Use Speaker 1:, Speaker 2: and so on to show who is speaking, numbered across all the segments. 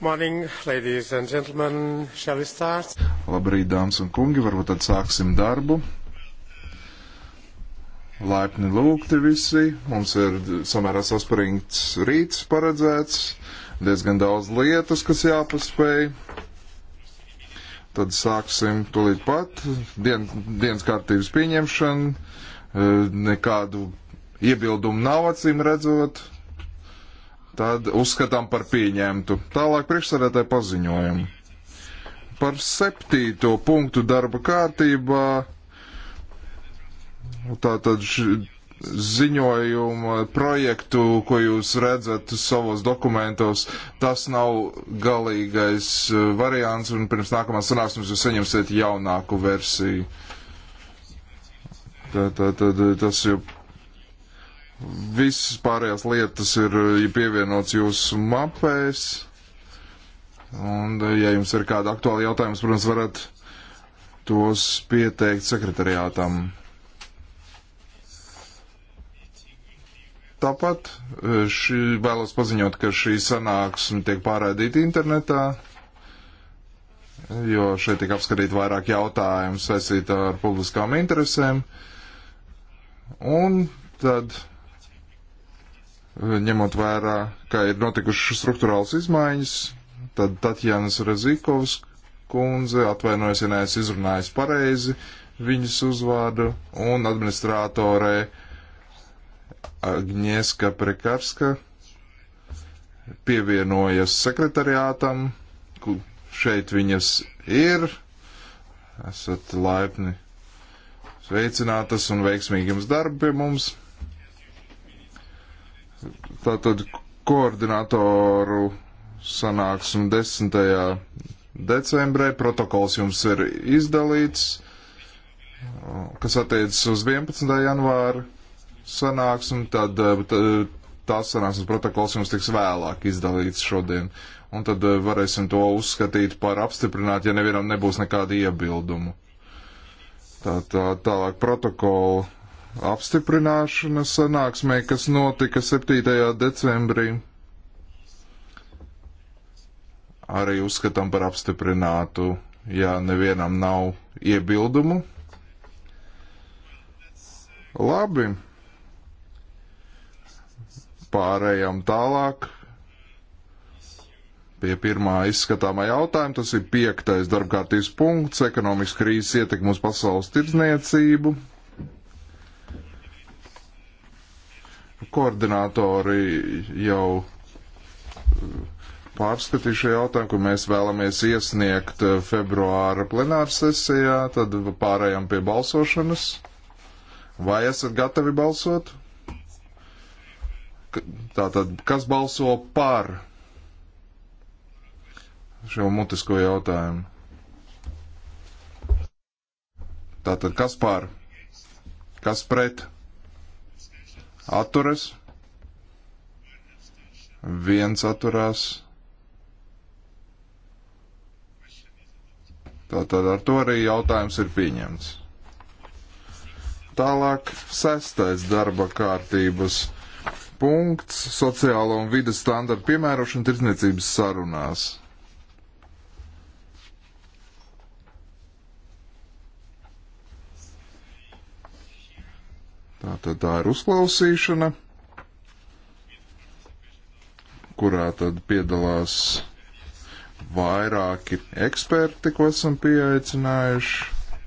Speaker 1: Morning, ladies and gentlemen, shall we start?
Speaker 2: Labrīt, dāmas un kungi, varbūt tad sāksim darbu. Laipni lūgti visi, mums ir samērā sasparīgs rīts paredzēts, diezgan daudz lietas, kas jāpaspēj. Tad sāksim tūlīt pat, Dien, dienas kārtības pieņemšana, eh, nekādu iebildumu nav acīm redzot, tad uzskatām par pieņemtu. Tālāk priekšsarētāji paziņojumu. Par septīto punktu darba kārtībā, tātad ziņojuma projektu, ko jūs redzat savos dokumentos, tas nav galīgais e, variants, un pirms nākamās sanāksmes jūs saņemsiet jaunāku versiju. Tātad tā, e, tā, tas jau Visas pārējās lietas ir pievienots jūsu mapēs. Un, ja jums ir kāda aktuāla jautājums, protams, varat tos pieteikt sekretariātam. Tāpat eh, šī, vēlos paziņot, ka šī sanāksme tiek pārādīta internetā, jo šeit tiek apskatīt vairāk jautājumu saistītā ar publiskām interesēm. Un tad ņemot vērā, ka ir notikušas struktūrāls izmaiņas, tad Tatjanas Rezikovs kundze atvainojas, ja neesmu izrunājis pareizi viņas uzvārdu, un administrātorē Agnieska Prekarska pievienojas sekretariātam, šeit viņas ir, esat laipni sveicinātas un veiksmīgi jums darbi pie mums! Tātad koordinatoru sanāksim 10. decembrē. Protokols jums ir izdalīts, kas attiecas uz 11. janvāru sanāksim, tad eh, tās sanāksmes protokols jums tiks vēlāk izdalīts šodien. Un tad eh, varēsim to uzskatīt par apstiprināt, ja nevienam nebūs nekāda iebildumu. Tā, tā, tālāk protokolu apstiprināšanas sanāksmē, kas notika 7. decembrī. Arī uzskatām par apstiprinātu, ja nevienam nav iebildumu. Labi. Pārējām tālāk pie pirmā izskatāmā jautājuma. Tas ir piektais darbkārtības punkts - ekonomikas krīzes ietekme uz pasaules tirdzniecību. koordinatori jau eh, pārskatīju šo jautājumu, ko mēs vēlamies iesniegt eh, februāra plenāra sesijā, tad pārējām pie balsošanas. Vai esat gatavi balsot? Tātad, kas balso par šo mutisko jautājumu? Tātad, kas par? Kas pret? atturas, viens atturās. Tātad ar to arī jautājums ir pieņemts. Tālāk sestais darba kārtības punkts - sociālo un vidas standartu piemērošana tirdzniecības sarunās. Tātad tā ir uzklausīšana, kurā tad piedalās vairāki eksperti, ko esam pieaicinājuši.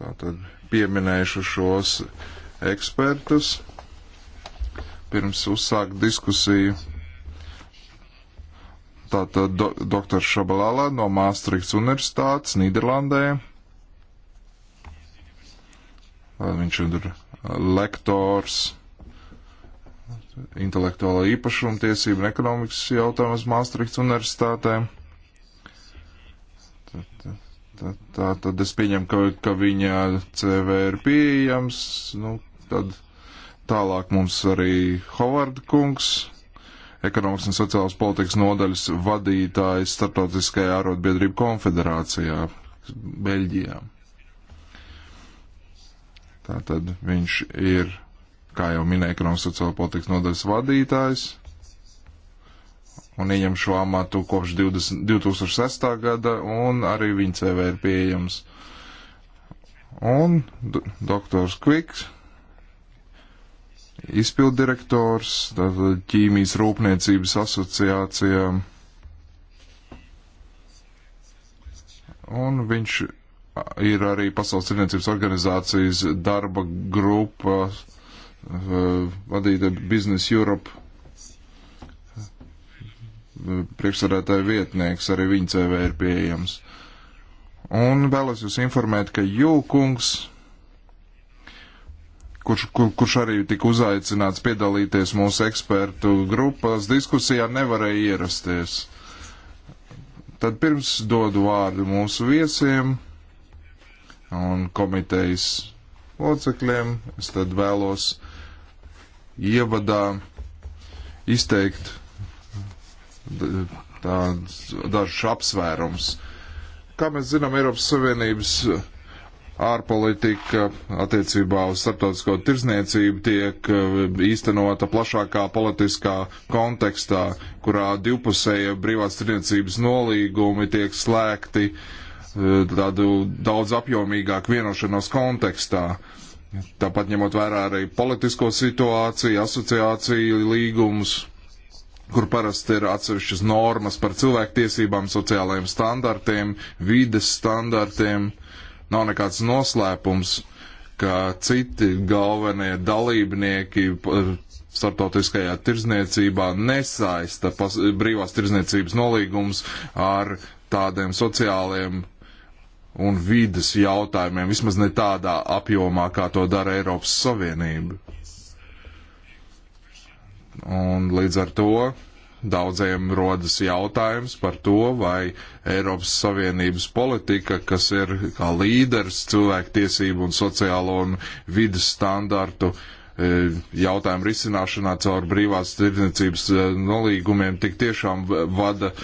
Speaker 2: Tātad pieminēšu šos ekspertus pirms uzsākt diskusiju. Tātad do, dr. Šabalala no Māstrihts Universitātes Nīderlandē. Viņš ir uh, lektors intelektuālā īpašuma tiesība un ekonomikas jautājumus Maastrichts universitātē. Tad, tad, tā tad es pieņemu, ka, ka viņa CV ir pieejams. Nu, tad tālāk mums arī Hovarda kungs, ekonomikas un sociālas politikas nodaļas vadītājs Startautiskajā arotbiedrību konfederācijā Beļģijā. Tātad viņš ir, kā jau minēja, ekonomikas sociāla politikas nodaļas vadītājs un ieņem šo amatu kopš 20, 2006. gada, un arī viņa CV ir pieejams. Un doktors Kviks, izpildirektors, tātad ķīmijas rūpniecības asociācijā, un viņš ir arī Pasaules tirniecības organizācijas darba grupa eh, vadīta Business Europe eh, priekšsarētāja vietnieks, arī viņa CV ir pieejams. Un vēlos jūs informēt, ka Jūkungs, kurš, kur, kurš arī tika uzaicināts piedalīties mūsu ekspertu grupās diskusijā, nevarēja ierasties. Tad pirms dodu vārdu mūsu viesiem un komitejas locekļiem. Es tad vēlos ievadā izteikt tāds dažs apsvērums. Kā mēs zinām, Eiropas Savienības ārpolitika attiecībā uz starptautisko tirzniecību tiek eh, īstenota plašākā politiskā kontekstā, kurā divpusēja brīvās tirzniecības nolīgumi tiek slēgti uh, Eh, tādu daudz apjomīgāku vienošanos kontekstā. Tāpat ņemot vērā arī politisko situāciju, asociāciju līgumus, kur parasti ir atsevišķas normas par cilvēktiesībām, sociālajiem standartiem, vides standartiem. Nav nekāds noslēpums, ka citi galvenie dalībnieki startautiskajā tirzniecībā nesaista brīvās tirzniecības nolīgums ar tādiem sociāliem un vidas jautājumiem, vismaz ne tādā apjomā, kā to dara Eiropas Savienība. Un līdz ar to daudziem rodas jautājums par to, vai Eiropas Savienības politika, kas ir kā līderis cilvēktiesību un sociālo un vidas standartu e, jautājumu risināšanā caur brīvās tirdzniecības e, nolīgumiem, tik tiešām vada e,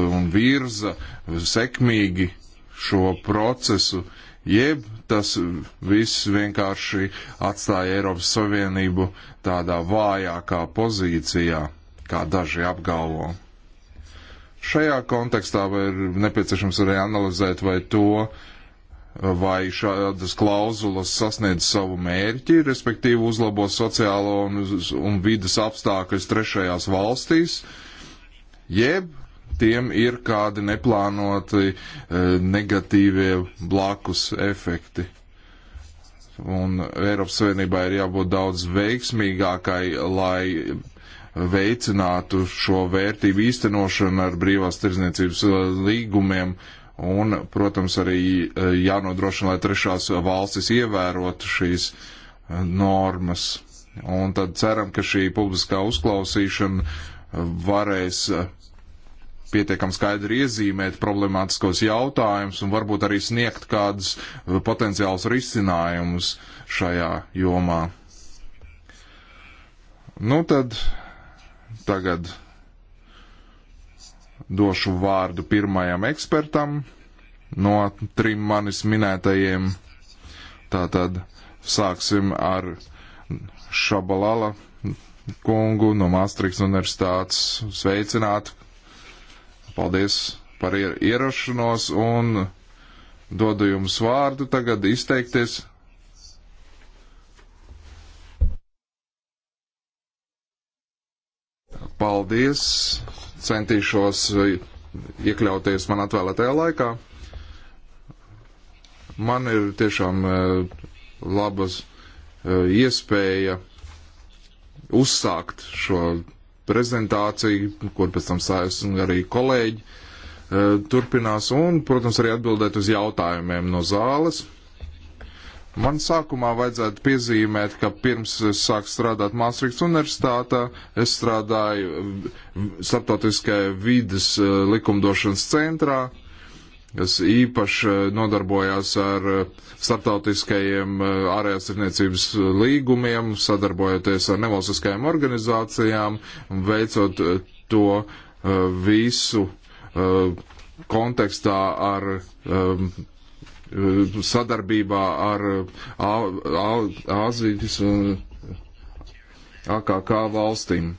Speaker 2: un virza sekmīgi šo procesu, jeb tas viss vienkārši atstāja Eiropas Savienību tādā vājākā pozīcijā, kā daži apgalvo. Šajā kontekstā ir nepieciešams arī analizēt, vai to, vai šādas klauzulas sasniedz savu mērķi, respektīvi uzlabo sociālo un, un vidas apstākļus trešajās valstīs, jeb tiem ir kādi neplānoti eh, negatīvie blakus efekti. Un Eiropas Savienībā ir jābūt daudz veiksmīgākai, lai veicinātu šo vērtību īstenošanu ar brīvās tirdzniecības eh, līgumiem. Un, protams, arī eh, jānodrošina, lai trešās valstis ievērotu šīs normas. Un tad ceram, ka šī publiskā uzklausīšana varēs pietiekami skaidri iezīmēt problemātiskos jautājumus un varbūt arī sniegt kādus uh, potenciālus risinājumus šajā jomā. Nu tad tagad došu vārdu pirmajam ekspertam no trim manis minētajiem. Tātad sāksim ar Šabalala kungu no Maastrichts universitātes. Sveicināti! Paldies par ierašanos un dodu jums vārdu tagad izteikties. Paldies! Centīšos eh, iekļauties man atvēlētajā laikā. Man ir tiešām eh, labas eh, iespēja uzsākt šo prezentāciju, kur pēc tam sājas arī kolēģi eh, turpinās un, protams, arī atbildēt uz jautājumiem no zāles. Man sākumā vajadzētu piezīmēt, ka pirms es sāku strādāt Māsrīgas universitātā, es strādāju starptautiskajā vidas eh, likumdošanas centrā, uh, kas īpaši nodarbojās ar eh, startautiskajiem eh, ārējās tirniecības eh, līgumiem, sadarbojoties ar nevalstiskajām organizācijām, veicot to visu kontekstā ar sadarbībā ar Āzijas un AKK valstīm.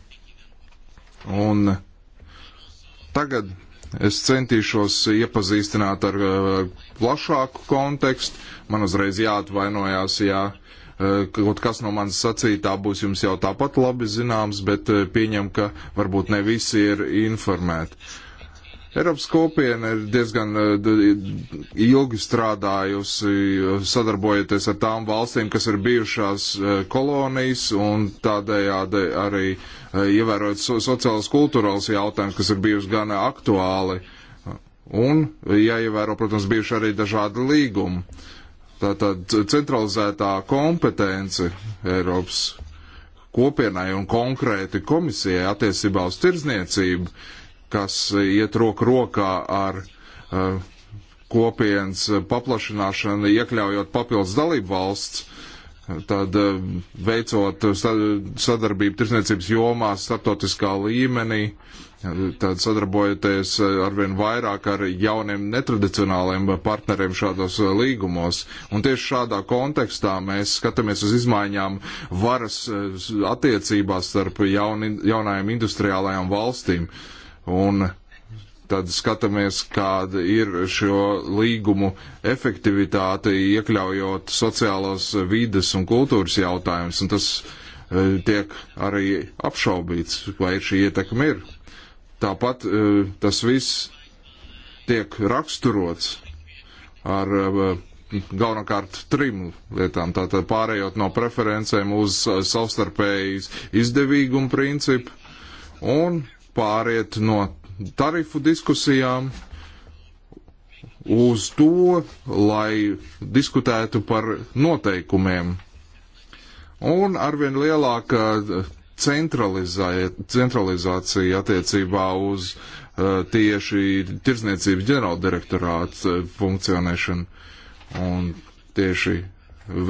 Speaker 2: Un tagad Es centīšos iepazīstināt ar plašāku kontekstu. Man uzreiz jāatvainojās, jā, e, kaut kas no manas sacītā būs jums jau tāpat labi zināms, bet e, pieņem, ka varbūt ne visi ir informēti. Eiropas kopiena ir diezgan eh, ilgi strādājusi, sadarbojoties ar tām valstīm, kas ir bijušās eh, kolonijas, un tādējādi arī eh, ievērojot sociālas kultūrāls jautājumus, kas ir bijuši gan aktuāli. Un jāievēro, protams, bijuši arī dažādi līgumi. Tātad centralizētā kompetence Eiropas kopienai un konkrēti komisijai attiecībā uz tirzniecību uh, kas iet roku rokā ar uh, kopienas paplašināšanu, iekļaujot papildus dalību valsts, tad uh, veicot sadarbību tirsniecības jomā starptautiskā līmenī, tad sadarbojoties eh, arvien vairāk ar jauniem netradicionāliem partneriem šādos līgumos. Un tieši šādā kontekstā mēs skatāmies uz izmaiņām varas attiecībās starp jauni, jaunajām industriālajām valstīm. Uh, un tad skatāmies, kāda ir šo līgumu efektivitāte, iekļaujot sociālos vides un kultūras jautājumus, un tas e, tiek arī apšaubīts, vai šī ietekme ir. Tāpat e, tas viss tiek raksturots ar e, galvenokārt trim lietām. Tātad pārējot no preferencēm uz savstarpējas izdevīgumu principu un pāriet no tarifu diskusijām uz to, lai diskutētu par noteikumiem. Un arvien lielāka centralizācija attiecībā uz uh, tieši tirzniecības ģenerāldirektorāts uh, funkcionēšanu un tieši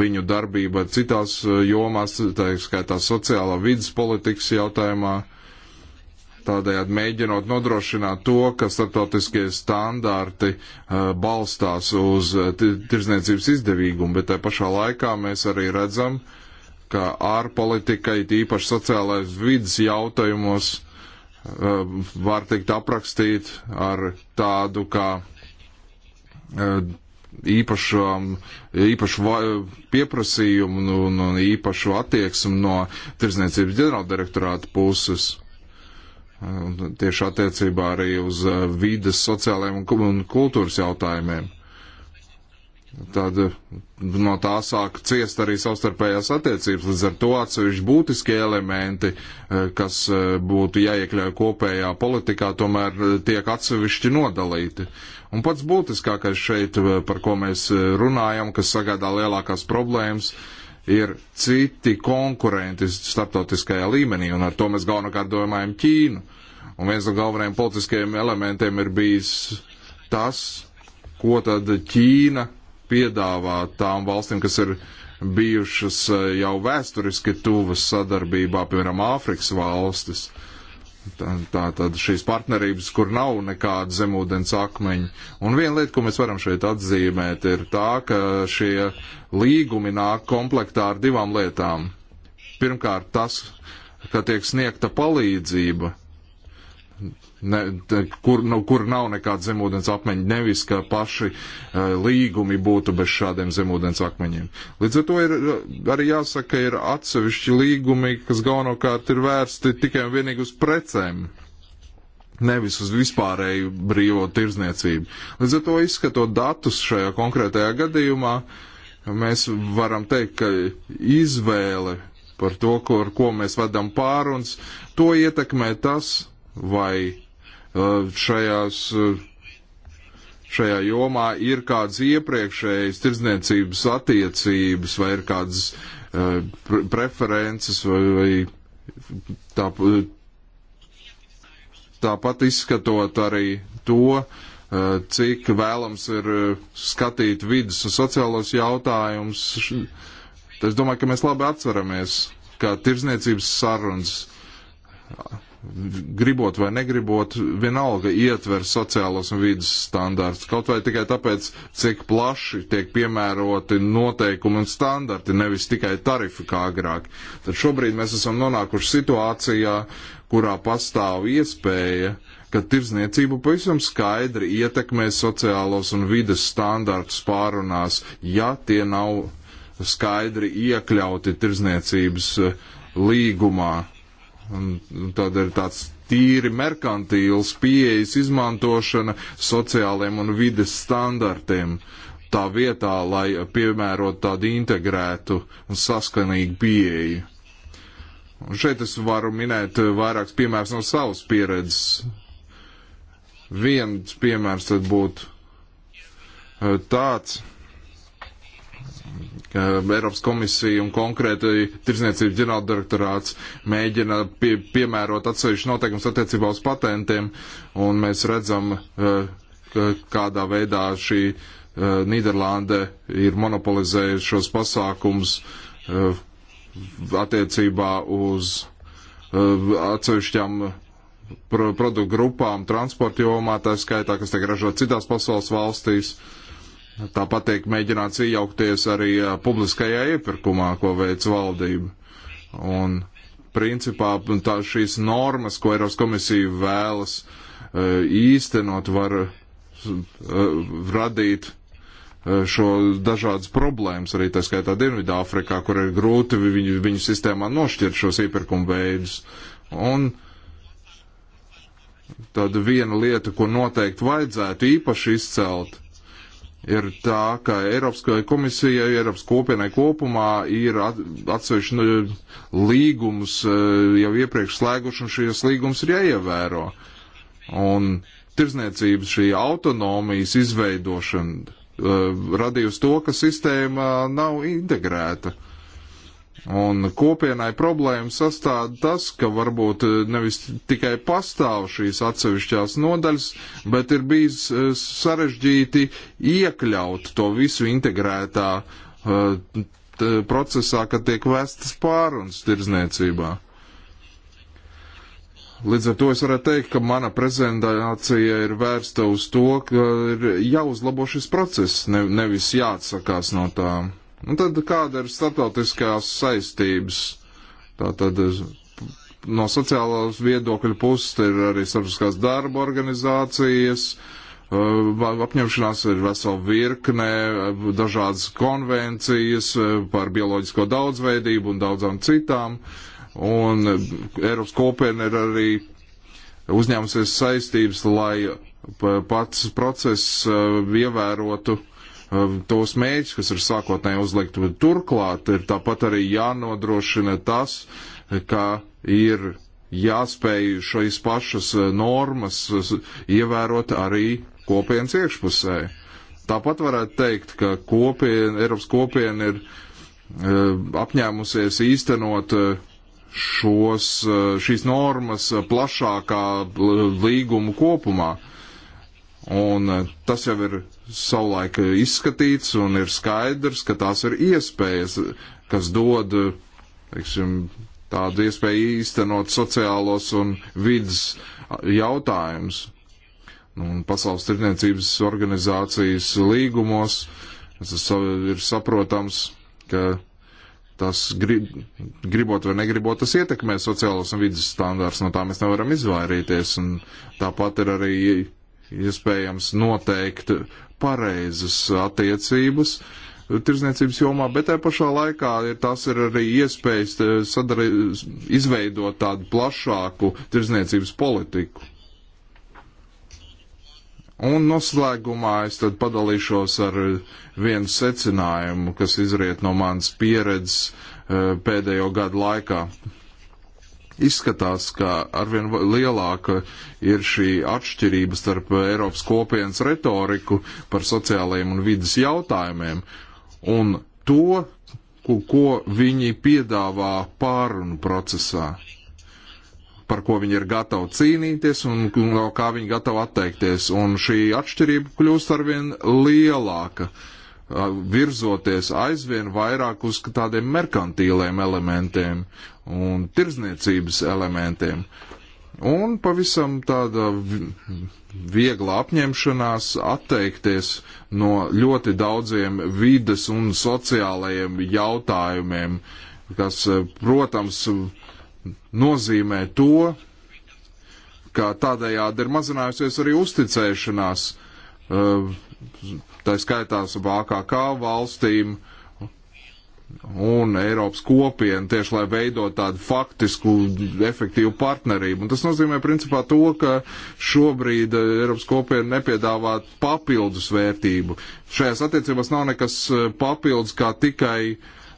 Speaker 2: viņu darbība citās uh, jomās, tā skaitā sociālā vidas politikas jautājumā. Uh, tādējādi mēģinot nodrošināt to, ka starptautiskie standarti uh, balstās uz uh, tirzniecības izdevīgumu, bet tai pašā laikā mēs arī redzam, ka ārpolitika, it īpaši sociālais vidas jautājumos, uh, var tikt aprakstīt ar tādu kā uh, īpašu, īpašu pieprasījumu un, un īpašu attieksmi no tirzniecības ģenerāldirektorāta puses tieši attiecībā arī uz uh, vidas, sociālajiem un kultūras jautājumiem. Tad uh, no tā sāk ciest arī savstarpējās attiecības, līdz ar to atsevišķi būtiski elementi, uh, kas būtu jāiekļauj kopējā politikā, tomēr tiek atsevišķi nodalīti. Un pats būtiskākais šeit, par ko mēs runājam, kas sagādā lielākās problēmas, ir ir citi konkurenti starptautiskajā līmenī, un ar to mēs galvenokārt domājam Ķīnu. Un viens no galvenajiem politiskajiem elementiem ir bijis tas, ko tad Ķīna piedāvā tām valstīm, kas ir bijušas eh, jau vēsturiski tuvas sadarbībā, piemēram, Āfrikas valstis. Uh, tā tad šīs partnerības, kur nav nekāda zemūdens akmeņa. Un viena lieta, ko mēs varam šeit atzīmēt, ir tā, ka šie līgumi nāk komplektā ar divām lietām. Pirmkārt, tas, ka tiek sniegta palīdzība ne, te, kur, no, nu, kur nav nekāda zemūdens akmeņa. Nevis, ka paši e, līgumi būtu bez šādiem zemūdens akmeņiem. Līdz ar to ir eh, arī jāsaka, ir atsevišķi līgumi, kas galvenokārt ir vērsti tikai un vienīgi uz precēm. Nevis uz vispārēju brīvo tirzniecību. Līdz ar to izskatot datus šajā konkrētajā gadījumā, mēs varam teikt, ka izvēle par to, kur, ko mēs vedam pāruns, to ietekmē tas, vai Uh, šajās, uh, šajā jomā ir kādas iepriekšējas tirdzniecības attiecības vai ir kādas uh, preferences vai, vai tā, tāpat izskatot arī to, cik vēlams ir skatīt vidus un sociālos jautājumus. Es domāju, ka mēs labi atceramies, kā tirzniecības sarunas gribot vai negribot, vienalga ietver sociālos un vidas standārts. Kaut vai tikai tāpēc, cik plaši tiek piemēroti noteikumi un standarti, nevis tikai tarifi kā agrāk. Tad šobrīd mēs esam nonākuši situācijā, kurā pastāv iespēja ka tirdzniecība pavisam skaidri ietekmē sociālos un vidas standartus pārunās, ja tie nav skaidri iekļauti tirdzniecības eh, līgumā. Un tad ir tāds tīri merkantīls pieejas izmantošana sociāliem un vides standartiem. Tā vietā, lai piemērot tādu integrētu un saskanīgu pieeju. Un šeit es varu minēt vairākus piemērus no savas pieredzes. Viens piemērs tad būtu eh, tāds Eiropas komisija un konkrēti Tirzniecības ģenerāldirektorāts mēģina pie, piemērot atsevišķu noteikumus attiecībā uz patentiem, un mēs redzam, eh, kādā veidā šī eh, Nīderlande ir monopolizējusi šos pasākumus eh, attiecībā uz atsevišķām produktu grupām, transporta jomā, tā skaitā, kas tiek ražot citās pasaules valstīs. Uh, Tāpat tiek mēģināts iejaukties arī publiskajā iepirkumā, ko veic valdība. Un principā tā, šīs normas, ko Eiropas komisija vēlas īstenot, var radīt šo dažādas problēmas, arī tā skaitā Dienvidāfrikā, kur ir grūti viņu, viņu sistēmā nošķirt šos iepirkumu veidus. Un tad viena lieta, ko noteikti vajadzētu īpaši izcelt, ir tā, ka Eiropas komisija, Eiropas kopienai kopumā ir atsevišķi nu, līgumus e, jau iepriekš slēguši, un šīs līgumus ir jāievēro. Un tirzniecības šī autonomijas izveidošana e, radījusi to, ka sistēma nav integrēta. Uh, Un kopienai problēma sastāv tas, ka varbūt eh, nevis tikai pastāv šīs atsevišķās nodaļas, bet ir bijis eh, sarežģīti iekļaut to visu integrētā uh, procesā, kad tiek vestas pārunas tirzniecībā. Līdz ar to es varētu teikt, ka mana prezentācija ir vērsta uz to, ka ir jāuzlabo šis process, ne, nevis jāatsakās no tām. Un nu, tad kāda ir starptautiskās saistības? Tātad no sociālās viedokļa puses ir arī starptautiskās darba organizācijas, uh, apņemšanās ir vesela virkne, uh, dažādas konvencijas uh, par bioloģisko daudzveidību un daudzām citām. Un Eiropas kopiena ir arī uzņēmusies saistības, lai pats process ievērotu Um, tos mēģus, kas ir sākotnēji uzlikt. Turklāt ir tāpat arī jānodrošina tas, ka ir jāspēj šīs pašas uh, normas uh, ievērot arī kopienas iekšpusē. Tāpat varētu teikt, ka kopien, Eiropas kopiena ir uh, apņēmusies īstenot šos, šīs normas plašākā līguma kopumā. Un tas jau ir savulaik izskatīts un ir skaidrs, ka tās ir iespējas, kas dod teiksim, tādu iespēju īstenot sociālos un vidas jautājumus. Nu, un Pasaules tirdzniecības organizācijas līgumos tas ir saprotams, ka tas grib, gribot vai negribot, tas ietekmē sociālos un vidas standārts, no tā mēs nevaram izvairīties. Un tāpat ir arī iespējams noteikt pareizas attiecības tirzniecības jomā, bet tajā pašā laikā ir, tas ir arī iespējas eh, sadari, izveidot tādu plašāku tirzniecības politiku. Un noslēgumā es tad padalīšos ar vienu secinājumu, kas izriet no manas pieredzes eh, pēdējo gadu laikā. Izskatās, ka arvien lielāka ir šī atšķirība starp Eiropas kopienas retoriku par sociālajiem un vidas jautājumiem un to, ko, ko viņi piedāvā pārunu procesā par ko viņi ir gatavi cīnīties un no kā viņi gatavi atteikties. Un šī atšķirība kļūst arvien lielāka. Uh, virzoties aizvien vairāk uz tādiem merkantīliem elementiem un tirzniecības elementiem. Un pavisam tāda viegla apņemšanās atteikties no ļoti daudziem vides un sociālajiem jautājumiem, kas, protams, nozīmē to, ka tādējādi ir mazinājusies arī uzticēšanās uh, tā skaitās AKK valstīm un Eiropas kopienu, tieši lai veidot tādu faktisku, efektīvu partnerību. Un tas nozīmē principā to, ka šobrīd eh, Eiropas kopiena nepiedāvā papildus vērtību. Šajās attiecībās nav nekas eh, papildus kā tikai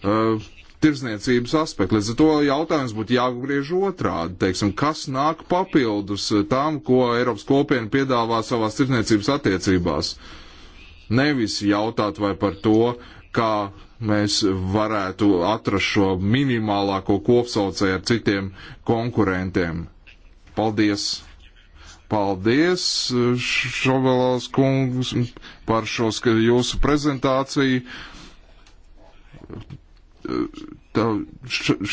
Speaker 2: uh, tirzniecības aspekti. Līdz ar to jautājums būtu jāgriež otrādi. Teiksim, kas nāk papildus tam, ko Eiropas kopiena piedāvā savās tirzniecības attiecībās? Uh, Nevis jautāt vai par to, kā mēs varētu atrast šo minimālāko kopsaucēju ar citiem konkurentiem. Paldies! Paldies, Šovelās kungs, par šo jūsu prezentāciju.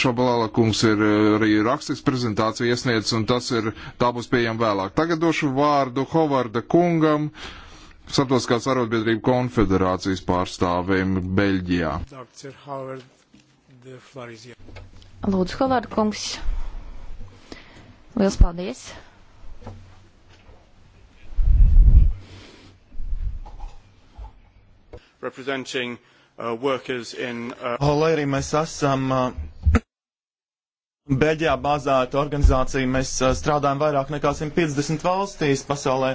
Speaker 2: Šobalāla kungs ir arī rakstis prezentāciju iesniedzis, un tas ir, tā būs pieejama vēlāk. Tagad došu vārdu Hovarda kungam. Uh, Startautiskās arotbiedrību konfederācijas pārstāvim Beļģijā.
Speaker 3: Lūdzu, Havard kungs. Liels paldies.
Speaker 1: Representing uh, workers in. Uh... Lai
Speaker 4: arī mēs esam uh, Beļģijā bāzēta organizācija. Mēs strādājam vairāk nekā 150 valstīs pasaulē.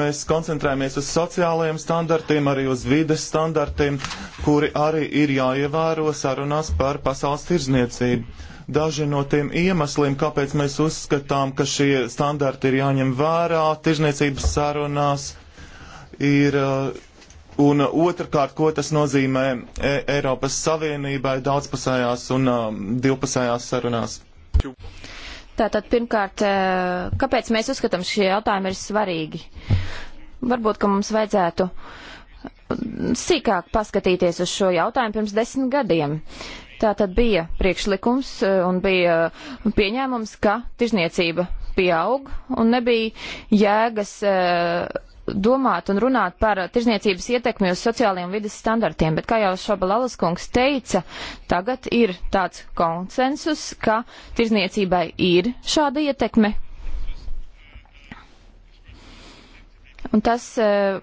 Speaker 4: Mēs koncentrējamies uz sociālajiem standartiem, arī uz vides standartiem, kuri arī ir jāievēro sarunās par pasaules tirzniecību. Daži no tiem iemesliem, kāpēc mēs uzskatām, ka šie standarti ir jāņem vērā tirzniecības sarunās, ir uh, Un uh, otrkārt, ko tas nozīmē e Eiropas Savienībai daudzpusējās un um, divpusējās sarunās?
Speaker 3: Tātad pirmkārt, e, kāpēc mēs uzskatām šie jautājumi ir svarīgi? Varbūt, ka mums vajadzētu sīkāk paskatīties uz šo jautājumu pirms desmit gadiem. Tātad bija priekšlikums e, un bija pieņēmums, ka tirzniecība pieaug un nebija jēgas. Uh, domāt un runāt par tirzniecības ietekmi uz sociālajiem vidas standartiem, bet kā jau Šobalalas kungs teica, tagad ir tāds konsensus, ka tirzniecībai ir šāda ietekme. Un tas uh,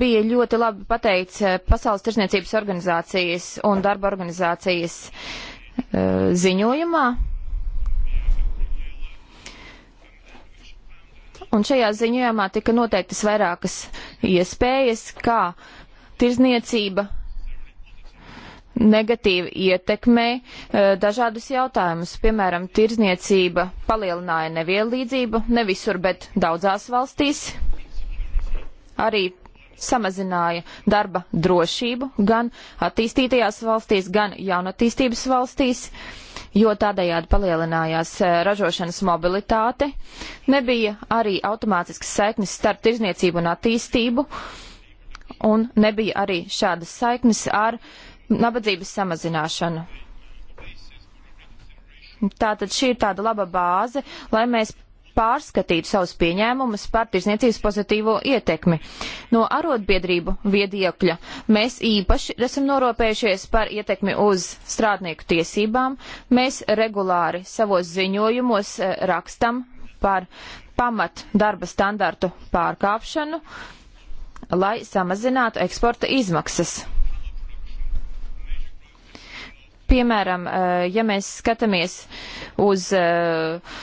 Speaker 3: bija ļoti labi pateicis eh, Pasaules tirzniecības organizācijas un darba organizācijas uh, ziņojumā, Un šajā ziņojumā tika noteiktas vairākas iespējas, kā tirzniecība negatīvi ietekmē e, dažādus jautājumus. Piemēram, tirzniecība palielināja nevienlīdzību, ne visur, bet daudzās valstīs. Arī samazināja darba drošību gan attīstītajās valstīs, gan jaunatīstības valstīs. Uh, jo tādējādi palielinājās e, ražošanas mobilitāte, nebija arī automātiskas saiknes starp tirzniecību un attīstību, un nebija arī šādas saiknes ar nabadzības samazināšanu. Tātad šī ir tāda laba bāze, lai mēs pārskatītu savus pieņēmumus par tirzniecības pozitīvo ietekmi. No arotbiedrību viediekļa mēs īpaši esam noropējušies par ietekmi uz strādnieku tiesībām. Mēs regulāri savos ziņojumos eh, rakstam par pamat darba standartu pārkāpšanu, lai samazinātu eksporta izmaksas piemēram, eh, ja mēs skatāmies uz eh,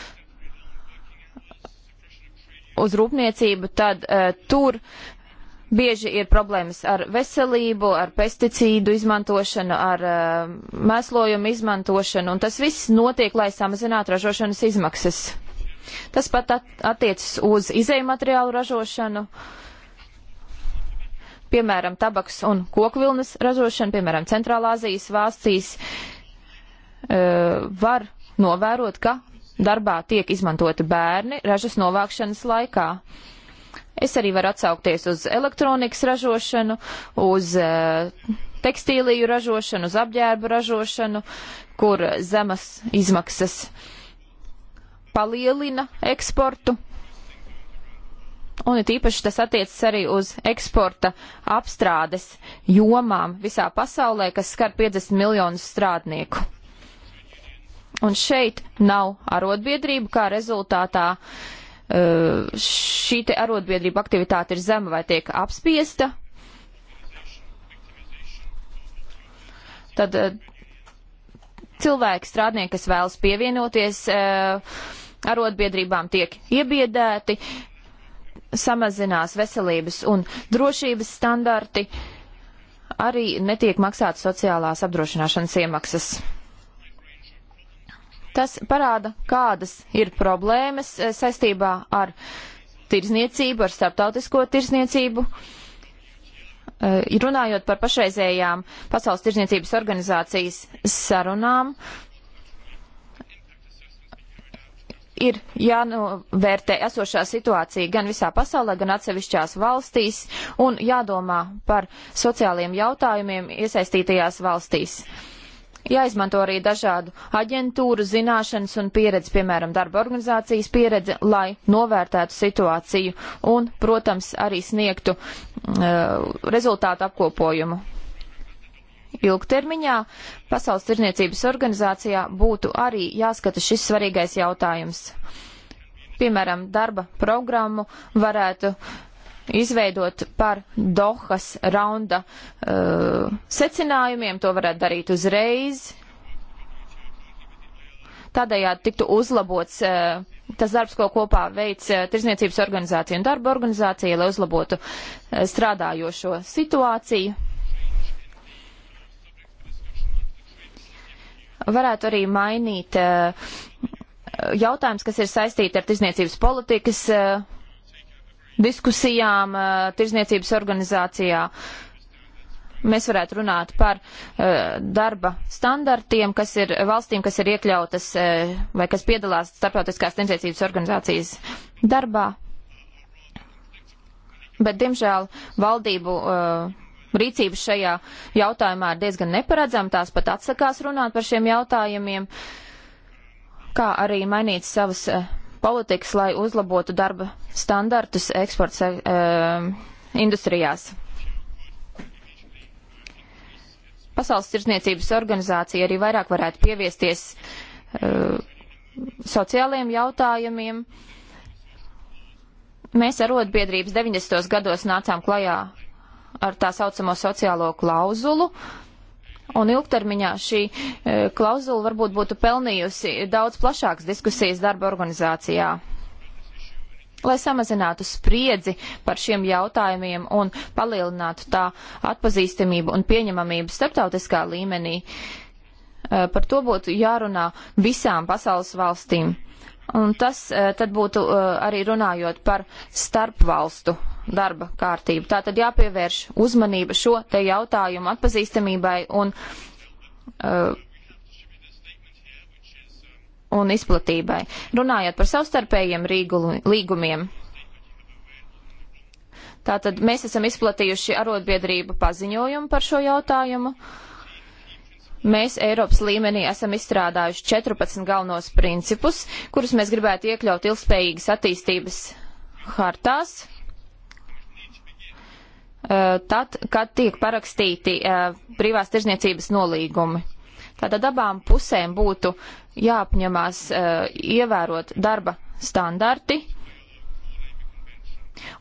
Speaker 3: uz rūpniecību, tad uh, tur bieži ir problēmas ar veselību, ar pesticīdu izmantošanu, ar uh, mēslojumu izmantošanu, un tas viss notiek, lai samazinātu ražošanas izmaksas. Tas pat at attiecas uz izēju materiālu ražošanu, piemēram, tabaks un kokvilnas ražošanu, piemēram, Centrālāzijas valstīs uh, var novērot, ka darbā tiek izmantoti bērni ražas novākšanas laikā. Es arī varu atsaukties uz elektronikas ražošanu, uz eh, tekstīliju ražošanu, uz apģērbu ražošanu, kur zemas izmaksas palielina eksportu. Un it īpaši tas attiecas arī uz eksporta apstrādes jomām visā pasaulē, kas skar 50 miljonus strādnieku. Un šeit nav arotbiedrību, kā rezultātā eh, šī te arotbiedrība aktivitāte ir zema vai tiek apspiesta. Tad eh, cilvēki, strādnieki, kas vēlas pievienoties eh, arotbiedrībām, tiek iebiedēti, samazinās veselības un drošības standarti, arī netiek maksāta sociālās apdrošināšanas iemaksas kas parāda, kādas ir problēmas eh, saistībā ar tirzniecību, ar starptautisko tirzniecību. Eh, runājot par pašreizējām Pasaules tirzniecības organizācijas sarunām, ir jānovērtē esošā situācija gan visā pasaulē, gan atsevišķās valstīs un jādomā par sociāliem jautājumiem iesaistītajās valstīs. Uh, jāizmanto arī dažādu aģentūru zināšanas un pieredzi, piemēram, darba organizācijas pieredzi, lai novērtētu situāciju un, protams, arī sniegtu uh, rezultātu apkopojumu. Ilgtermiņā Pasaules tirniecības organizācijā būtu arī jāskata šis svarīgais jautājums. Piemēram, darba programmu varētu uh, izveidot par Dohas raunda uh, secinājumiem. To varētu darīt uzreiz. Tādējādi tiktu uzlabots uh, tas darbs, ko kopā veic uh, Tirzniecības organizācija un darba organizācija, lai uzlabotu uh, strādājošo situāciju. Varētu arī mainīt uh, jautājums, kas ir saistīti ar tirzniecības politikas uh, diskusijām eh, tirzniecības organizācijā. Mēs varētu runāt par eh, darba standartiem, kas ir valstīm, kas ir iekļautas eh, vai kas piedalās starptautiskās tirzniecības organizācijas darbā. Bet, diemžēl, valdību rīcība šajā jautājumā ir diezgan neparedzama, tās pat atsakās runāt par šiem jautājumiem, kā arī mainīt savas politikas, lai uzlabotu darba standartus eksports e, industrijās. Pasaules tirsniecības organizācija arī vairāk varētu pieviesties e, sociālajiem jautājumiem. Mēs arotbiedrības 90. gados nācām klajā ar tā saucamo sociālo klauzulu, uh, Un ilgtermiņā šī e, klauzula varbūt būtu pelnījusi daudz plašākas diskusijas darba organizācijā. Lai samazinātu spriedzi par šiem jautājumiem un palielinātu tā atpazīstamību un pieņemamību starptautiskā līmenī, e, par to būtu jārunā visām pasaules valstīm. Un tas e, tad būtu arī runājot par starpvalstu darba kārtību. Tātad jāpievērš uzmanība šo te jautājumu atpazīstamībai un, uh, un izplatībai. Runājot par savstarpējiem rīgulu, līgumiem. Tātad mēs esam izplatījuši arotbiedrību paziņojumu par šo jautājumu. Mēs Eiropas līmenī esam izstrādājuši 14 galvenos principus, kurus mēs gribētu iekļaut ilgspējīgas attīstības hartās, Eh, tad, kad tiek parakstīti eh, privās tirzniecības nolīgumi. Tātad abām pusēm būtu jāapņemās eh, ievērot darba standarti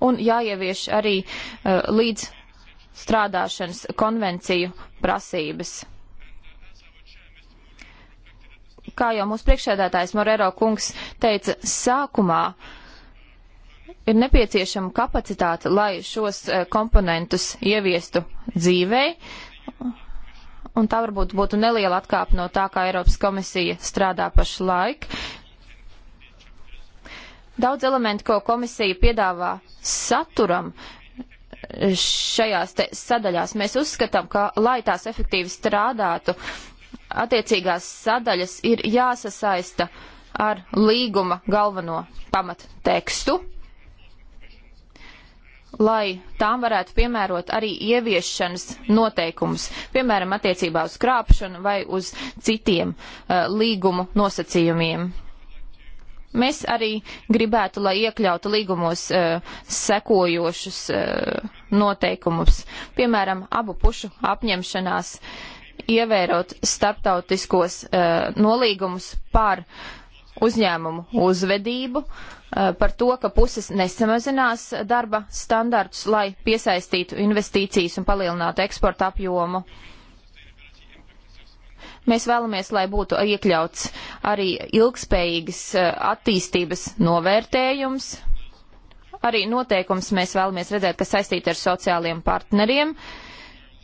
Speaker 3: un jāievieš arī līdz strādāšanas konvenciju prasības. Kā jau mūsu priekšēdētājs Morero kungs teica sākumā, uh, ir nepieciešama kapacitāte, lai šos eh, komponentus ieviestu dzīvei. Un tā varbūt būtu neliela atkāpe no tā, kā Eiropas komisija strādā pašlaik. Daudz elementi, ko komisija piedāvā saturam eh, šajās sadaļās, mēs uzskatām, ka, lai tās efektīvi strādātu, attiecīgās sadaļas ir jāsasaista ar līguma galveno pamattekstu, lai tām varētu piemērot arī ieviešanas noteikumus, piemēram, attiecībā uz krāpšanu vai uz citiem uh, līgumu nosacījumiem. Mēs arī gribētu, lai iekļautu līgumos uh, sekojošus uh, noteikumus, piemēram, abu pušu apņemšanās ievērot starptautiskos uh, nolīgumus par uh, uzņēmumu uzvedību, eh, par to, ka puses nesamazinās darba standartus, lai piesaistītu investīcijas un palielinātu eksporta apjomu. Mēs vēlamies, lai būtu iekļauts arī ilgspējīgas eh, attīstības novērtējums. Arī noteikums mēs vēlamies redzēt, kas saistīti ar sociāliem partneriem.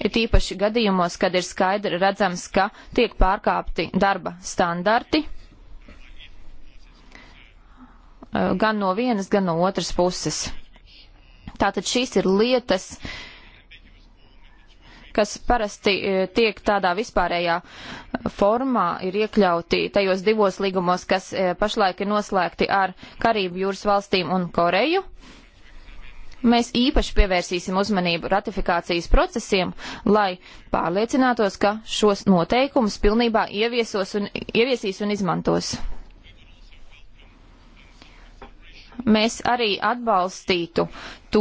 Speaker 3: Ir tīpaši gadījumos, kad ir skaidri redzams, ka tiek pārkāpti darba standarti, Eh, gan no vienas, gan no otras puses. Tātad šīs ir lietas, kas parasti eh, tiek tādā vispārējā formā, ir iekļauti tajos divos līgumos, kas eh, pašlaik ir noslēgti ar Karību jūras valstīm un Koreju. Mēs īpaši pievērsīsim uzmanību ratifikācijas procesiem, lai pārliecinātos, ka šos noteikumus pilnībā ieviesos un, ieviesīs un izmantos mēs arī atbalstītu to,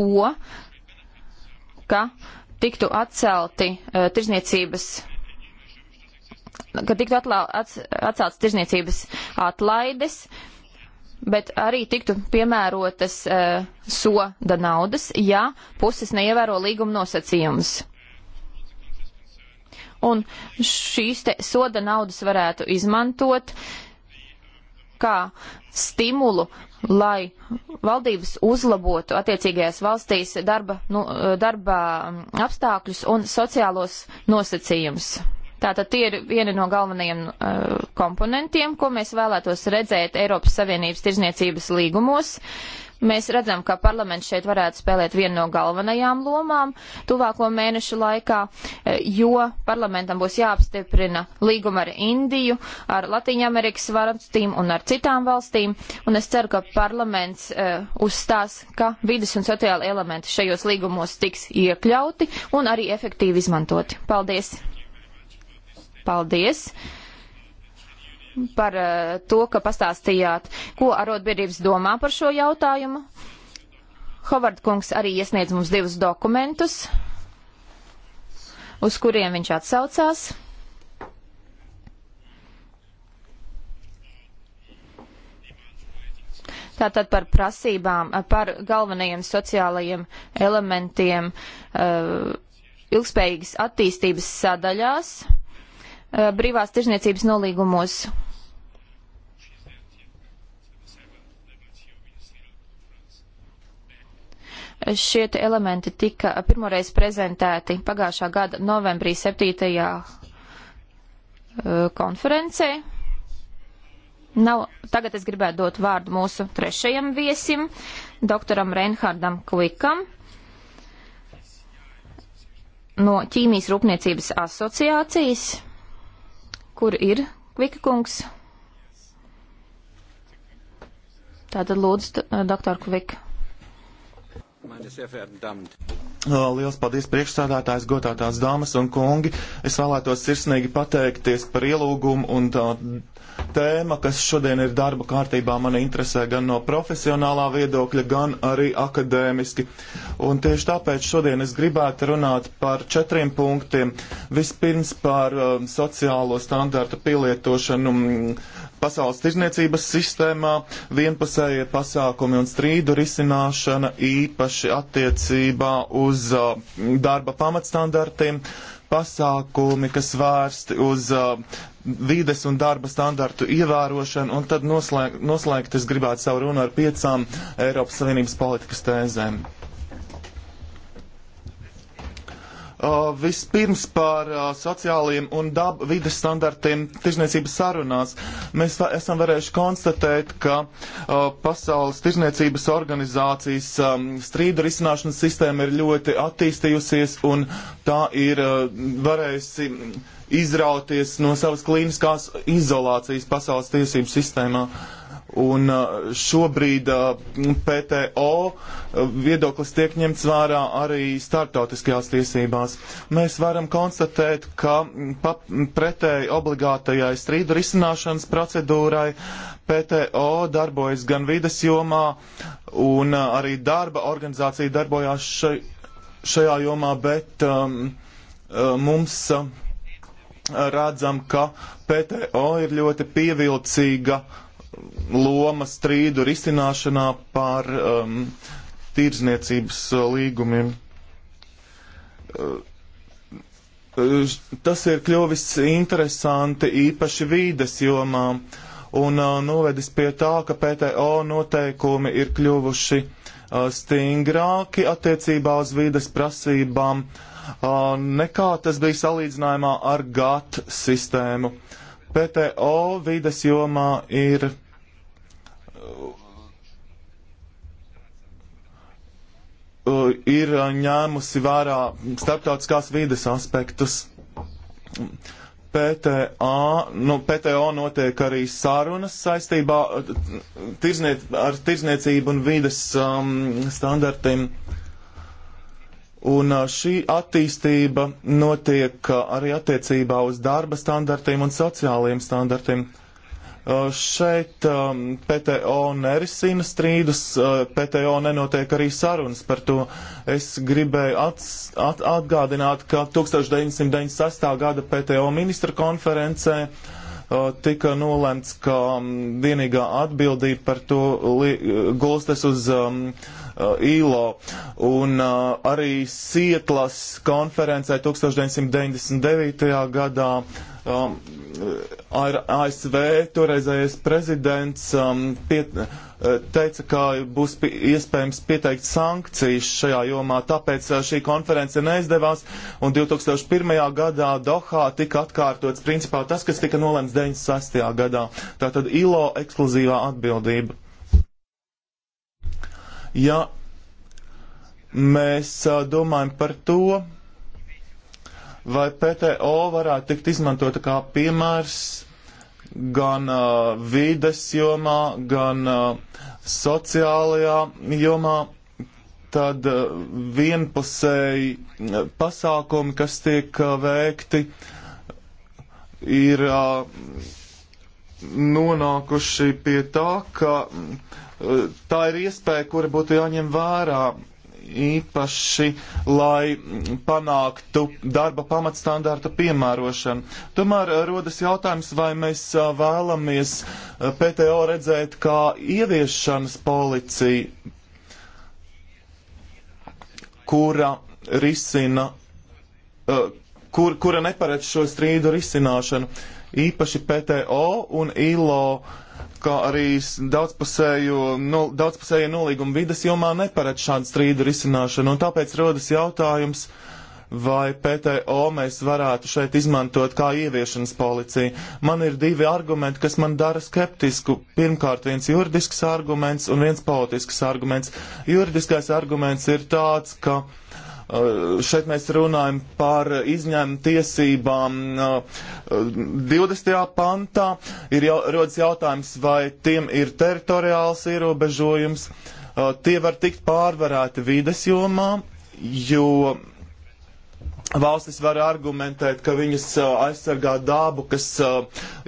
Speaker 3: ka tiktu atcelti uh, tirzniecības ka tiktu atlā, ats, atceltas tirzniecības atlaides, bet arī tiktu piemērotas uh, soda naudas, ja puses neievēro līguma nosacījumus. Un šīs soda naudas varētu izmantot uh, kā stimulu, lai valdības uzlabotu attiecīgajās valstīs darba, nu, darba apstākļus un sociālos nosacījumus. Tātad tie ir vieni no galvenajiem uh, komponentiem, ko mēs vēlētos redzēt Eiropas Savienības tirzniecības līgumos. Uh, Mēs redzam, ka parlaments šeit varētu spēlēt vienu no galvenajām lomām tuvāko mēnešu laikā, eh, jo parlamentam būs jāapstiprina līguma ar Indiju, ar Latīņamerikas valstīm un ar citām valstīm. Un es ceru, ka parlaments uh, uzstās, ka vidas un sociāla elementi šajos līgumos tiks iekļauti un arī efektīvi izmantoti. Paldies! Paldies! par eh, to, ka pastāstījāt, ko arotbiedrības domā par šo jautājumu. Hovard kungs arī iesniedz mums divus dokumentus, uz kuriem viņš atsaucās. Tātad par prasībām, eh, par galvenajiem sociālajiem elementiem uh, ilgspējīgas attīstības sadaļās, uh, brīvās tirzniecības nolīgumos Šie elementi tika pirmoreiz prezentēti pagājušā gada novembrī 7. E, konferencē. Nav, tagad es gribētu dot vārdu mūsu trešajam viesim, doktoram Reinhardam Klikam no Ķīmijas Rūpniecības asociācijas, kur ir Kvika kungs. Tātad lūdzu, doktor Kvika
Speaker 4: meine sehr verehrten Damen. Lielas paldies priekšsādātājs, gotātās dāmas un kungi. Es vēlētos sirsnīgi pateikties par ielūgumu un tā tēma, kas šodien ir darba kārtībā, mani interesē gan no profesionālā viedokļa, gan arī akadēmiski. Un tieši tāpēc šodien es gribētu runāt par četriem punktiem. Vispirms par um, sociālo standārtu pielietošanu um, Pasaules tirzniecības sistēmā vienpusējie pasākumi un strīdu risināšana īpaši attiecībā uz uh, darba pamatstandartiem, pasākumi, kas vērsti uz uh, vides un darba standartu ievērošanu, un tad noslēgt, noslēgt es gribētu savu runu ar piecām Eiropas Savienības politikas tēzēm. Uh, vispirms par uh, sociāliem un dabu vides standartiem tirzniecības sarunās. Mēs va, esam varējuši konstatēt, ka uh, Pasaules tirzniecības organizācijas um, strīdu risināšanas sistēma ir ļoti attīstījusies un tā ir uh, varējusi izrauties no savas klīniskās izolācijas pasaules tiesību sistēmā. Uh, Un uh, šobrīd uh, nu, PTO uh, viedoklis tiek ņemts vērā arī startautiskajās tiesībās. Mēs varam konstatēt, ka mm, mm, pretēji obligātajai strīdu risināšanas procedūrai PTO darbojas gan vides jomā, un arī darba organizācija darbojās šai, šajā jomā, bet um, mums. Uh, redzam, ka PTO ir ļoti pievilcīga uh, loma strīdu risināšanā par um, tirdzniecības uh, līgumiem. Uh, uh, tas ir kļuvis interesanti īpaši vīdes jomā un uh, novedis pie tā, ka PTO noteikumi ir kļuvuši uh, stingrāki attiecībā uz vīdes prasībām uh, nekā tas bija salīdzinājumā ar GATT sistēmu. PTO vīdes jomā ir Uh, ir uh, ņēmusi vērā starptautiskās vides aspektus. PTA, nu, PTO notiek arī sarunas saistībā uh, tirzniec, ar tirzniecību un vides um, standartiem. Un šī attīstība notiek arī attiecībā uz darba standartiem un sociālajiem standartiem. Uh, Uh, šeit um, PTO nerisina strīdus, uh, PTO nenotiek arī sarunas par to. Es gribēju ats, at, atgādināt, ka 1996. gada PTO ministra konferencē uh, tika nolēmts, ka um, vienīgā atbildība par to gulstas uz um, Uh, ILO. Un uh, arī Sietlas konferencē 1999. gadā um, ar ASV toreizējais prezidents um, piet, uh, teica, ka būs pie, iespējams pieteikt sankcijas šajā jomā, tāpēc šī konference neizdevās, un 2001. gadā Dohā tika atkārtots principā tas, kas tika nolemts 96. gadā. Tātad ILO ekskluzīvā atbildība. Ja mēs domājam par to, vai PTO varētu tikt izmantota kā piemērs gan uh, vides jomā, gan uh, sociālajā jomā, tad uh, vienpusēji pasākumi, kas tiek uh, veikti, ir uh, nonākuši pie tā, ka eh, tā ir iespēja, kura būtu jāņem vērā īpaši, lai panāktu darba pamatstandārta piemērošanu. Tomēr eh, rodas jautājums, vai mēs eh, vēlamies PTO redzēt kā ieviešanas policiju, kura risina, kur, kura neparedz šo strīdu risināšanu īpaši PTO un ILO, kā arī daudzpusējo, nu, daudzpusējo nolīgumu vidas jomā neparedz šādu strīdu risināšanu, un tāpēc rodas jautājums, vai PTO mēs varētu šeit izmantot kā ieviešanas policiju. Man ir divi argumenti, kas man dara skeptisku. Pirmkārt, viens juridisks arguments un viens politisks arguments. Juridiskais arguments ir tāds, ka Šeit mēs runājam par izņēmu tiesībām 20. pantā. Ir jau, rodas jautājums, vai tiem ir teritoriāls ierobežojums. Tie var tikt pārvarēti vides jomā, jo valstis var argumentēt, ka viņas aizsargā dabu, kas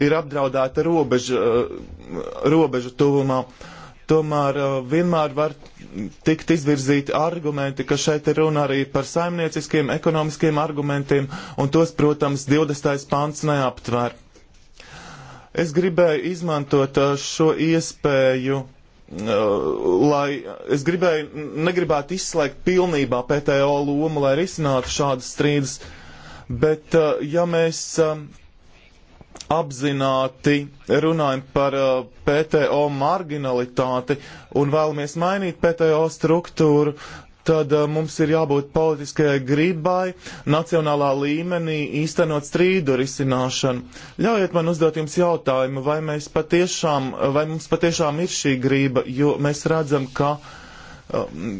Speaker 4: ir apdraudēta robežu, robežu tuvumā. Uh, Tomēr uh, vienmēr var tikt izvirzīti argumenti, ka šeit ir runa arī par saimnieciskiem, ekonomiskiem argumentiem, un tos, protams, 20. pants neaptver. Es gribēju izmantot uh, šo iespēju, uh, lai es gribēju, negribētu izslēgt pilnībā PTO lomu, lai risinātu šādas strīdas, bet ja mēs um, apzināti runājam par uh, PTO marginalitāti un vēlamies mainīt PTO struktūru, tad uh, mums ir jābūt politiskajai gribai nacionālā līmenī īstenot strīdu risināšanu. Ļaujiet man uzdot jums jautājumu, vai, mēs patiešām, vai mums patiešām ir šī griba, jo mēs redzam, ka um,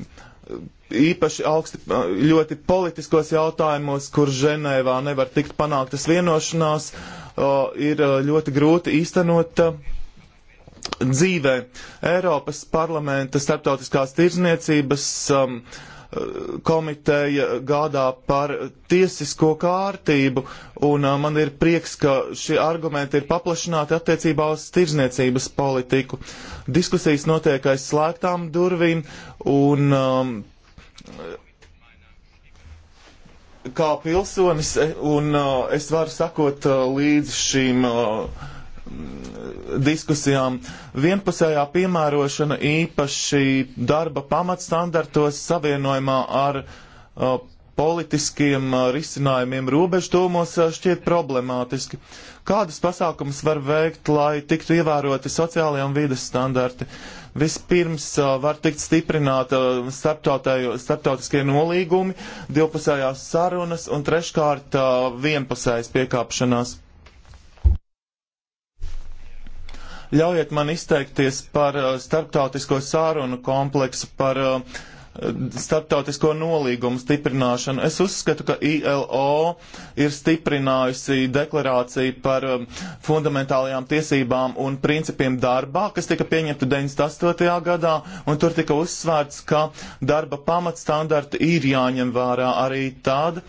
Speaker 4: īpaši augsti, uh, ļoti politiskos jautājumos, kur Ženēvā nevar tikt panāktas vienošanās, uh, ir ļoti grūti īstenot dzīvē. Eiropas parlamenta starptautiskās tirzniecības um, komiteja gādā par tiesisko kārtību, un uh, man ir prieks, ka šie argumenti ir paplašināti attiecībā uz tirzniecības politiku. Diskusijas notiek aiz slēgtām durvīm, un um, kā pilsonis, e, un uh, es varu sakot uh, līdz šīm uh, diskusijām. Vienpusējā piemērošana īpaši darba pamatstandartos savienojumā ar uh, politiskiem uh, risinājumiem robeždomos uh, šķiet problemātiski. Kādas pasākumas var veikt, lai tiktu ievēroti sociālajie un vides standarti? Uh, Vispirms var tikt stiprināta starptautiskie nolīgumi, divpusējās sarunas un treškārt vienpusējas piekāpšanās. Ļaujiet man izteikties par starptautisko sārunu kompleksu, par uh, starptautisko nolīgumu stiprināšanu. Es uzskatu, ka ILO ir stiprinājusi deklarāciju par um, fundamentālajām tiesībām un principiem darbā, kas tika pieņemta 98. gadā, un tur tika uzsvērts, ka darba pamatstandarti ir jāņem vērā arī tad,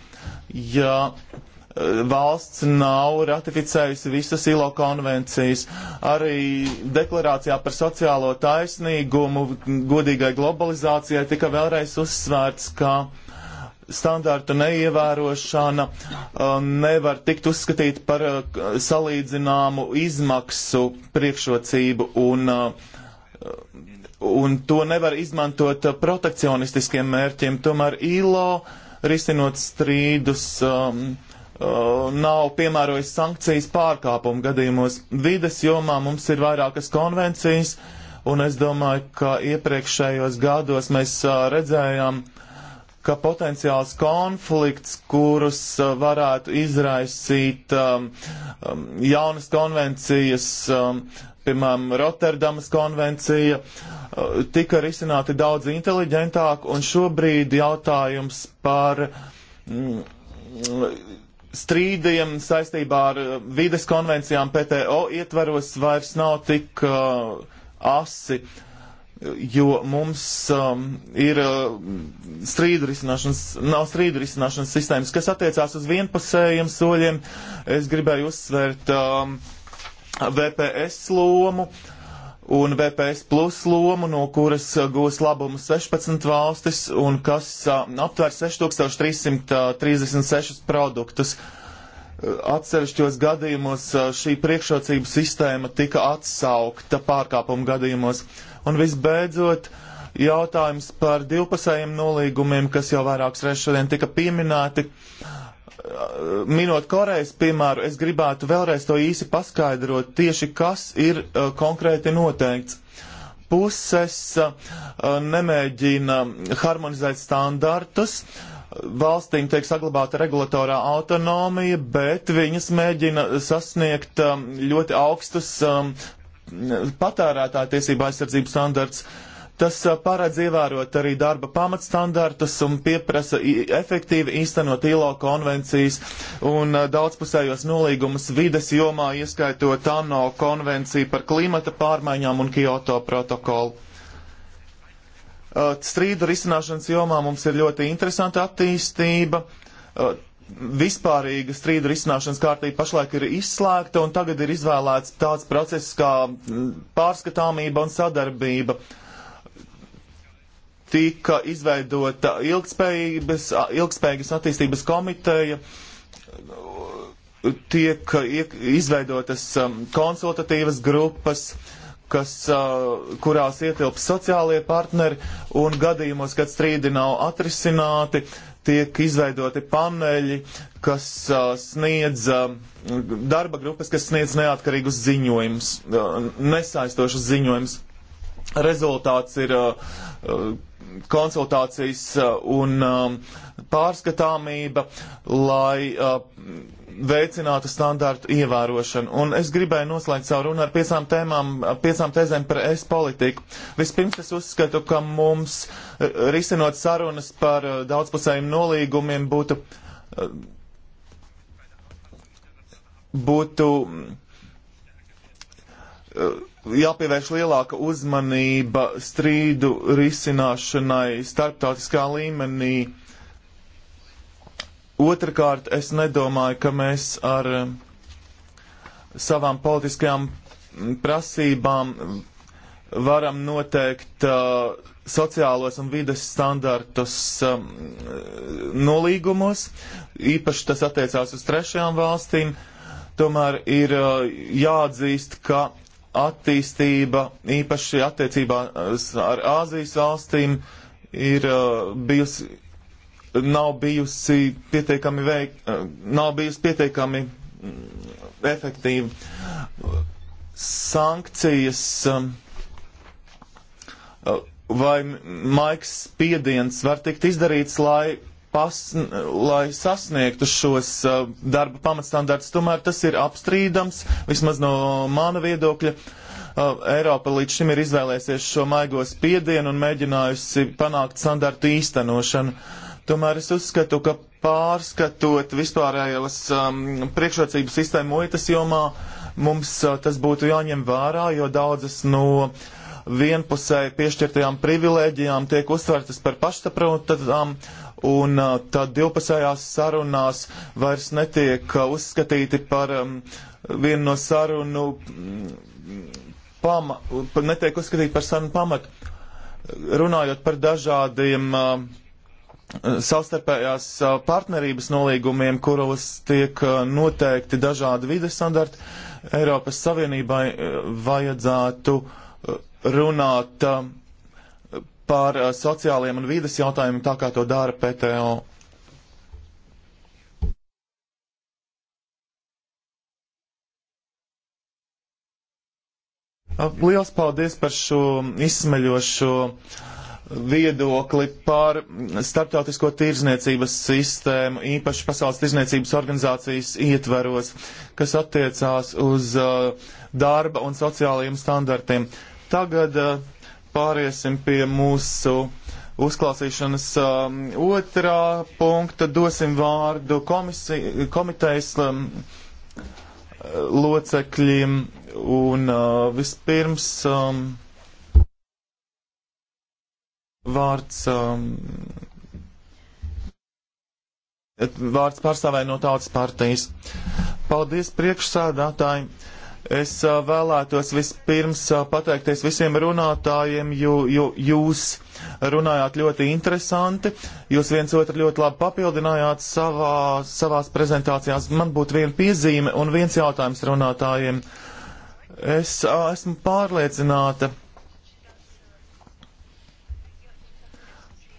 Speaker 4: ja valsts nav ratificējusi visas ILO konvencijas. Arī deklarācijā par sociālo taisnīgumu, godīgai globalizācijai tika vēlreiz uzsvērts, ka standārtu neievērošana uh, nevar tikt uzskatīt par uh, salīdzināmu izmaksu priekšrocību un uh, un to nevar izmantot protekcionistiskiem mērķiem. Tomēr ILO risinot strīdus um, Uh, nav piemērojis sankcijas pārkāpumu gadījumos. Vides jomā mums ir vairākas konvencijas, un es domāju, ka iepriekšējos gados mēs uh, redzējām, ka potenciāls konflikts, kurus uh, varētu izraisīt um, um, jaunas konvencijas, um, piemēram, Rotterdamas konvencija, uh, tika risināti daudz inteliģentāk, un šobrīd jautājums par mm, strīdiem saistībā ar eh, vides konvencijām PTO ietvaros vairs nav tik uh, asi, jo mums um, ir uh, strīdu risināšanas, nav strīdu risināšanas sistēmas, kas attiecās uz vienpusējiem soļiem. Es gribēju uzsvērt um, VPS lomu. Uh, un VPS plus lomu, no kuras uh, gūs labumu 16 valstis un kas uh, aptver 6336 produktus. Uh, atsevišķos gadījumos šī priekšrocību sistēma tika atsaukta pārkāpumu gadījumos. Un visbeidzot, jautājums par divpusējiem nolīgumiem, kas jau vairākas reizes šodien tika pieminēti. Uh, minot Korejas piemēru, es gribētu vēlreiz to īsi paskaidrot tieši, kas ir uh, konkrēti noteikts. Puses uh, nemēģina harmonizēt standartus, valstīm tiek saglabāta regulatorā autonomija, bet viņas mēģina sasniegt um, ļoti augstus um, patērētātiesību aizsardzības standarts. Uh, Tas paredz ievērot arī darba pamatstandartus un pieprasa efektīvi īstenot ILO konvencijas un daudzpusējos nolīgumus vides jomā, ieskaitot ANO konvenciju par klimata pārmaiņām un Kyoto protokolu. Strīdu risināšanas jomā mums ir ļoti interesanta attīstība vispārīga strīdu risināšanas kārtība pašlaik ir izslēgta, un tagad ir izvēlēts tāds process kā pārskatāmība un sadarbība. Uh, tika izveidota ilgspējības, ilgspējīgas attīstības komiteja, tiek izveidotas um, konsultatīvas grupas, kas, kurās ietilps sociālie partneri, un gadījumos, kad strīdi nav atrisināti, tiek izveidoti paneļi, kas sniedz darba grupas, kas sniedz neatkarīgus ziņojumus, nesaistošus ziņojumus. Rezultāts ir konsultācijas uh, un um, pārskatāmība, lai uh, veicinātu standārtu ievērošanu. Un es gribēju noslēgt savu runu ar piecām tēmām, piecām tēzēm par es politiku. Vispirms es uzskatu, ka mums uh, risinot sarunas par daudzpusējiem nolīgumiem būtu, būtu jāpievērš lielāka uzmanība strīdu risināšanai starptautiskā līmenī. Otrakārt, es nedomāju, ka mēs ar um, savām politiskajām mm, prasībām varam noteikt uh, sociālos un vides standartus um, nolīgumos, īpaši tas attiecās uz trešajām valstīm. Tomēr ir uh, jāatzīst, ka attīstība, īpaši attiecībā ar Āzijas valstīm, ir uh, bijusi, nav bijusi pietiekami veik, uh, nav bijusi pietiekami mm, efektīva. Sankcijas um, uh, vai maigs spiediens var tikt izdarīts, lai pas, lai sasniegtu šos uh, darba pamatstandarts, tomēr tas ir apstrīdams, vismaz no mana viedokļa. Uh, Eiropa līdz šim ir izvēlēsies šo maigo spiedienu un mēģinājusi panākt standartu īstenošanu. Tomēr es uzskatu, ka pārskatot vispārējās um, priekšrocību sistēmu muitas jomā, mums uh, tas būtu jāņem vērā, jo daudzas no vienpusēji piešķirtajām privilēģijām tiek uztvertas par pašsaprotamām. Um, un uh, tad divpusējās sarunās vairs netiek uh, uzskatīti par um, vienu no sarunu mm, pama, par, netiek uzskatīti par sarunu pamatu. Runājot par dažādiem uh, savstarpējās uh, partnerības nolīgumiem, kuros tiek uh, noteikti dažādi vides standarti, Eiropas Savienībai uh, vajadzētu runāt par uh, sociāliem un vides jautājumiem, tā kā to dara PTO. Uh, liels paldies par šo izsmeļošo viedokli par starptautisko tirzniecības sistēmu, īpaši Pasaules tirzniecības organizācijas ietveros, kas attiecās uz uh, darba un sociālajiem standartiem. Tagad uh, pāriesim pie mūsu uzklausīšanas um, otrā punkta. Dosim vārdu komisi, komitejas um, locekļiem un uh, vispirms um, vārds. Um, Vārds pārstāvēja no tautas partijas. Paldies priekšsādātāji! Uh, Es a, vēlētos vispirms a, pateikties visiem runātājiem, jo, jo jūs runājāt ļoti interesanti, jūs viens otru ļoti labi papildinājāt savā, savās prezentācijās. Man būtu viena piezīme un viens jautājums runātājiem. Es a, esmu pārliecināta,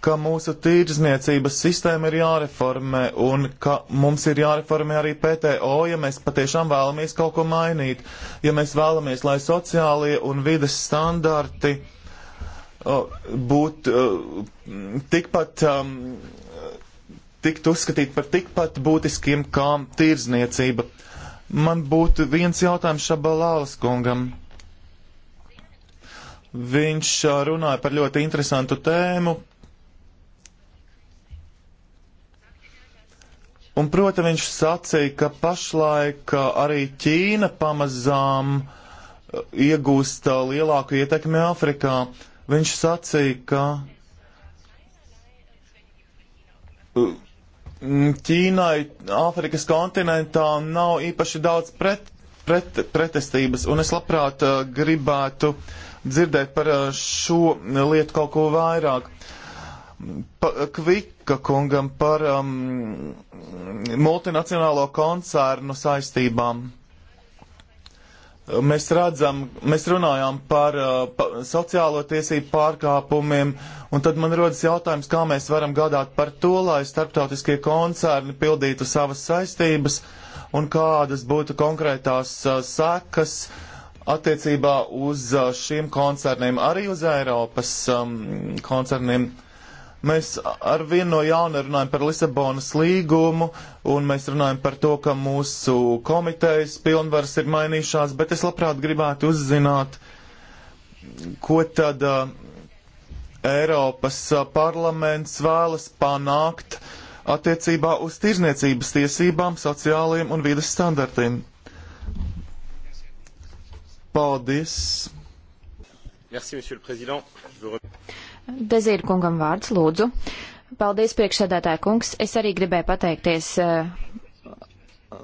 Speaker 4: ka mūsu tīrzniecības sistēma ir jāreformē un ka mums ir jāreformē arī PTO, ja mēs patiešām vēlamies kaut ko mainīt, ja mēs vēlamies, lai sociālie un vides standarti uh, būtu uh, tikpat, um, tikt uzskatīt par tikpat būtiskiem kā tīrzniecība. Man būtu viens jautājums Šabalālas kungam. Viņš uh, runāja par ļoti interesantu tēmu, Un, protams, viņš sacīja, ka pašlaik uh, arī Ķīna pamazām uh, iegūst uh, lielāku ietekmi Āfrikā. Viņš sacīja, ka Ķīnai Āfrikas kontinentā nav īpaši daudz pret, pret, pretestības, un es labprāt gribētu dzirdēt par šo lietu kaut ko vairāk. Uh, Kvika kungam par um, multinacionālo koncernu saistībām. Mēs redzam, mēs runājām par uh, pa, sociālo tiesību pārkāpumiem, un tad man rodas jautājums, kā mēs varam gādāt par to, lai starptautiskie koncerni pildītu savas saistības, un kādas būtu konkrētās uh, sekas uh, attiecībā uz uh, šiem koncerniem, arī uz Eiropas um, koncerniem. Mēs ar vienu no jauna runājam par Lisabonas līgumu, un mēs runājam par to, ka mūsu komitejas pilnvaras ir mainījušās, bet es labprāt gribētu uzzināt, ko tad uh, Eiropas eh, parlaments vēlas panākt attiecībā uz tirzniecības tiesībām, sociālajiem un vidas standartiem. Paldies! Merci, monsieur le président. Je veux...
Speaker 3: Dezīra kungam vārds, lūdzu. Paldies, priekšsēdētāja kungs. Es arī gribēju pateikties uh,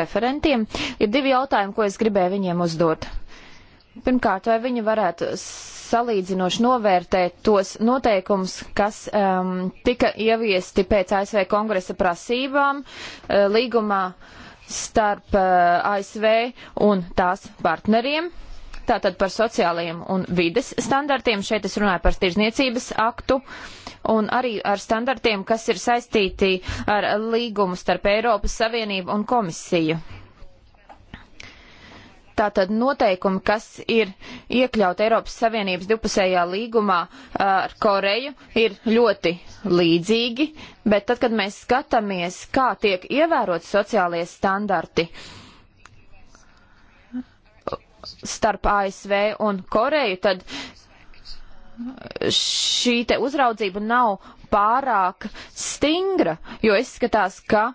Speaker 3: referentiem. Ir divi jautājumi, ko es gribēju viņiem uzdot. Pirmkārt, vai viņi varētu salīdzinoši novērtēt tos noteikumus, kas um, tika ieviesti pēc ASV kongresa prasībām uh, līgumā starp uh, eh, ASV un tās partneriem? Uh, tātad par sociālajiem un vides standartiem. Šeit es runāju par tirzniecības aktu un arī ar standartiem, kas ir saistīti ar līgumu starp Eiropas Savienību un komisiju. Tātad noteikumi, kas ir iekļauti Eiropas Savienības divpusējā līgumā ar Koreju, ir ļoti līdzīgi, bet tad, kad mēs skatāmies, kā tiek ievērot sociālie standarti, uh, starp ASV un Koreju, tad šī te uzraudzība nav pārāk stingra, jo izskatās, ka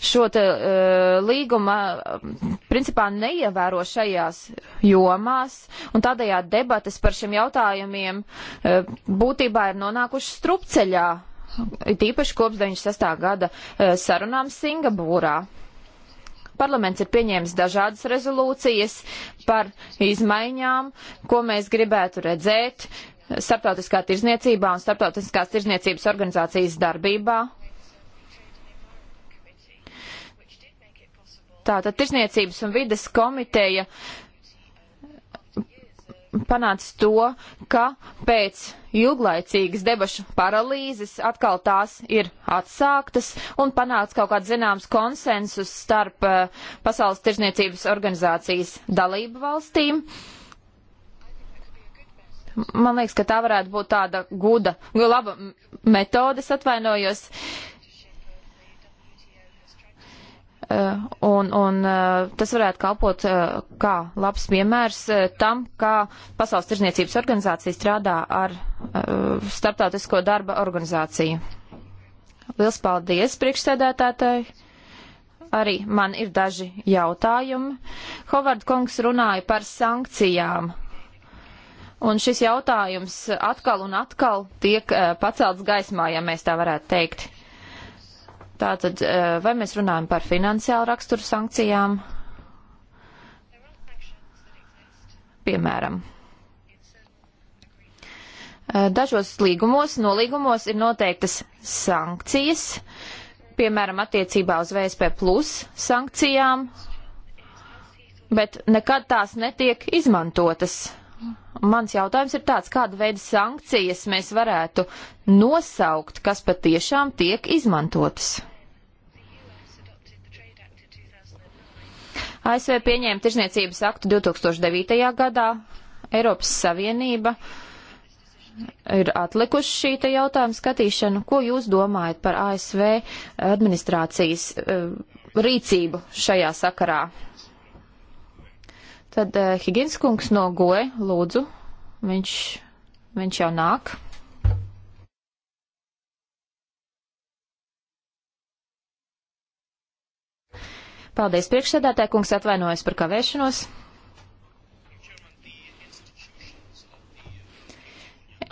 Speaker 3: šo te, uh, līguma eh, principā neievēro šajās jomās, un tādējādi debates par šiem jautājumiem uh, būtībā ir nonākuši strupceļā, tīpaši kopš 96. gada uh, sarunām Singapūrā. Parlaments ir pieņēmis dažādas rezolūcijas par izmaiņām, ko mēs gribētu redzēt starptautiskā tirzniecībā un starptautiskās tirzniecības organizācijas darbībā. Tātad tirzniecības un vides komiteja uh, panācis to, ka pēc ilglaicīgas debašu paralīzes atkal tās ir atsāktas un panāca kaut kāds zināms konsensus starp uh, Pasaules tirzniecības organizācijas dalību valstīm. Man liekas, ka tā varētu būt tāda guda, laba metode, atvainojos. Uh, Eh, un, un eh, tas varētu kalpot eh, kā labs piemērs tam, kā Pasaules tirzniecības organizācija strādā ar starptautisko darba organizāciju. Liels paldies priekšsēdētātāji! Arī man ir daži jautājumi. Hovard kungs runāja par sankcijām. Un šis jautājums atkal un atkal tiek pacelts gaismā, ja mēs tā varētu teikt. Tātad, eh, vai mēs runājam par finansiālu raksturu sankcijām? Piemēram, eh, dažos līgumos, nolīgumos ir noteiktas sankcijas, piemēram, attiecībā uz VSP plus sankcijām, bet nekad tās netiek izmantotas Mans jautājums ir tāds, kāda veida sankcijas mēs varētu nosaukt, kas patiešām tiek izmantotas? ASV pieņēma tirzniecības aktu 2009. gadā, Eiropas Savienība ir atlikuši šī te jautājuma skatīšanu. Ko jūs domājat par ASV administrācijas uh, rīcību šajā sakarā? Tad uh, eh, Higins kungs no goja, lūdzu, viņš, viņš jau nāk. Paldies priekšsēdētāji, kungs atvainojas par kavēšanos.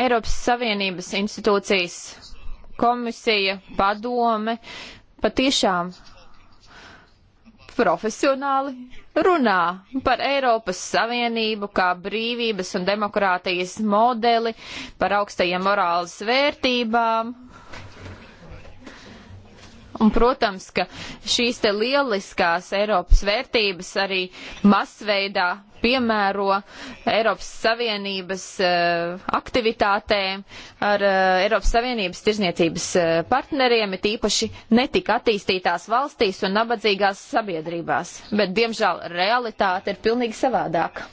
Speaker 3: Eiropas Savienības institūcijas komisija, padome patiešām profesionāli runā par Eiropas Savienību kā brīvības un demokrātijas modeli, par augstajiem morāles vērtībām. Un, protams, ka šīs te lieliskās Eiropas vērtības arī masveidā piemēro Eiropas Savienības eh, aktivitātēm ar eh, Eiropas Savienības tirzniecības eh, partneriem, it īpaši netika attīstītās valstīs un nabadzīgās sabiedrībās. Bet, diemžēl, realitāte ir pilnīgi savādāka.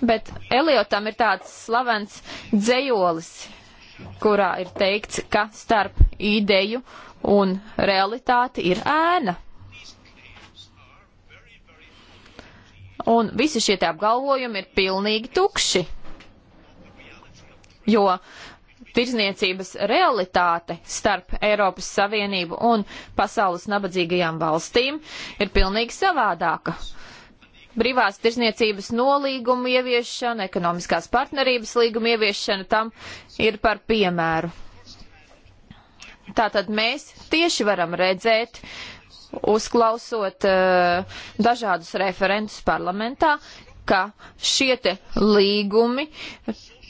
Speaker 3: Bet Eliotam ir tāds slavens dzējolis, kurā ir teikts, ka starp ideju un realitāti ir ēna. Un visi šie apgalvojumi ir pilnīgi tukši. Jo tirzniecības realitāte starp Eiropas Savienību un pasaules nabadzīgajām valstīm ir pilnīgi savādāka. Brīvās tirzniecības nolīguma ieviešana, ekonomiskās partnerības līguma ieviešana tam ir par piemēru. Tātad mēs tieši varam redzēt, uzklausot uh, dažādus referentus parlamentā, ka šie te līgumi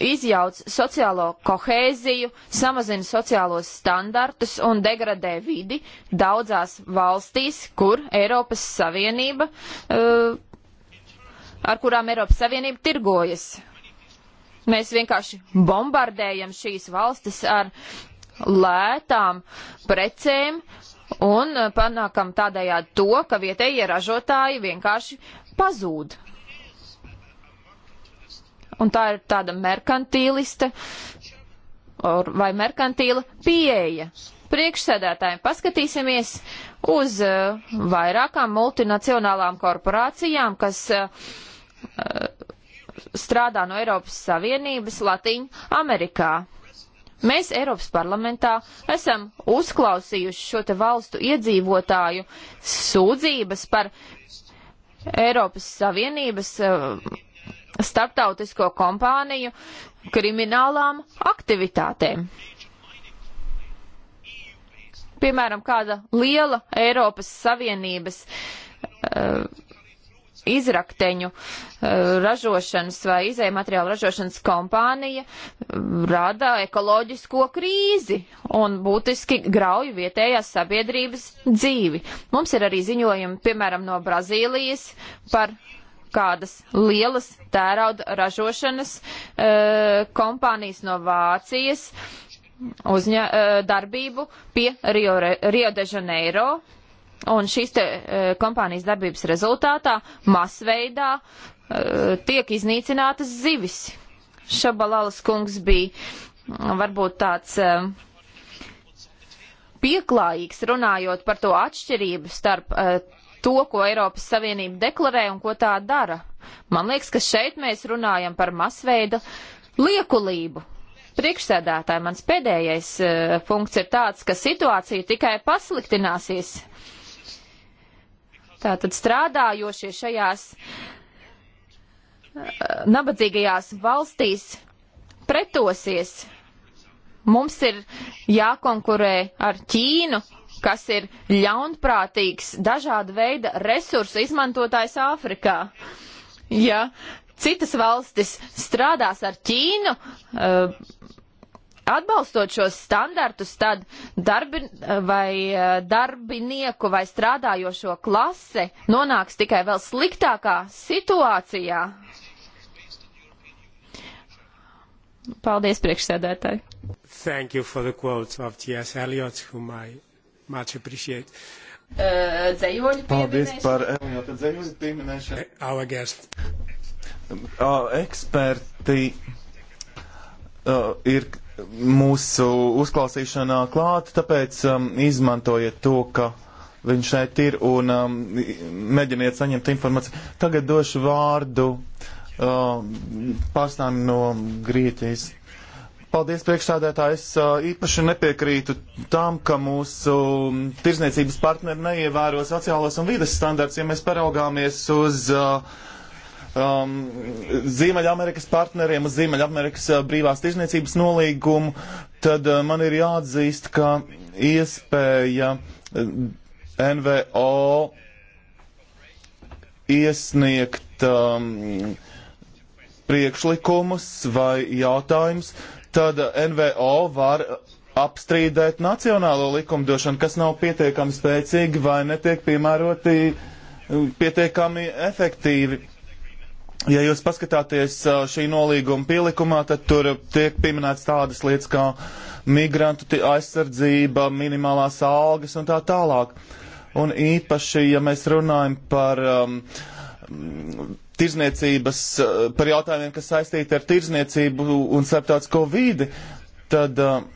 Speaker 3: izjauc sociālo kohēziju, samazina sociālos standartus un degradē vidi daudzās valstīs, kur Eiropas Savienība, uh, ar kurām Eiropas Savienība tirgojas. Mēs vienkārši bombardējam šīs valstis ar lētām precēm, un eh, panākam tādējādi to, ka vietējie ražotāji vienkārši pazūd. Un tā ir tāda merkantīlista vai merkantīla pieeja. Priekšsēdētājiem paskatīsimies uz eh, vairākām multinacionālām korporācijām, kas eh, strādā no Eiropas Savienības Latīņu Amerikā. Mēs Eiropas parlamentā esam uzklausījuši šo te valstu iedzīvotāju sūdzības par Eiropas Savienības eh, starptautisko kompāniju kriminālām aktivitātēm. Piemēram, kāda liela Eiropas Savienības uh, izrakteņu eh, ražošanas vai izēja materiālu ražošanas kompānija eh, rada ekoloģisko krīzi un būtiski grauj vietējās sabiedrības dzīvi. Mums ir arī ziņojumi, piemēram, no Brazīlijas par kādas lielas tērauda ražošanas e, kompānijas no Vācijas uzņa, e, darbību pie Rio, Rio de Janeiro Un šīs te e, kompānijas darbības rezultātā masveidā e, tiek iznīcinātas zivis. Šabalalas kungs bija varbūt tāds e, pieklājīgs runājot par to atšķirību starp to, ko Eiropas Savienība deklarē un ko tā dara. Man liekas, ka šeit mēs runājam par masveida liekulību. Priekšsēdētāji, mans pēdējais punkts ir tāds, ka situācija tikai pasliktināsies. Uh, Tātad strādājošie šajās eh, nabadzīgajās valstīs pretosies. Mums ir jākonkurē ar Ķīnu, kas ir ļaunprātīgs dažāda veida resursu izmantotājs Āfrikā. Ja citas valstis strādās ar Ķīnu, eh, Atbalstot šos standartus, tad darbi, vai eh, darbinieku vai strādājošo klase nonāks tikai vēl sliktākā situācijā. Paldies, priekšsēdētāji.
Speaker 1: Thank you for the quotes of T.S. Eliot, whom I much appreciate.
Speaker 3: Uh, eh, dzējoļu Paldies par eh,
Speaker 4: Eliota dzējoļu
Speaker 1: pieminēšanu. Our guest.
Speaker 4: Uh, eksperti uh, ir mūsu uzklausīšanā klāt, tāpēc um, izmantojiet to, ka viņš šeit ir un um, mēģiniet saņemt informāciju. Tagad došu vārdu uh, pārstāvim no Grieķijas. Paldies priekšstādētāji, es uh, īpaši nepiekrītu tam, ka mūsu um, tirzniecības partneri neievēro sociālos un vides standarts, ja mēs paraugāmies uz uh, um, Ziemeļamerikas partneriem uz Ziemeļamerikas uh, brīvās tirzniecības nolīgumu, tad uh, man ir jāatzīst, ka iespēja uh, NVO iesniegt um, priekšlikumus vai jautājumus, tad uh, NVO var apstrīdēt nacionālo likumdošanu, kas nav pietiekami spēcīgi vai netiek piemēroti pietiekami efektīvi. Ja jūs paskatāties šī nolīguma pielikumā, tad tur tiek pieminēts tādas lietas kā migrantu aizsardzība, minimālās algas un tā tālāk. Un īpaši, ja mēs runājam par um, tirzniecības, par jautājumiem, kas saistīti ar tirzniecību un starptautisko vīdi, tad. Uh, um,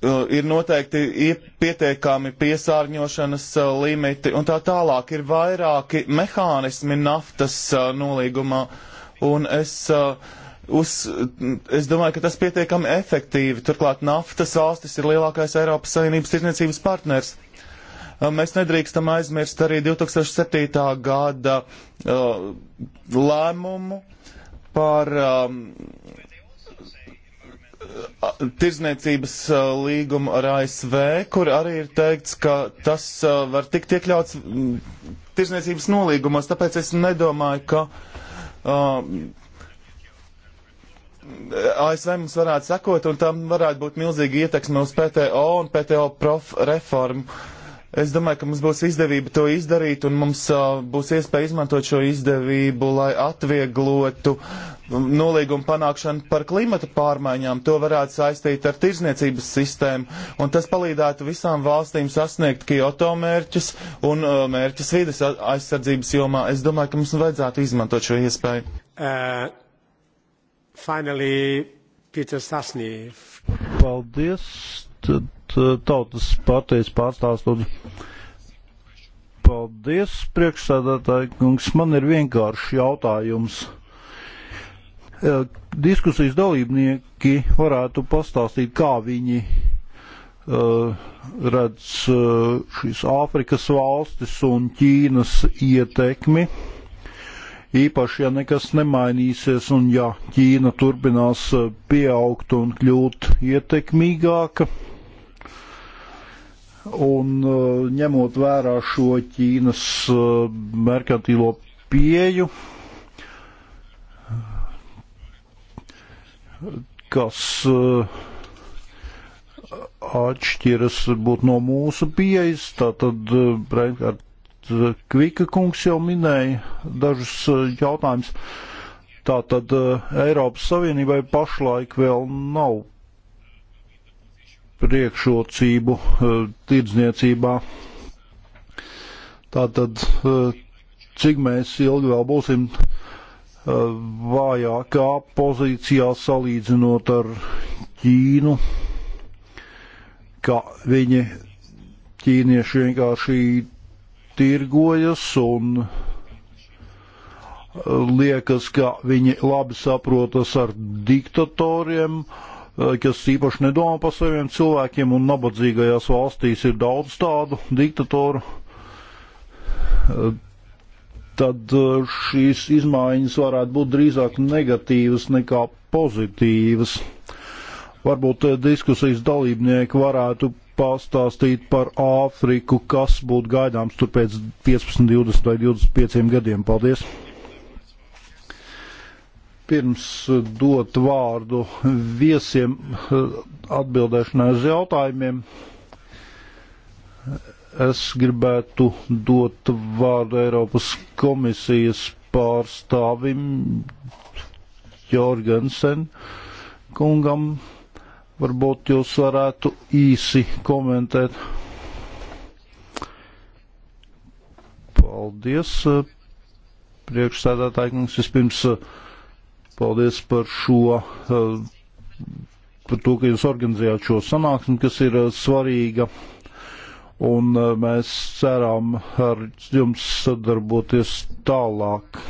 Speaker 4: Eh, ir noteikti pietiekami piesārņošanas eh, limiti un tā tālāk. Ir vairāki mehānismi naftas eh, nolīgumā, un es, uz, es domāju, ka tas pietiekami efektīvi. Turklāt naftas valstis ir lielākais Eiropas Savienības tirdzniecības partners. Mēs nedrīkstam aizmirst arī 2007. gada uh, lēmumu par um, tirzniecības līgumu ar ASV, kur arī ir teikts, ka tas var tikt iekļauts tirzniecības nolīgumos, tāpēc es nedomāju, ka ASV mums varētu sekot un tam varētu būt milzīga ietekme uz PTO un PTO prof reformu. Uh, Es domāju, ka mums būs izdevība to izdarīt, un mums uh, būs iespēja izmantot šo izdevību, lai atvieglotu nolīgumu panākšanu par klimata pārmaiņām. To varētu saistīt ar tirzniecības sistēmu, un tas palīdzētu visām valstīm sasniegt Kyoto mērķus un uh, mērķus vides aizsardzības jomā. Es domāju, ka mums vajadzētu izmantot šo iespēju.
Speaker 1: Uh, finally, Peter Sasniev. Paldies.
Speaker 5: Tad Eh, tautas partijas pārstāvs lūdzu. Paldies, priekšsēdētāji, kungs. Man ir vienkārši jautājums. Eh, diskusijas dalībnieki varētu pastāstīt, kā viņi eh, redz šīs Āfrikas valstis un Ķīnas ietekmi īpaši, ja nekas nemainīsies un ja Ķīna turpinās pieaugt un kļūt ietekmīgāka. Un e, ņemot vērā šo Ķīnas e, merkantīlo pieju, kas e, atšķiras būt no mūsu pieejas, tātad Breinkārt Kvika kungs jau minēja dažus jautājumus. Tātad Eiropas Savienībai pašlaik vēl nav priekšrocību eh, tirdzniecībā. Tātad, eh, cik mēs ilgi vēl būsim eh, vājākā pozīcijā salīdzinot ar Ķīnu, ka viņi ķīnieši vienkārši tirgojas un liekas, ka viņi labi saprotas ar diktatoriem, uh, Eh, kas īpaši nedomā par saviem cilvēkiem, un nabadzīgajās valstīs ir daudz tādu diktatoru, eh, tad eh, šīs izmaiņas varētu būt drīzāk negatīvas nekā pozitīvas. Varbūt diskusijas dalībnieki varētu pastāstīt par Āfriku, kas būtu gaidāms tur pēc 15, 20 vai 25 gadiem. Paldies! pirms eh, dot vārdu viesiem eh, atbildēšanai uz jautājumiem, es gribētu dot vārdu Eiropas komisijas pārstāvim Jorgensen kungam. Varbūt jūs varētu īsi komentēt. Paldies, eh, priekšsēdētāji kungs. Vispirms uh, Paldies par šo, eh, par to, ka jūs organizējāt šo sanāksmi, kas ir eh, svarīga. Un eh, mēs ceram ar jums sadarboties tālāk.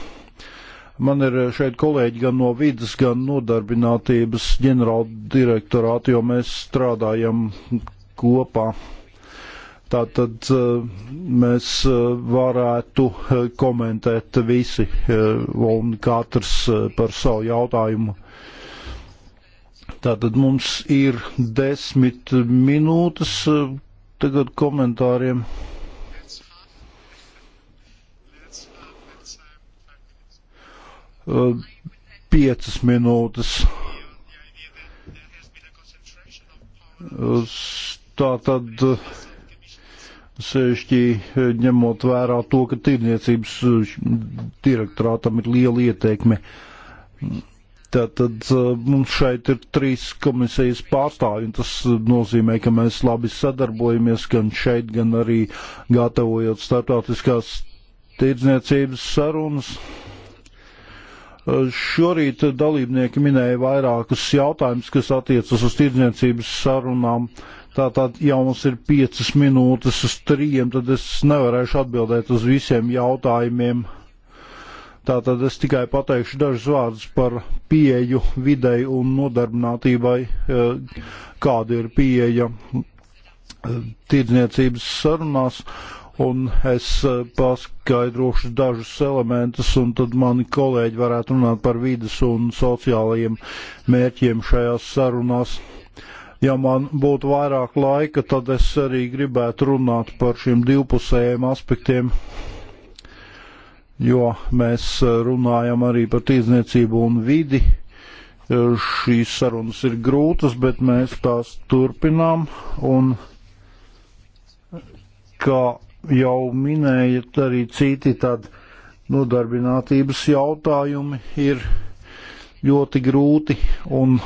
Speaker 5: Man ir šeit kolēģi gan no vidas, gan nodarbinātības ģenerāla direktorāta, jo mēs strādājam kopā. Tātad eh, mēs eh, varētu eh, komentēt visi un katrs par savu jautājumu. Tātad mums ir desmit minūtes tagad komentāriem. Piecas minūtes. Tā tad. Uh, Sēžķi eh, ņemot vērā to, ka tirniecības eh, direktorātam ir liela ieteikme. Tātad eh, mums šeit ir trīs komisijas pārstāvji, un tas nozīmē, ka mēs labi sadarbojamies gan šeit, gan arī gatavojot startautiskās tirdzniecības sarunas. Šorīt dalībnieki minēja vairākus jautājumus, kas attiecas uz tirdzniecības sarunām. Uh, tātad, ja mums ir piecas minūtes uz trījiem, tad es nevarēšu atbildēt uz visiem jautājumiem. Tātad es tikai pateikšu dažus vārdus par pieeju videi un nodarbinātībai, eh, kāda ir pieeja eh, tirdzniecības sarunās, un es eh, paskaidrošu dažus elementus, un tad mani kolēģi varētu runāt par vidas un sociālajiem mērķiem šajās sarunās. Ja man būtu vairāk laika, tad es arī gribētu runāt par šiem divpusējiem aspektiem, jo mēs runājam arī par tīzniecību un vidi. Šīs sarunas ir grūtas, bet mēs tās turpinām un kā jau minējat, arī citi tad nodarbinātības jautājumi ir ļoti grūti un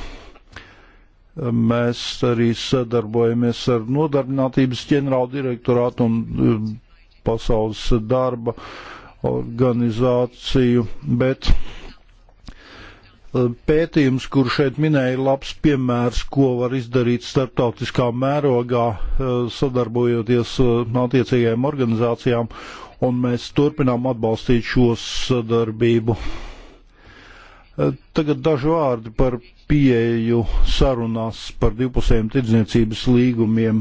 Speaker 5: Mēs arī sadarbojamies ar nodarbinātības ģenerālu direktorātu un um, pasaules darba organizāciju, bet um, pētījums, kur šeit minēja, ir labs piemērs, ko var izdarīt starptautiskā mērogā, uh, sadarbojoties uh, attiecīgajām organizācijām, un mēs turpinām atbalstīt šo sadarbību. Eh, tagad daži vārdi par pieeju sarunās par divpusējiem tirdzniecības līgumiem,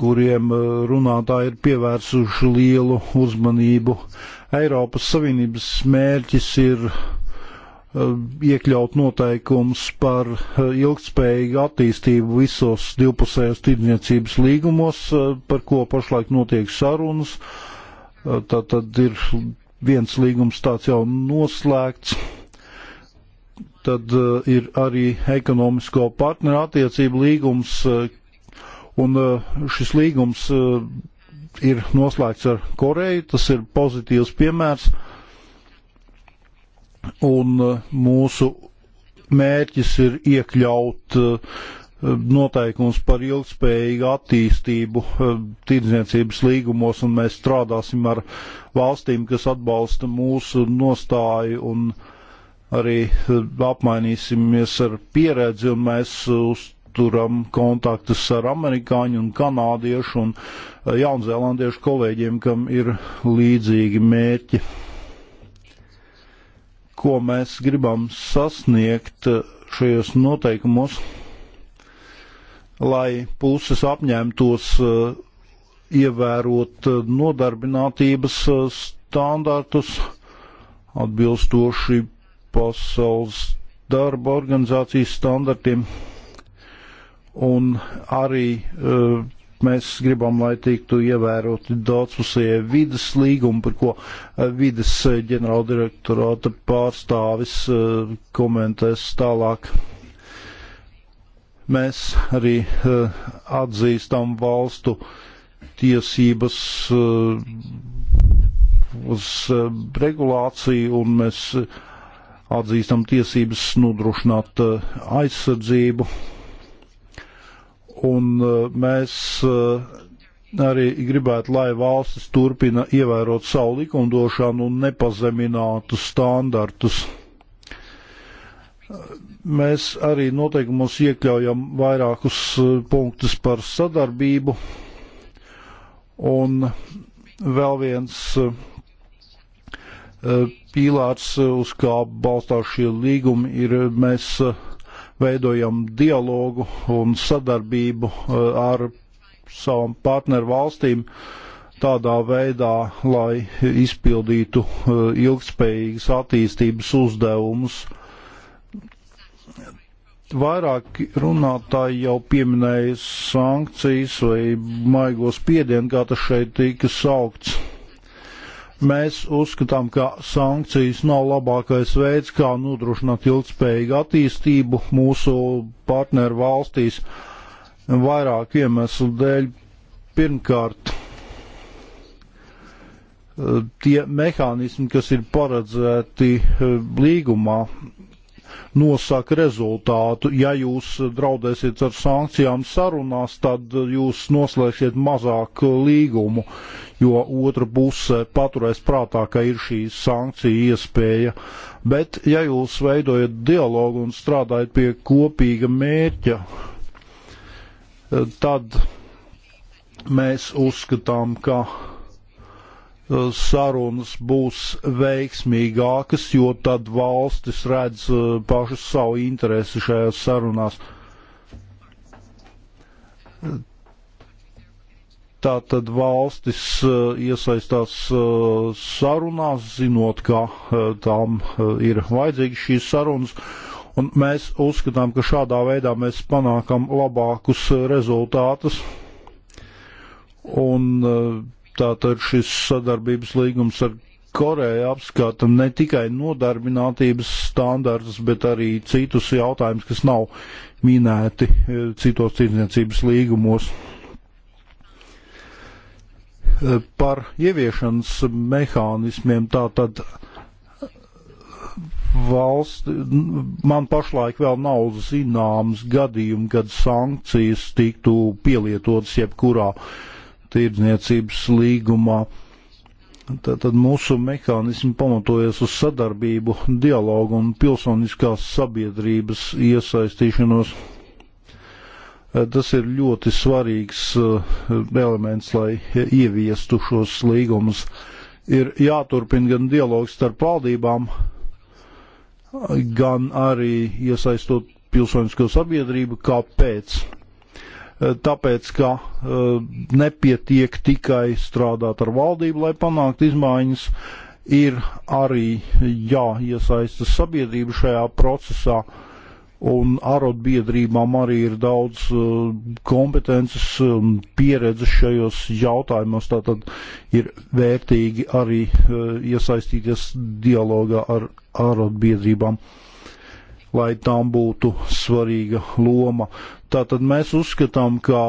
Speaker 5: kuriem eh, runātāji ir pievērsuši lielu uzmanību. Eiropas Savienības mērķis ir eh, iekļaut noteikums par ilgspējīgu attīstību visos divpusējos tirdzniecības līgumos, par ko pašlaik notiek sarunas. Tā tad ir viens līgums tāds jau noslēgts, tad uh, ir arī ekonomisko partneru attiecību līgums, uh, un uh, šis līgums uh, ir noslēgts ar Koreju, tas ir pozitīvs piemērs, un uh, mūsu mērķis ir iekļaut uh, noteikums par ilgspējīgu attīstību eh, tirdzniecības līgumos, un mēs strādāsim ar valstīm, kas atbalsta mūsu nostāju, un arī eh, apmainīsimies ar pieredzi, un mēs uzturam kontaktus ar amerikāņu un kanādiešu un eh, jaunzēlandiešu kolēģiem, kam ir līdzīgi mērķi. Ko mēs gribam sasniegt šajos noteikumos? lai puses apņemtos eh, ievērot eh, nodarbinātības eh, standartus atbilstoši pasaules darba organizācijas standartiem. Un arī mēs gribam, lai tiktu ievēroti daudzpusējie vidas līgumi, par ko vidas ģenerāldirektorāta pārstāvis komentēs tālāk. Mēs arī eh, atzīstam valstu tiesības eh, uz eh, regulāciju un mēs atzīstam tiesības nodrošināt aizsardzību. Un mēs arī gribētu, lai valstis turpina ievērot savu likumdošanu un nepazeminātu standartus. Mēs arī noteikumos iekļaujam vairākus eh, punktus par sadarbību. Un vēl viens eh, pīlārs, eh, uz kā balstās šie līgumi, ir mēs veidojam dialogu un sadarbību ar savām partneru valstīm tādā veidā, lai izpildītu ilgspējīgas attīstības uzdevumus vairāki runātāji jau pieminēja sankcijas vai maigo spiedienu, kā tas šeit tika saukts. Mēs uzskatām, ka sankcijas nav labākais veids, kā nodrošināt ilgspējīgu attīstību mūsu partneru valstīs vairāk iemeslu dēļ. Pirmkārt, tie mehānismi, kas ir paredzēti eh, līgumā, nosaka rezultātu. Ja jūs draudēsiet ar sankcijām sarunās, tad jūs noslēgsiet mazāk līgumu, jo otra puse paturēs prātā, ka ir šī sankcija iespēja. Bet, ja jūs veidojat dialogu un strādājat pie kopīga mērķa, tad mēs uzskatām, ka sarunas būs veiksmīgākas, jo tad valstis redz eh, pašu savu interesi šajās sarunās. Tātad valstis eh, iesaistās eh, sarunās, zinot, ka tām ir vajadzīgas šīs sarunas, un mēs uzskatām, ka šādā veidā mēs panākam labākus rezultātus. Un Tātad šis sadarbības līgums ar Koreja apskata ne tikai nodarbinātības standartus, bet arī citus jautājumus, kas nav minēti e, citos tirdzniecības līgumos. E, par ieviešanas mehānismiem tātad valsts, man pašlaik vēl nav zināms gadījumi, kad sankcijas tiktu pielietotas jebkurā uh, tirdzniecības līgumā. Tātad mūsu mehānismi pamatojas uz sadarbību, dialogu un pilsoniskās sabiedrības iesaistīšanos. Eh, tas ir ļoti svarīgs eh, elements, lai ieviestu šos līgumus. Ir jāturpina gan dialogs starp valdībām, gan arī iesaistot pilsonisko sabiedrību. Kāpēc? Eh, tāpēc, ka eh, nepietiek tikai strādāt ar valdību, lai panāktu izmaiņas, ir arī jāiesaista sabiedrība šajā procesā, un arotbiedrībām arī ir daudz eh, kompetences un pieredzes šajos jautājumos, tātad ir vērtīgi arī iesaistīties dialogā ar arotbiedrībām. Ar lai tam būtu svarīga loma. Tātad mēs uzskatām, ka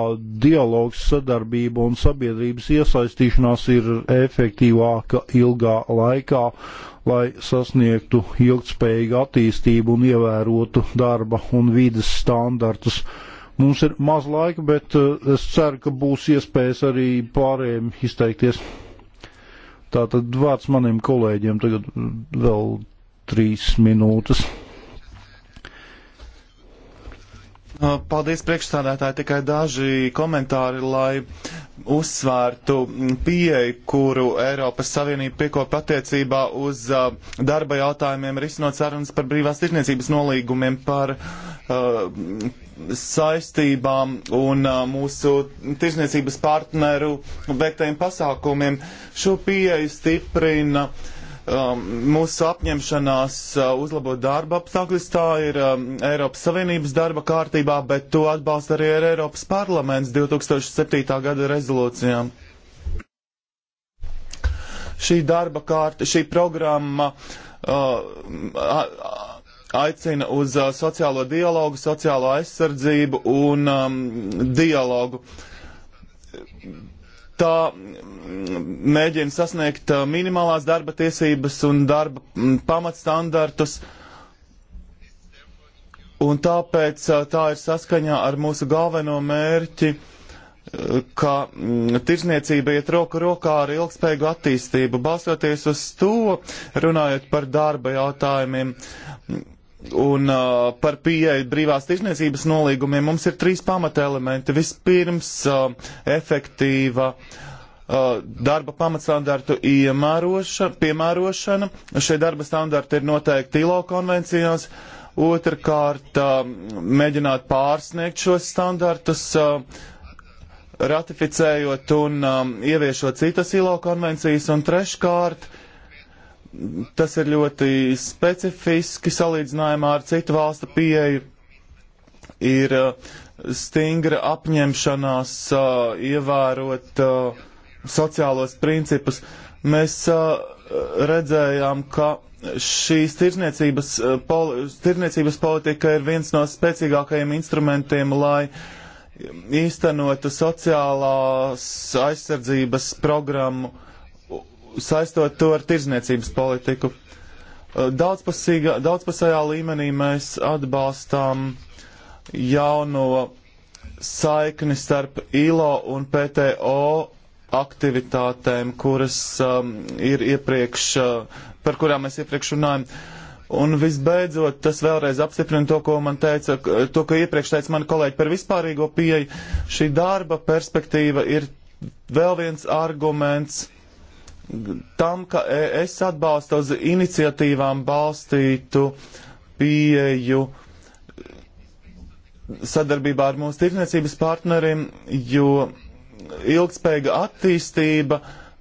Speaker 5: dialogs, sadarbība un sabiedrības iesaistīšanās ir efektīvāka ilgā laikā, lai sasniegtu ilgtspējīgu attīstību un ievērotu darba un vides standartus. Mums ir maz laika, bet eh, es ceru, ka būs iespējas arī pārējiem izteikties. Tātad vārds maniem kolēģiem tagad mm, vēl trīs minūtes.
Speaker 4: Uh, paldies priekšstādātāji, tikai daži komentāri, lai uzsvērtu pieeju, kuru Eiropas Savienība piekop attiecībā uz uh, darba jautājumiem, risinot sarunas par brīvās tirniecības nolīgumiem, par uh, saistībām un uh, mūsu tirsniecības partneru veiktajiem pasākumiem. Šo pieeju stiprina uh, um, mūsu apņemšanās uh, uzlabot darba apstākļus. Tā ir um, Eiropas Savienības darba kārtībā, bet to atbalsta arī ar Eiropas parlaments 2007. gada rezolūcijām. Šī darba kārta, šī programma uh, aicina uz uh, sociālo dialogu, sociālo aizsardzību un um, dialogu. Tā mēģina sasniegt uh, minimālās darba tiesības un darba mm, pamatstandartus. Un tāpēc uh, tā ir saskaņā ar mūsu galveno mērķi, uh, ka mm, tirzniecība iet roku rokā ar ilgspējīgu attīstību. Balstoties uz to, runājot par darba jautājumiem, Un uh, par pieeju brīvās tirzniecības nolīgumiem mums ir trīs pamata elementi. Vispirms uh, efektīva uh, Uh, darba pamatstandartu piemērošana. Šie darba standarti ir noteikti ILO konvencijās. Otrakārt, um, mēģināt pārsniegt šos standartus, uh, ratificējot un um, ieviešot citas ILO konvencijas. Un treškārt, tas ir ļoti specifiski salīdzinājumā ar citu valstu pieeju. Ir uh, stingra apņemšanās ievērot uh, sociālos principus, mēs uh, redzējām, ka šīs tirzniecības, uh, poli, tirzniecības politika ir viens no spēcīgākajiem instrumentiem, lai īstenotu sociālās aizsardzības programmu, saistot to ar tirzniecības politiku. Uh, Daudzpusējā līmenī mēs atbalstām jauno saikni starp ILO un PTO aktivitātēm, kuras um, ir iepriekš, uh, par kurām mēs iepriekš runājam. Un visbeidzot, tas vēlreiz apstiprina to, ko man teica, to, ko iepriekš teica mani kolēģi par vispārīgo pieeju. Šī darba perspektīva ir vēl viens arguments tam, ka es atbalstu uz iniciatīvām balstītu pieju sadarbībā ar mūsu tirdzniecības partneriem, jo ilgspējīga attīstība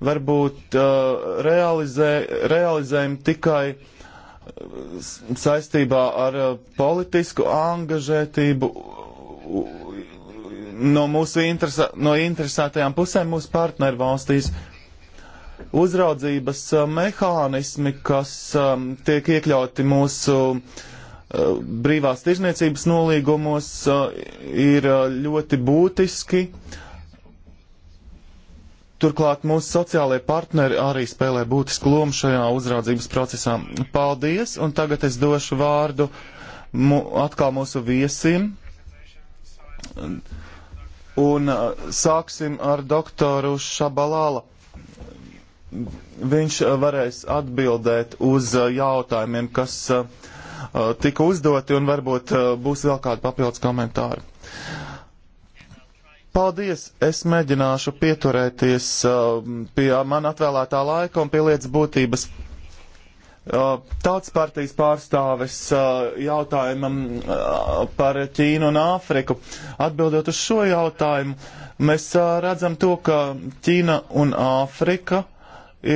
Speaker 4: var būt uh, realizē, realizējama tikai uh, saistībā ar uh, politisku angažētību no mūsu interesē, no interesētajām pusēm mūsu partneru valstīs. Uzraudzības uh, mehānismi, kas um, tiek iekļauti mūsu uh, brīvās tirzniecības nolīgumos, uh, ir uh, ļoti būtiski. Uh, Turklāt mūsu sociālajie partneri arī spēlē būtisku lomu šajā uzraudzības procesā. Paldies, un tagad es došu vārdu mu, atkal mūsu viesim. Un, un uh, sāksim ar doktoru Šabalāla. Viņš uh, varēs atbildēt uz uh, jautājumiem, kas tika uzdoti, un varbūt būs vēl kādi papildus komentāri. Paldies! Es mēģināšu pieturēties uh, pie man atvēlētā laika un pie lietas būtības. Uh, Tautas partijas pārstāves uh, jautājumam uh, par Ķīnu un Āfriku. Atbildot uz šo jautājumu, mēs uh, redzam to, ka Ķīna un Āfrika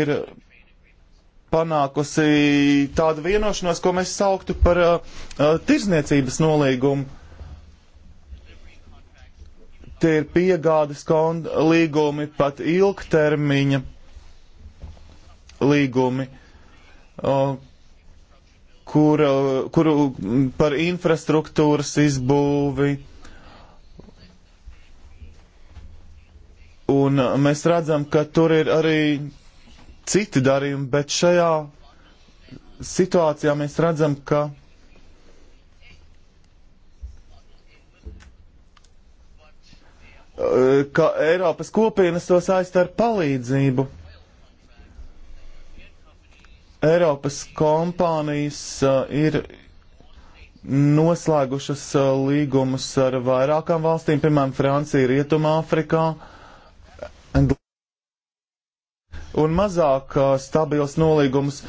Speaker 4: ir panākusi tādu vienošanos, ko mēs sauktu par uh, tirzniecības nolīgumu tie ir piegādes līgumi, pat ilgtermiņa līgumi, kur, kuru par infrastruktūras izbūvi. Un mēs redzam, ka tur ir arī citi darījumi, bet šajā situācijā mēs redzam, ka ka Eiropas kopienas to saist ar palīdzību. Eiropas kompānijas uh, ir noslēgušas uh, līgumus ar vairākām valstīm, piemēram, Francija, Rietumāfrikā. Un mazāk uh, stabils nolīgums.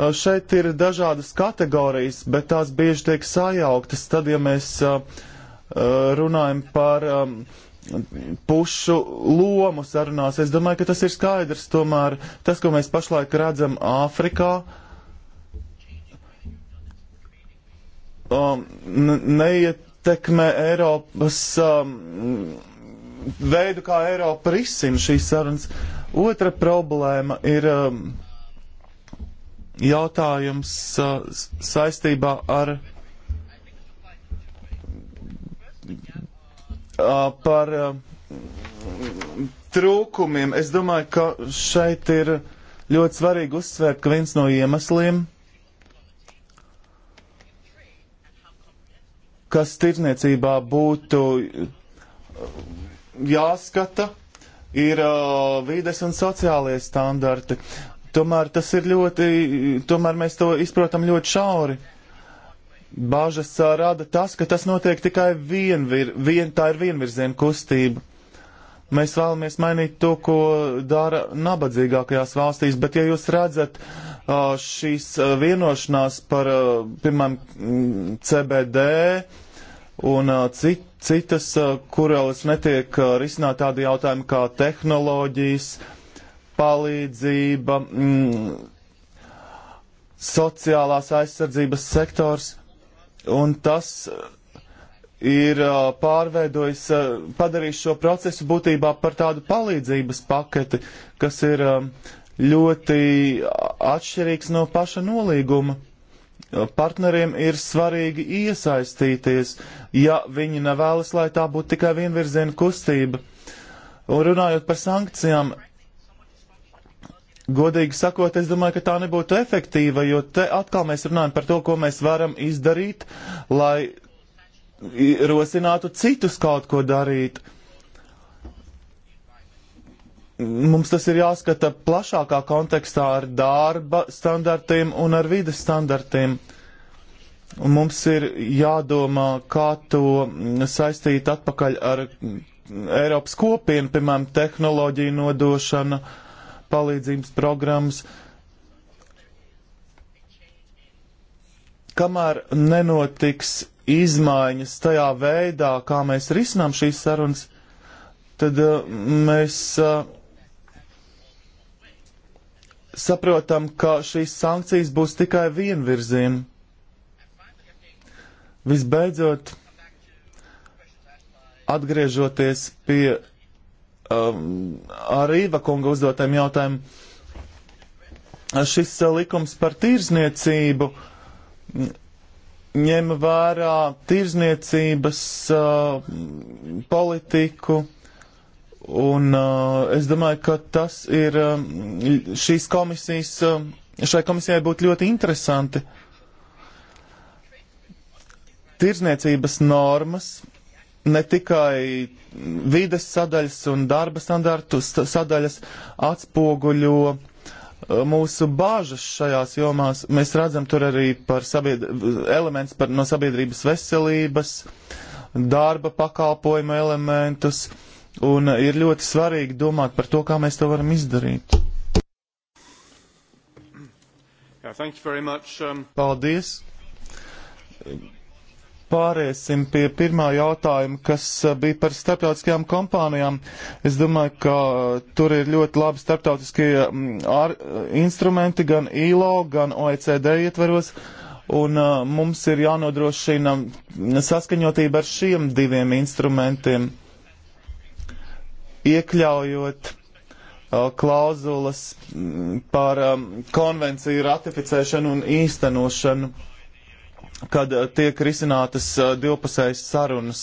Speaker 4: Šeit ir dažādas kategorijas, bet tās bieži tiek sajauktas. Tad, ja mēs runājam par um, pušu lomu sarunās. Es domāju, ka tas ir skaidrs. Tomēr tas, ko mēs pašlaik redzam Āfrikā, um, neietekmē Eiropas um, veidu, kā Eiropa risina šīs sarunas. Otra problēma ir um, jautājums uh, saistībā ar par trūkumiem. Es domāju, ka šeit ir ļoti svarīgi uzsvērt, ka viens no iemesliem, kas tirdzniecībā būtu jāskata, ir uh, vides un sociālie standarti. Tomēr tas ir ļoti, tomēr mēs to izprotam ļoti šauri. Uh, Bāžas rada tas, ka tas notiek tikai vienvir, vien, tā ir vienvirziena kustība. Mēs vēlamies mainīt to, ko dara nabadzīgākajās valstīs, bet ja jūs redzat šīs vienošanās par, piemēram, CBD un cit, citas, kurās netiek risināt tādi jautājumi kā tehnoloģijas, palīdzība, mm, sociālās aizsardzības sektors, Un tas uh, ir uh, pārveidojis, uh, padarījis šo procesu būtībā par tādu palīdzības paketi, kas ir um, ļoti atšķirīgs no paša nolīguma. Partneriem ir svarīgi iesaistīties, ja viņi nevēlas, lai tā būtu tikai vienvirziena kustība. Un runājot par sankcijām, Godīgi sakot, es domāju, ka tā nebūtu efektīva, jo te atkal mēs runājam par to, ko mēs varam izdarīt, lai rosinātu citus kaut ko darīt. Mums tas ir jāskata plašākā kontekstā ar darba standartiem un ar vides standartiem. Un mums ir jādomā, kā to saistīt atpakaļ ar Eiropas kopienu, piemēram, tehnoloģiju nodošanu. Uh, palīdzības programmas. Kamēr nenotiks izmaiņas tajā veidā, kā mēs risinām šīs sarunas, tad uh, mēs uh, saprotam, ka šīs sankcijas būs tikai vienvirziena. Visbeidzot, atgriežoties pie um, arī Vakunga uzdotiem jautājumiem. Šis uh, likums par tirzniecību ņem vērā tirzniecības uh, politiku, un uh, es domāju, ka tas ir uh, šīs komisijas, uh, šai komisijai būtu ļoti interesanti. Tirzniecības normas ne tikai vides sadaļas un darba standartu sadaļas atspoguļo uh, mūsu bāžas šajās jomās. Mēs redzam tur arī par sabiedr... elements par, no sabiedrības veselības, darba pakalpojumu elementus, un ir ļoti svarīgi domāt par to, kā mēs to varam izdarīt.
Speaker 1: Yeah, thank you very much. Um...
Speaker 4: Paldies pāriesim pie pirmā jautājuma, kas uh, bija par starptautiskajām kompānijām. Es domāju, ka uh, tur ir ļoti labi starptautiskie mm, uh, instrumenti gan ILO, gan OECD ietveros. Un uh, mums ir jānodrošina mm, saskaņotība ar šiem diviem instrumentiem, iekļaujot klauzulas mm, par um, konvenciju ratificēšanu un īstenošanu kad eh, tiek risinātas eh, divpusējas sarunas.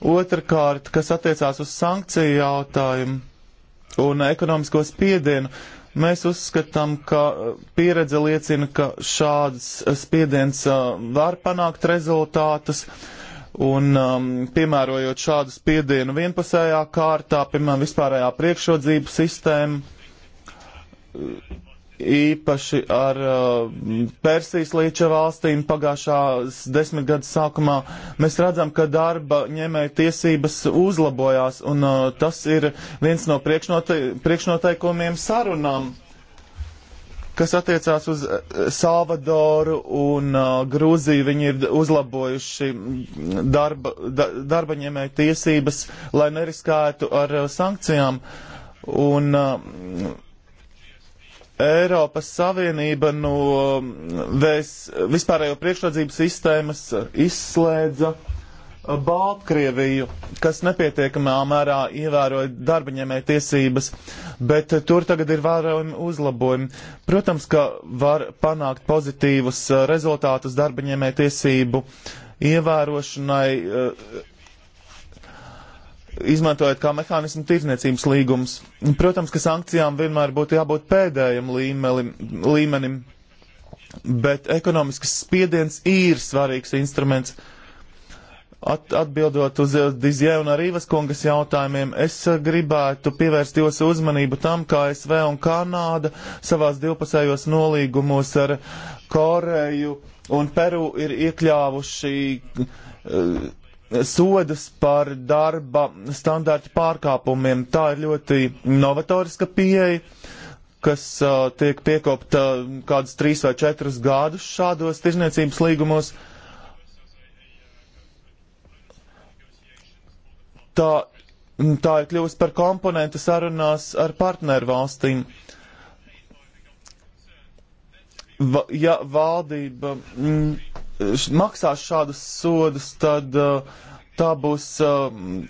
Speaker 4: Otrakārt, kas attiecās uz sankciju jautājumu un ekonomisko spiedienu, mēs uzskatām, ka eh, pieredze liecina, ka šāds spiediens var panākt rezultātus. Un, um, piemērojot šādu spiedienu vienpusējā kārtā, piemēram, vispārējā priekšrodzību sistēma, īpaši ar uh, Persijas līča valstīm pagājušās desmitgades sākumā, mēs redzam, ka darba ņēmēja tiesības uzlabojās, un uh, tas ir viens no priekšnote priekšnoteikumiem sarunām, kas attiecās uz uh, Salvadoru un uh, Grūziju. Viņi ir uzlabojuši darba, da, darba ņēmēja tiesības, lai neriskētu ar uh, sankcijām. Un, uh, Eiropas Savienība no mm, ves, vispārējo priekšredzības sistēmas izslēdza uh, Baltkrieviju, kas nepietiekamā mērā ievēroja darbaņēmēja tiesības, bet uh, tur tagad ir vērojami uzlabojumi. Protams, ka var panākt pozitīvus uh, rezultātus darbaņēmēja tiesību ievērošanai izmantojot kā mehānismu tirdzniecības līgumus. Protams, ka sankcijām vienmēr būtu jābūt pēdējam līmelim, līmenim, bet ekonomiskas spiediens ir svarīgs instruments. At, atbildot uz Dizjē un Arīvas kungas jautājumiem, es gribētu pievērst jūsu uzmanību tam, kā ASV un Kanāda savās divpusējos nolīgumos ar Koreju un Peru ir iekļāvuši uh, sodus par darba standārtu pārkāpumiem. Tā ir ļoti novatoriska pieeja, kas uh, tiek piekopta uh, kādus trīs vai četrus gadus šādos tirzniecības līgumos. Tā, tā ir kļuvusi par komponentu sarunās ar partneru valstīm. Va, ja valdība. Mm, maksās šādus sodus, tad uh, tā būs um,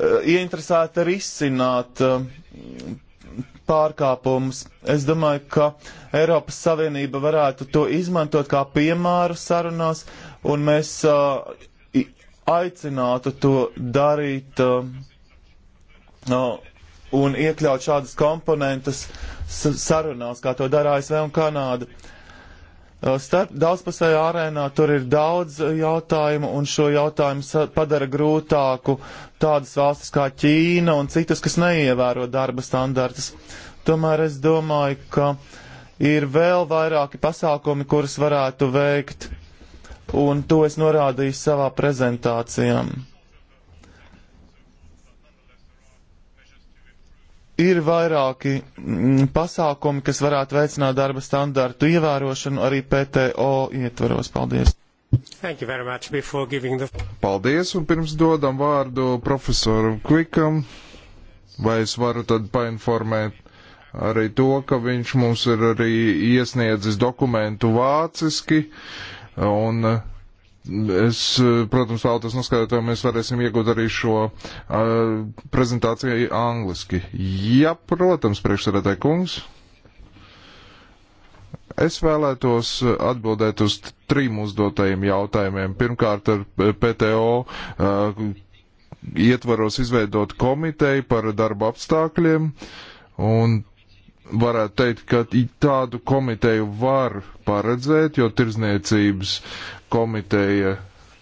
Speaker 4: uh, ieinteresēta risināt uh, pārkāpumus. Es domāju, ka Eiropas Savienība varētu to izmantot kā piemēru sarunās, un mēs uh, aicinātu to darīt um, un iekļaut šādas komponentas sarunās, kā to dara ASV un Kanāda. Uh, Starp daudzpusējā arēnā tur ir daudz jautājumu, un šo jautājumu padara grūtāku tādas valstis kā Ķīna un citas, kas neievēro darba standartus. Tomēr es domāju, ka ir vēl vairāki pasākumi, kurus varētu veikt, un to es norādīju savā prezentācijām. ir vairāki mm, pasākumi, kas varētu veicināt darba standārtu ievērošanu arī PTO ietvaros.
Speaker 2: Paldies! The... Paldies, un pirms dodam vārdu profesoram Kvikam, vai es varu tad painformēt arī to, ka viņš mums ir arī iesniedzis dokumentu vāciski, un uh, Es, protams, vēlētos noskaidrot, vai mēs varēsim iegūt arī šo uh, prezentāciju angliski. Jā, protams, priekšsēdētāji kungs. Es vēlētos atbildēt uz trim uzdotajiem jautājumiem. Pirmkārt, ar PTO uh, ietvaros izveidot komiteju par darba apstākļiem. Un varētu teikt, ka tādu komiteju var paredzēt, jo tirzniecības komiteja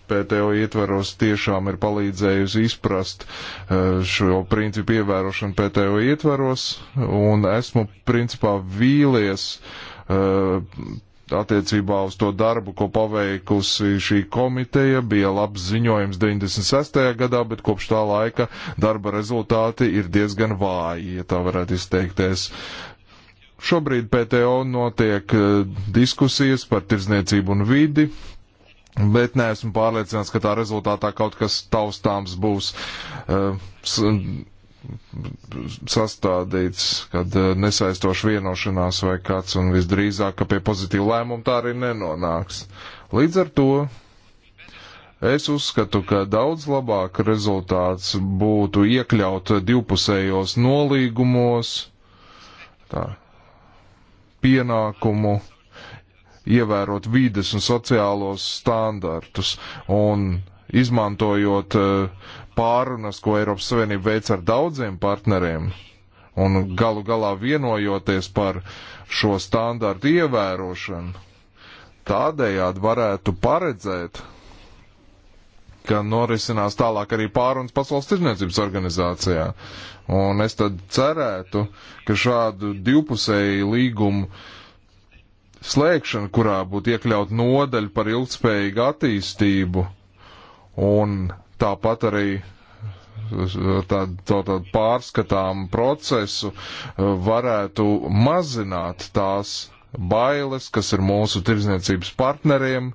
Speaker 2: PTO ietvaros tiešām ir palīdzējusi izprast eh, šo principu ievērošanu PTO ietvaros, un esmu principā vīlies eh, attiecībā uz to darbu, ko paveikusi šī komiteja, bija labs ziņojums 96. gadā, bet kopš tā laika darba rezultāti ir diezgan vāji, ja tā varētu izteikties. Šobrīd PTO notiek eh, diskusijas par tirdzniecību un vidi, Bet neesmu pārliecināts, ka tā rezultātā kaut kas taustāms būs uh, sastādīts, kad uh, eh, nesaistoši vienošanās vai kāds, un visdrīzāk, ka pie pozitīva lēmuma tā arī nenonāks. Līdz ar to es uzskatu, ka daudz labāk rezultāts būtu iekļaut divpusējos nolīgumos tā, pienākumu ievērot vides un sociālos standartus un izmantojot eh, pārunas, ko Eiropas Savienība veic ar daudziem partneriem un galu galā vienojoties par šo standartu ievērošanu. Tādējādi varētu paredzēt, ka norisinās tālāk arī pārunas Pasaules tirdzniecības organizācijā. Un es tad cerētu, ka šādu divpusēju līgumu uh, slēgšana, kurā būtu iekļaut nodaļa par ilgspējīgu attīstību un tāpat arī tādu tā, tā pārskatām procesu eh, varētu mazināt tās bailes, kas ir mūsu tirdzniecības partneriem,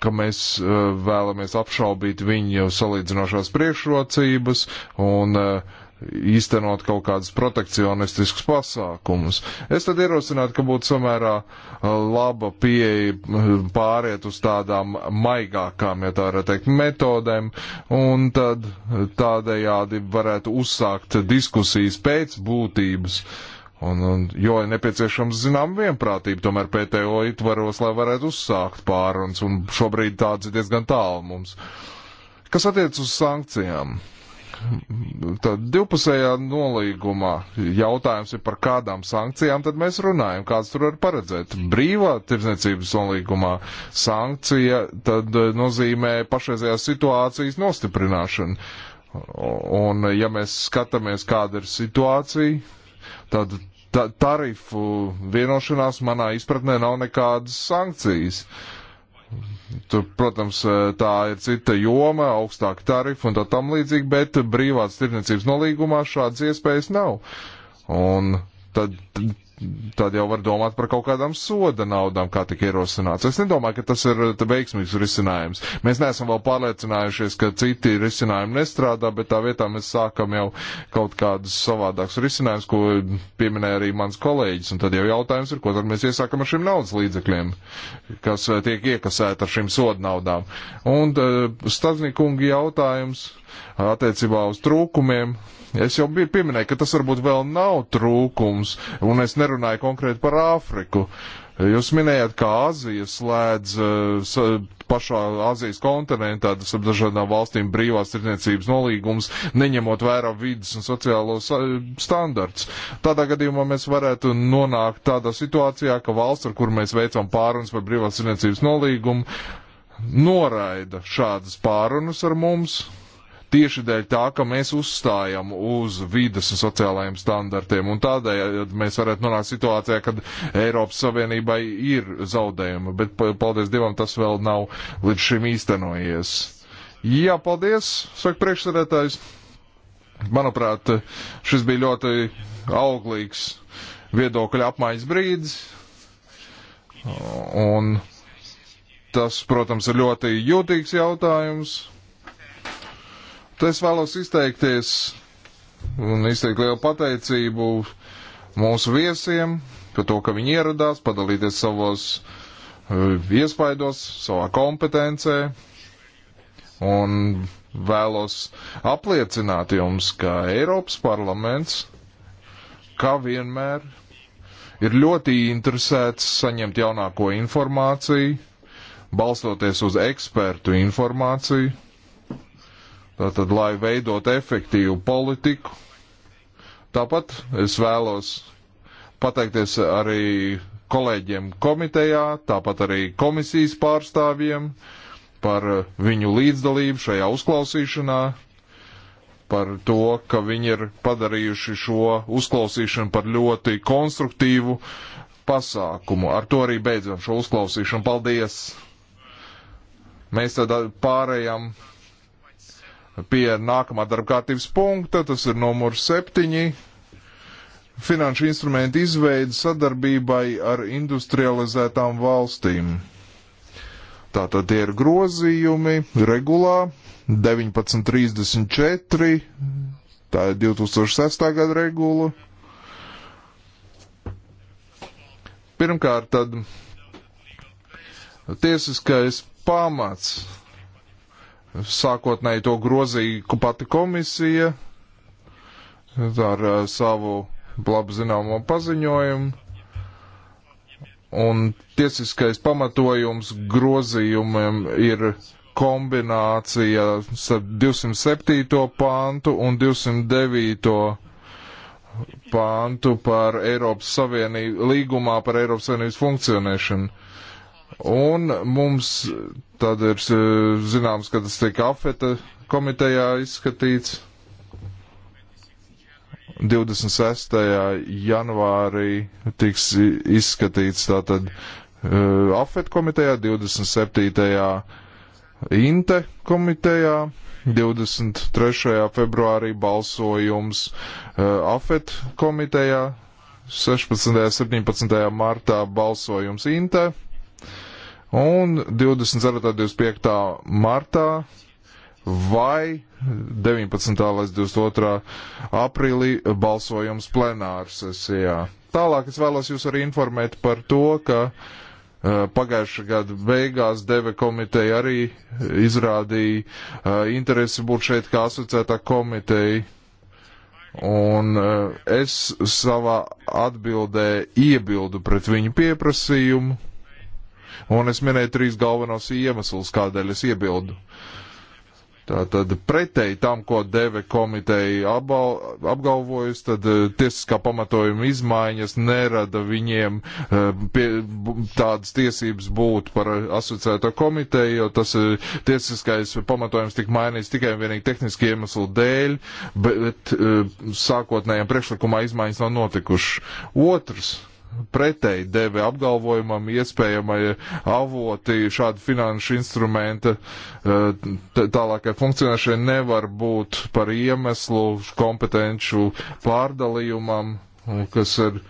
Speaker 2: ka mēs eh, vēlamies apšaubīt viņu salīdzinošās priekšrocības un uh, īstenot kaut kādus protekcionistiskus pasākumus. Es tad ierosinātu, ka būtu samērā uh, laba pieeja uh, pāriet uz tādām maigākām, ja tā varētu teikt, metodēm, un tad tādējādi varētu uzsākt diskusijas pēc būtības. Un, un, jo ir nepieciešams zinām vienprātība tomēr PTO itvaros, lai varētu uzsākt pārunas, un šobrīd tāds ir diezgan tālu mums. Kas attiec uz sankcijām? Uh, Tad divpusējā nolīgumā jautājums ir par kādām sankcijām, tad mēs runājam, kāds tur var paredzēt. Brīvā tirdzniecības nolīgumā sankcija tad eh, nozīmē pašreizējās situācijas nostiprināšanu. Un eh, ja mēs skatāmies, kāda ir situācija, tad tarifu vienošanās manā izpratnē nav nekādas sankcijas. Uh, Tur, protams, eh, tā ir cita joma, augstāka tarifa un tā tam līdzīgi, bet brīvās tirdzniecības nolīgumā šādas iespējas nav. Un tad tad jau var domāt par kaut kādām soda naudām, kā tika ierosināts. Es nedomāju, ka tas ir veiksmīgs risinājums. Mēs neesam vēl pārliecinājušies, ka citi risinājumi nestrādā, bet tā vietā mēs sākam jau kaut kādus savādākus risinājumus, ko pieminēja arī mans kolēģis. Un tad jau jautājums ir, ko tad mēs iesākam ar šiem naudas līdzekļiem, kas eh, tiek iekasēti ar šīm soda naudām. Un uh, eh, Staznīkungi jautājums attiecībā uz trūkumiem Es jau biju pieminēju, ka tas varbūt vēl nav trūkums, un es nerunāju konkrēti par Āfriku. Jūs minējāt, ka Āzija slēdz eh, pašā Āzijas kontinentā, tas ar dažādām valstīm brīvās tirdzniecības nolīgums, neņemot vērā vidas un sociālos standarts. Tādā gadījumā mēs varētu nonākt tādā situācijā, ka valsts, ar kur mēs veicam pārunas par brīvās tirdzniecības nolīgumu, noraida šādas pārunas ar mums, tieši dēļ tā, ka mēs uzstājam uz vidas un sociālajiem standartiem. Un tādēļ mēs varētu nonākt situācijā, kad Eiropas Savienībai ir zaudējumi, bet paldies Dievam tas vēl nav līdz šim īstenojies. Jā, paldies, saka priekšsēdētājs. Manuprāt, šis bija ļoti auglīgs viedokļa apmaiņas brīdis. Un tas, protams, ir ļoti jūtīgs jautājums. Tad es vēlos izteikties un izteikt lielu pateicību mūsu viesiem par to, ka viņi ieradās, padalīties savos eh, iespaidos, savā kompetencē. Un vēlos apliecināt jums, ka Eiropas parlaments, kā vienmēr, ir ļoti interesēts saņemt jaunāko informāciju, balstoties uz ekspertu informāciju. Tātad, lai veidot efektīvu politiku. Tāpat es vēlos pateikties arī kolēģiem komitejā, tāpat arī komisijas pārstāvjiem par viņu līdzdalību šajā uzklausīšanā, par to, ka viņi ir padarījuši šo uzklausīšanu par ļoti konstruktīvu pasākumu. Ar to arī beidzam šo uzklausīšanu. Paldies! Mēs tad pārējām pie nākamā darba kārtības punkta, tas ir numurs septiņi. Finanšu instrumentu izveidi sadarbībai ar industrializētām valstīm. Tātad tie ir grozījumi regulā 1934, tā ir 2006. gada regula. Pirmkārt, tad tiesiskais pamats Sākotnēji to grozīja pati komisija ar eh, savu labi zināmo paziņojumu. Un tiesiskais pamatojums grozījumiem ir kombinācija starp 207. pāntu un 209 pāntu par Eiropas Savienību, līgumā par Eiropas Savienības funkcionēšanu. Un mums tad ir eh, zināms, ka tas tiek afeta komitejā izskatīts 26. janvārī tiks izskatīts tātad uh, AFET komitejā, 27. INTE komitejā, 23. februārī balsojums uh, AFET komitejā, 16. un 17. martā balsojums INTE un 24. 25. martā vai 19. līdz 22. aprīlī balsojums plenāra sesijā. Tālāk es vēlos jūs arī informēt par to, ka eh, pagājušā gada beigās Deve komiteja arī izrādīja eh, interesi būt šeit kā asociētā komiteja. Un eh, es savā atbildē iebildu pret viņu pieprasījumu, Un es minēju trīs galvenos iemeslus, kādēļ es iebildu. Tātad pretēji tam, ko deve komiteja apgalvojusi, tad eh, tiesiskā pamatojuma izmaiņas nerada viņiem eh, pie, tādas tiesības būt par asociēto komiteju, jo tas eh, tiesiskais pamatojums tika mainīts tikai un vienīgi tehniski iemeslu dēļ, bet sākotnējiem priekšlikumā izmaiņas nav notikušas. Otrs pretēji deve apgalvojumam iespējamai avoti šādu finanšu instrumenta eh, tālākai funkcionēšanai nevar būt par iemeslu kompetenču pārdalījumam, kas ir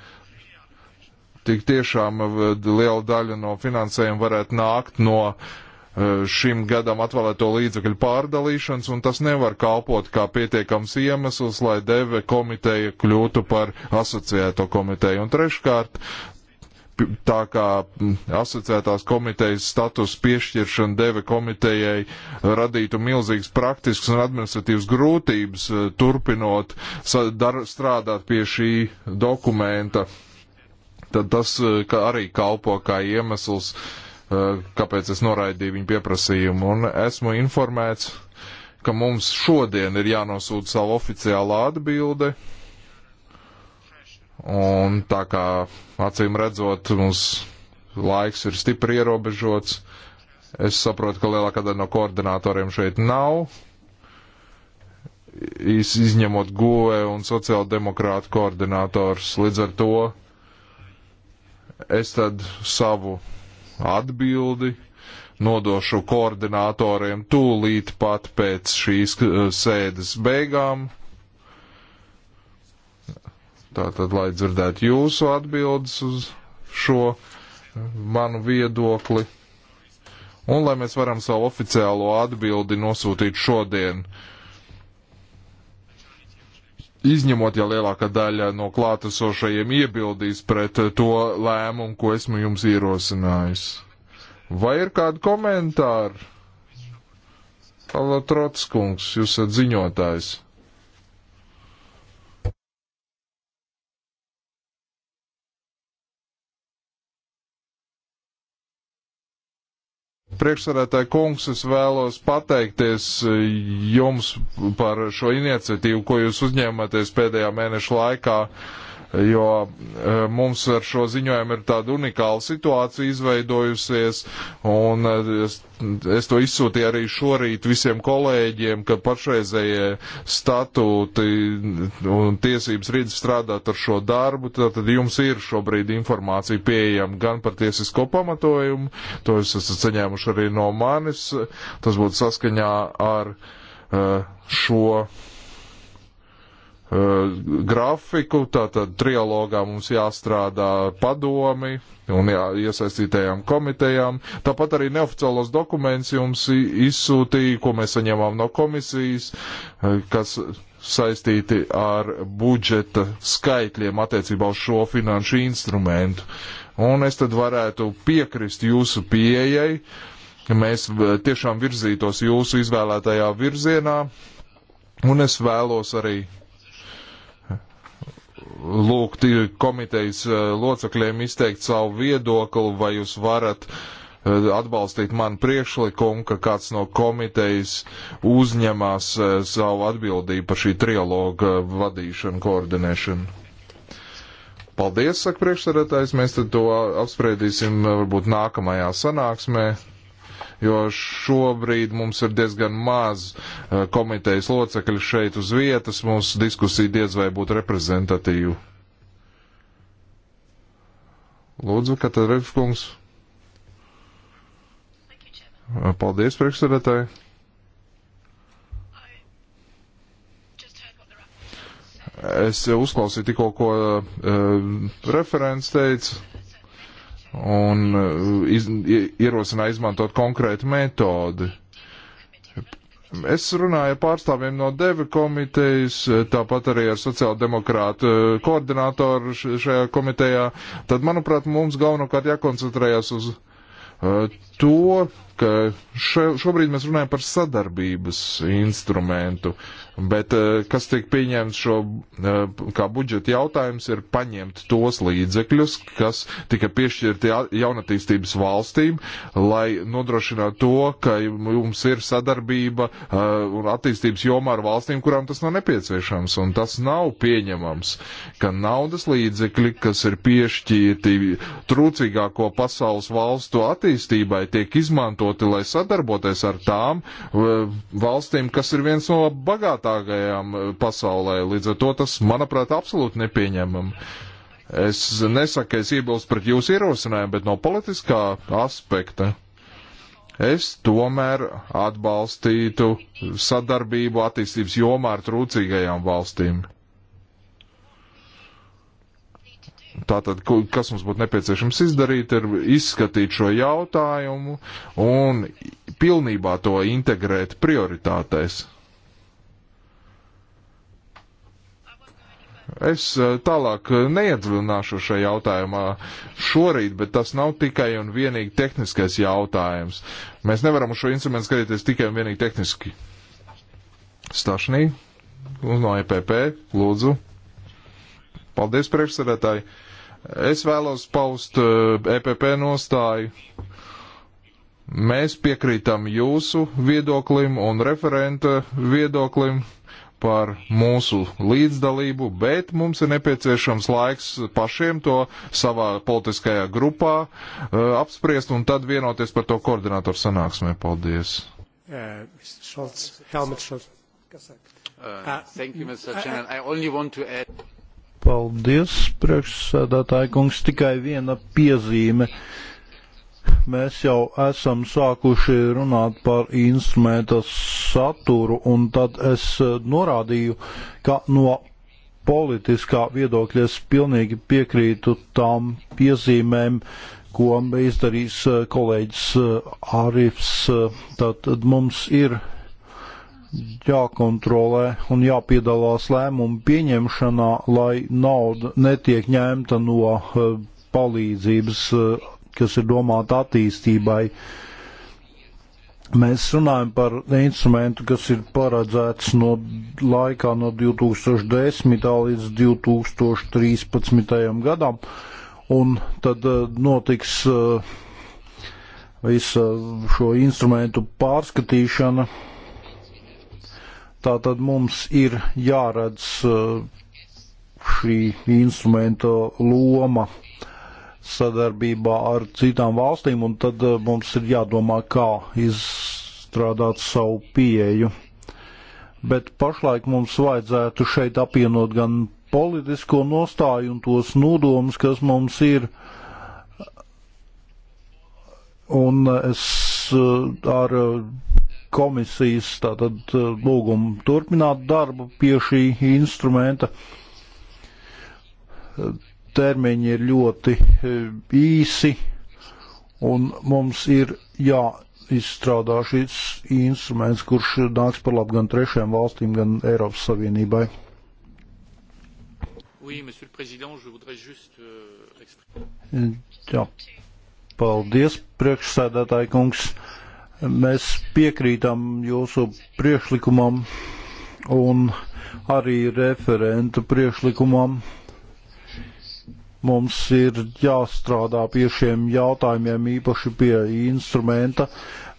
Speaker 2: tik tiešām eh, liela daļa no finansējuma varētu nākt no uh, Eh, šim gadam atvēlēto līdzekļu pārdalīšanas, un tas nevar kalpot kā pietiekams iemesls, lai deve komiteja kļūtu par asociēto komiteju. Un treškārt, tā kā asociētās komitejas status piešķiršana deve komitejai radītu milzīgas praktiskas un administratīvas grūtības, eh, turpinot dar, strādāt pie šī dokumenta, tad tas eh, ka arī kalpo kā iemesls uh, Eh, kāpēc es noraidīju viņu pieprasījumu. Un esmu informēts, ka mums šodien ir jānosūta savu oficiālā atbildi. Un tā kā acīm redzot, mums laiks ir stipri ierobežots. Es saprotu, ka lielākā daļa no koordinatoriem šeit nav, iz, izņemot GOE un sociāldemokrātu koordinators. Līdz ar to es tad savu atbildi. Nodošu koordinatoriem tūlīt pat pēc šīs eh, sēdes beigām. Tātad, lai dzirdētu jūsu atbildes uz šo eh, manu viedokli. Un lai mēs varam savu oficiālo atbildi nosūtīt šodien. Uh, Izņemot, ja lielākā daļa no klātesošajiem iebildīs pret to lēmumu, ko esmu jums ierosinājis. Vai ir kādi komentāri? Alatrotskungs, jūs esat ziņotājs. Priekšsarētāji kungs, es vēlos pateikties eh, jums par šo iniciatīvu, ko jūs uzņēmaties pēdējā mēneša laikā. Uh, jo e, mums ar šo ziņojumu ir tāda unikāla situācija izveidojusies, un e, es, es to izsūtīju arī šorīt visiem kolēģiem, ka pašreizējie statūti un tiesības rīdz strādāt ar šo darbu, tad jums ir šobrīd informācija pieejama gan par tiesisko pamatojumu, to jūs esat saņēmuši arī no manis, tas būtu saskaņā ar e, šo Eh, grafiku, tātad trialogā mums jāstrādā padomi un jā, iesaistītajām komitejām. Tāpat arī neoficiālos dokumentus jums izsūtīja, ko mēs saņēmām no komisijas, eh, kas saistīti ar budžeta skaitļiem attiecībā uz šo finanšu instrumentu. Un es tad varētu piekrist jūsu pieejai, mēs eh, tiešām virzītos jūsu izvēlētajā virzienā, un es vēlos arī lūgt komitejas eh, locekļiem izteikt savu viedokli, vai jūs varat eh, atbalstīt man priekšlikumu, ka kāds no komitejas uzņemās eh, savu atbildību par šī trialoga vadīšanu, koordinēšanu. Paldies, saka priekšsarētājs, mēs tad to apspriedīsim varbūt nākamajā sanāksmē jo šobrīd mums ir diezgan maz eh, komitejas locekļu šeit uz vietas, mūsu diskusija diez vai būtu reprezentatīva. Lūdzu, Katarīks kungs. Eh, paldies, priekšsēdētāji. Es uzklausīju tikko, ko uh, referents teica un uh, iz, ierosināja izmantot konkrētu metodi. Es runāju ar pārstāvjiem no Deve komitejas, tāpat arī ar sociāldemokrātu uh, koordinātoru šajā komitejā. Tad, manuprāt, mums galvenokārt jākoncentrējas uz uh, to, ka še, šobrīd mēs runājam par sadarbības instrumentu. Uh, Bet eh, kas tiek pieņemts šo eh, kā budžeta jautājums ir paņemt tos līdzekļus, kas tika piešķirti jaunatīstības valstīm, lai nodrošinātu to, ka mums ir sadarbība eh, un attīstības jomā ar valstīm, kurām tas nav nepieciešams. Un tas nav pieņemams, ka naudas līdzekļi, kas ir piešķirti trūcīgāko pasaules valstu attīstībai, tiek izmantoti, lai sadarboties ar tām valstīm, kas ir viens no bagātākajiem bagātākajām eh, pasaulē. Līdz ar to tas, manuprāt, absolūti nepieņemam. Es nesaku, ka es iebilstu pret jūsu ierosinājumu, bet no politiskā aspekta es tomēr atbalstītu sadarbību attīstības jomā ar trūcīgajām valstīm. Tātad, kas mums būtu nepieciešams izdarīt, ir izskatīt šo jautājumu un pilnībā to integrēt prioritātēs. Es eh, tālāk eh, neiedziļināšu šajā jautājumā šorīt, bet tas nav tikai un vienīgi tehniskais jautājums. Mēs nevaram uz šo instrumentu skatīties tikai un vienīgi tehniski. Stašnī, no EPP, lūdzu. Paldies, priekšsēdētāji. Es vēlos paust EPP eh, e nostāju. Mēs piekrītam jūsu viedoklim un referenta viedoklim par mūsu līdzdalību, bet mums ir nepieciešams laiks pašiem to savā politiskajā grupā uh, apspriest un tad vienoties par to koordinātoru sanāksmē. Paldies.
Speaker 1: Uh, Scholz, Helmut Scholz. Uh, thank you, Mr. Chairman. I only want to add.
Speaker 2: Paldies,
Speaker 5: priekšsēdētāji kungs, tikai viena piezīme. Uh, Mēs jau esam sākuši runāt par instrumenta saturu, un tad es eh, norādīju, ka no politiskā viedokļa es pilnīgi piekrītu tām piezīmēm, ko izdarīs eh, kolēģis eh, Arifs. Tad mums ir jākontrolē un jāpiedalās lēmumu pieņemšanā, lai nauda netiek ņemta no palīdzības kas ir domāta attīstībai. Mēs runājam par instrumentu, kas ir paredzēts no laikā no 2010. līdz 2013. gadam, un tad eh, notiks eh, visa šo instrumentu pārskatīšana. Tātad mums ir jāredz eh, šī instrumenta loma sadarbībā ar citām valstīm, un tad eh, mums ir jādomā, kā izstrādāt savu pieeju. Bet pašlaik mums vajadzētu šeit apvienot gan politisko nostāju un tos nodomus, kas mums ir. Un es eh, ar eh, komisijas tātad lūgumu turpināt darbu pie šī instrumenta termiņi ir ļoti e, īsi, un mums ir jāizstrādā šis instruments, kurš nāks par labu gan trešajām valstīm, gan Eiropas Savienībai. Oui, just, uh, Jā. Paldies, priekšsēdētāji kungs. Mēs piekrītam jūsu priekšlikumam un arī referenta priekšlikumam. Uh, Mums ir jāstrādā pie šiem jautājumiem, īpaši pie instrumenta,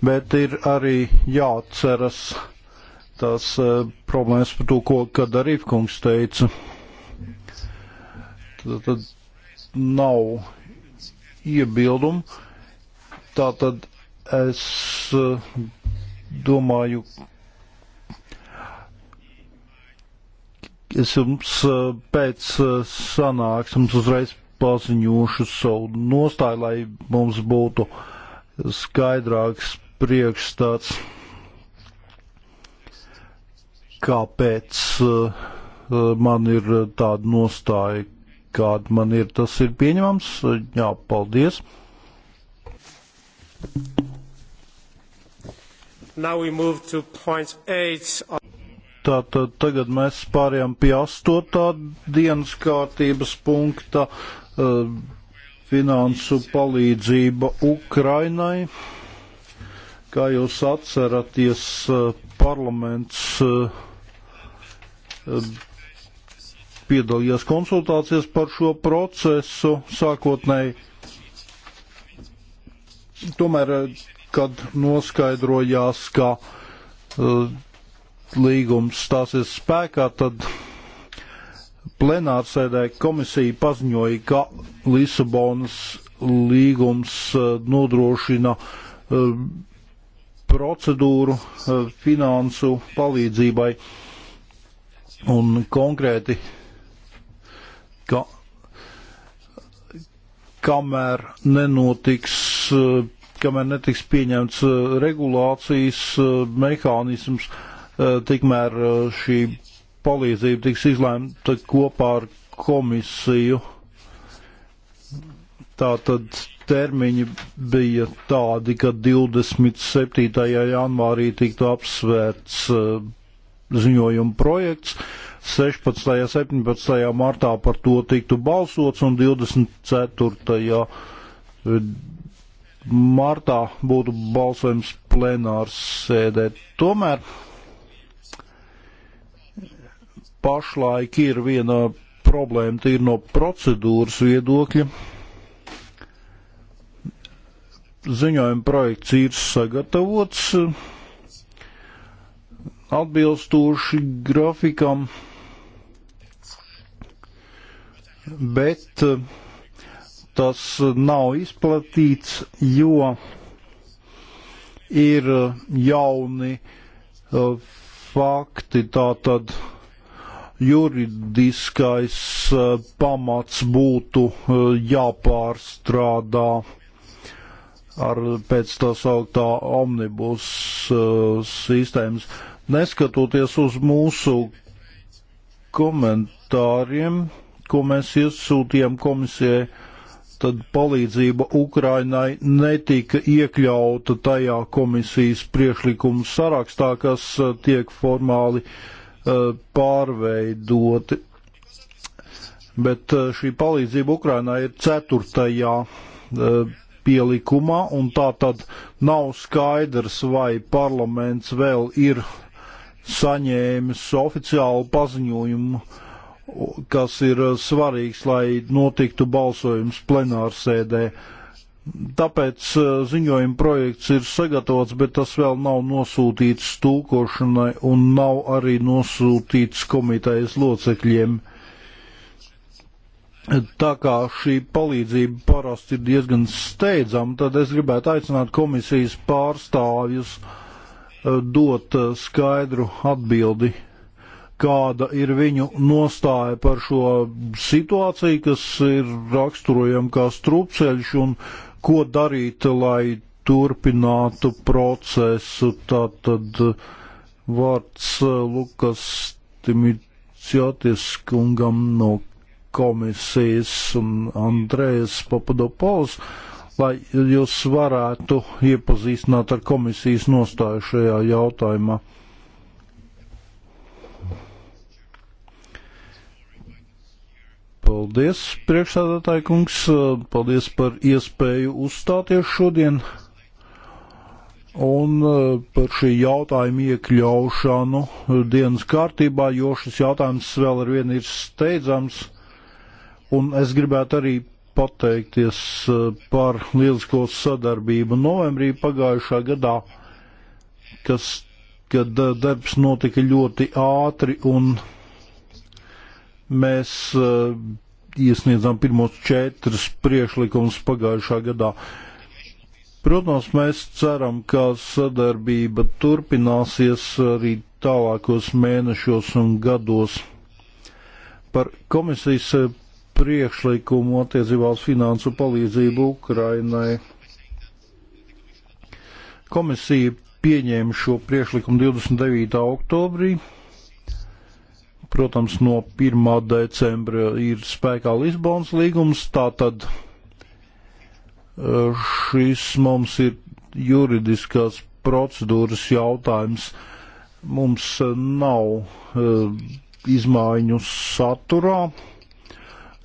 Speaker 5: bet ir arī jāatceras tās e, problēmas par to, ko Kadarīvkungs teica. Tad, tad nav iebildumu. Tātad es e, domāju, es jums eh, pēc eh, sanāksmes uzreiz paziņošu savu nostāju, lai mums būtu skaidrāks priekšstats, kāpēc eh, man ir tāda nostāja, kāda man ir. Tas ir pieņemams. Jā, paldies.
Speaker 1: Now we move to point eight.
Speaker 5: Tātad tagad mēs pārējām pie astotā dienas kārtības punkta eh, finansu palīdzība Ukrainai. Kā jūs atceraties, eh, parlaments eh, piedalījies konsultācijas par šo procesu sākotnēji. Tomēr, kad noskaidrojās, ka uh, līgums stāsies spēkā, tad plenārsēdē komisija paziņoja, ka Lisabonas līgums uh, nodrošina uh, procedūru uh, finansu palīdzībai un konkrēti, ka kamēr nenotiks, kamēr netiks pieņemts regulācijas mehānisms, uh, Eh, tikmēr eh, šī palīdzība tiks izlēmta kopā ar komisiju. Tātad termiņi bija tādi, ka 27. janvārī tiktu apsvērts eh, ziņojuma projekts, 16. un 17. martā par to tiktu balsots un 24. martā būtu balsojums plenārs sēdē. Tomēr pašlaik ir viena problēma, tīri no procedūras viedokļa. Ziņojuma projekts ir sagatavots atbilstoši grafikam, bet eh, tas nav izplatīts, jo ir eh, jauni eh, fakti tātad. tad juridiskais eh, pamats būtu eh, jāpārstrādā ar pēc tā sauktā omnibus eh, sistēmas. Neskatoties uz mūsu komentāriem, ko mēs iesūtījām komisijai, tad palīdzība Ukrainai netika iekļauta tajā komisijas priekšlikuma sarakstā, kas tiek formāli uh, Uh, pārveidoti. Bet uh, šī palīdzība Ukrainā ir ceturtajā uh, pielikumā, un tā tad nav skaidrs, vai parlaments vēl ir saņēmis oficiālu paziņojumu, kas ir svarīgs, lai notiktu balsojums plenārsēdē. Uh, Tāpēc eh, ziņojuma projekts ir sagatavots, bet tas vēl nav nosūtīts tulkošanai un nav arī nosūtīts komitejas locekļiem. Tā kā šī palīdzība parasti ir diezgan steidzama, tad es gribētu aicināt komisijas pārstāvjus eh, dot eh, skaidru atbildi, kāda ir viņu nostāja par šo situāciju, kas ir raksturojama kā strupceļš un ko darīt, lai turpinātu procesu. Tātad vārds eh, Lukas Timicjotis kungam no komisijas un Andrējas Papadopols, lai jūs varētu iepazīstināt ar komisijas nostāju šajā jautājumā. Paldies, priekšsādātāji kungs, paldies par iespēju uzstāties šodien un eh, par šī jautājuma iekļaušanu dienas kārtībā, jo šis jautājums vēl ar vienu ir steidzams. Un es gribētu arī pateikties eh, par lielisko sadarbību novembrī pagājušā gadā, kas, kad eh, darbs notika ļoti ātri un Mēs eh, iesniedzām pirmos četrus priekšlikumus pagājušā gadā. Protams, mēs ceram, ka sadarbība turpināsies arī tālākos mēnešos un gados. Par komisijas eh, priekšlikumu attiecībā uz finansu palīdzību Ukrainai. Komisija pieņēma šo priekšlikumu 29. oktobrī Protams, no 1. decembra ir spēkā Lisbonas līgums, tātad eh, šis mums ir juridiskās procedūras jautājums. Mums eh, nav eh, izmaiņu saturā.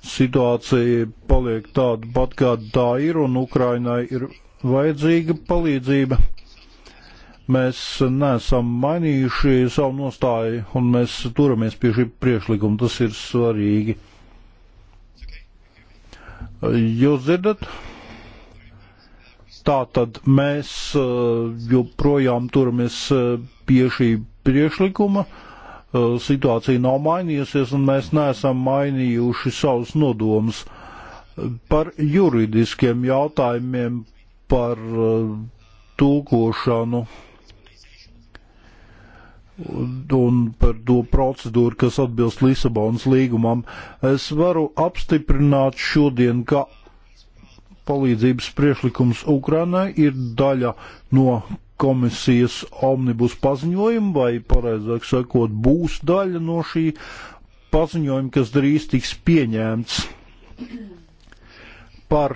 Speaker 5: Situācija paliek tāda pat, kāda tā ir, un Ukrainai ir vajadzīga palīdzība. Mēs neesam mainījuši savu nostāju un mēs turamies pie šī priekšlikuma. Tas ir svarīgi. Jūs dzirdat? Tā tad mēs uh, joprojām turamies uh, pie šī priekšlikuma. Uh, situācija nav mainījusies, un mēs neesam mainījuši savus nodomus par juridiskiem jautājumiem, par tulkošanu. Uh, un par to procedūru, kas atbilst Lisabonas līgumam. Es varu apstiprināt šodien, ka palīdzības priešlikums Ukrainai ir daļa no komisijas omnibus paziņojuma, vai pareizāk sakot, būs daļa no šī paziņojuma, kas drīz tiks pieņemts par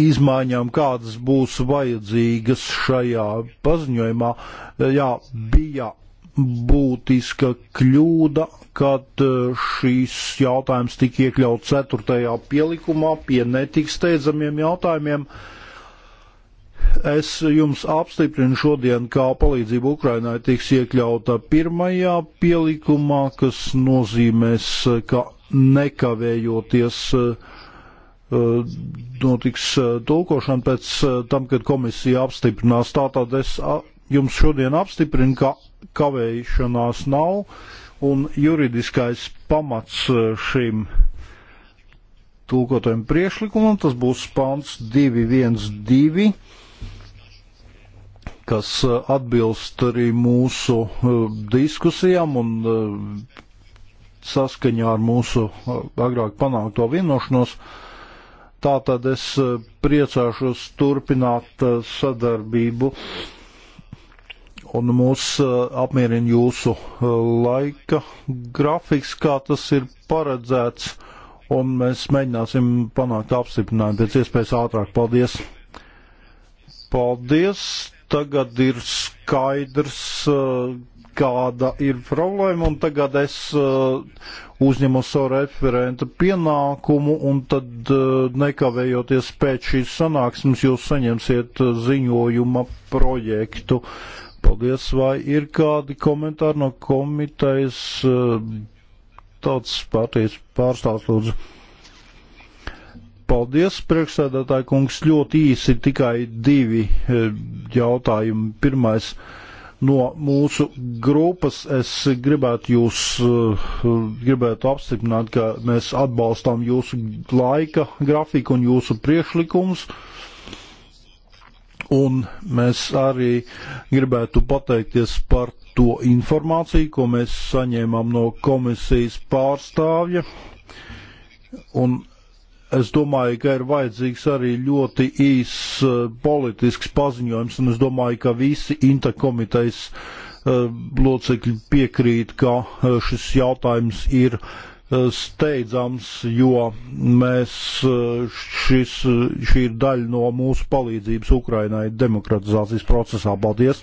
Speaker 5: izmaiņām, kādas būs vajadzīgas šajā paziņojumā. Jā, bija būtiska kļūda, kad e, šīs jautājums tika iekļauts ceturtajā pielikumā pie netiks steidzamiem jautājumiem. Es jums apstiprinu šodien, kā palīdzība Ukrainai tiks iekļauta pirmajā pielikumā, kas nozīmēs, ka nekavējoties e, e, notiks tulkošana pēc tam, kad komisija apstiprinās. Tātad es jums šodien apstiprinu, ka kavēšanās nav, un juridiskais pamats e, šim tulkotajam priešlikumam tas būs pants 212 kas e, atbilst arī mūsu e, diskusijām un saskaņā ar mūsu agrāk panākto vienošanos. Tātad es priecāšos turpināt sadarbību un mūs eh, apmierina jūsu eh, laika grafiks, kā tas ir paredzēts, un mēs mēģināsim panākt apstiprinājumu pēc iespējas ātrāk. Paldies! Paldies! Tagad ir skaidrs, eh, kāda ir problēma, un tagad es uzņemu savu referenta pienākumu, un tad nekavējoties pēc šīs sanāksmes jūs saņemsiet ziņojuma projektu. Uh, Paldies, vai ir kādi komentāri no komitejas eh, tautas partijas pārstāvs lūdzu? Paldies, priekšsēdētāji kungs, ļoti īsi tikai divi eh, jautājumi. Pirmais no mūsu grupas es gribētu jūs, eh, gribētu apstiprināt, ka mēs atbalstām jūsu laika grafiku un jūsu priekšlikumus. Uh, Un mēs arī gribētu pateikties par to informāciju, ko mēs saņēmām no komisijas pārstāvja. Un es domāju, ka ir vajadzīgs arī ļoti īs eh, politisks paziņojums, un es domāju, ka visi interkomitejas eh, locekļi piekrīt, ka eh, šis jautājums ir steidzams, jo mēs eh, šis, šī ir daļa no mūsu palīdzības Ukrainai demokratizācijas procesā. Paldies!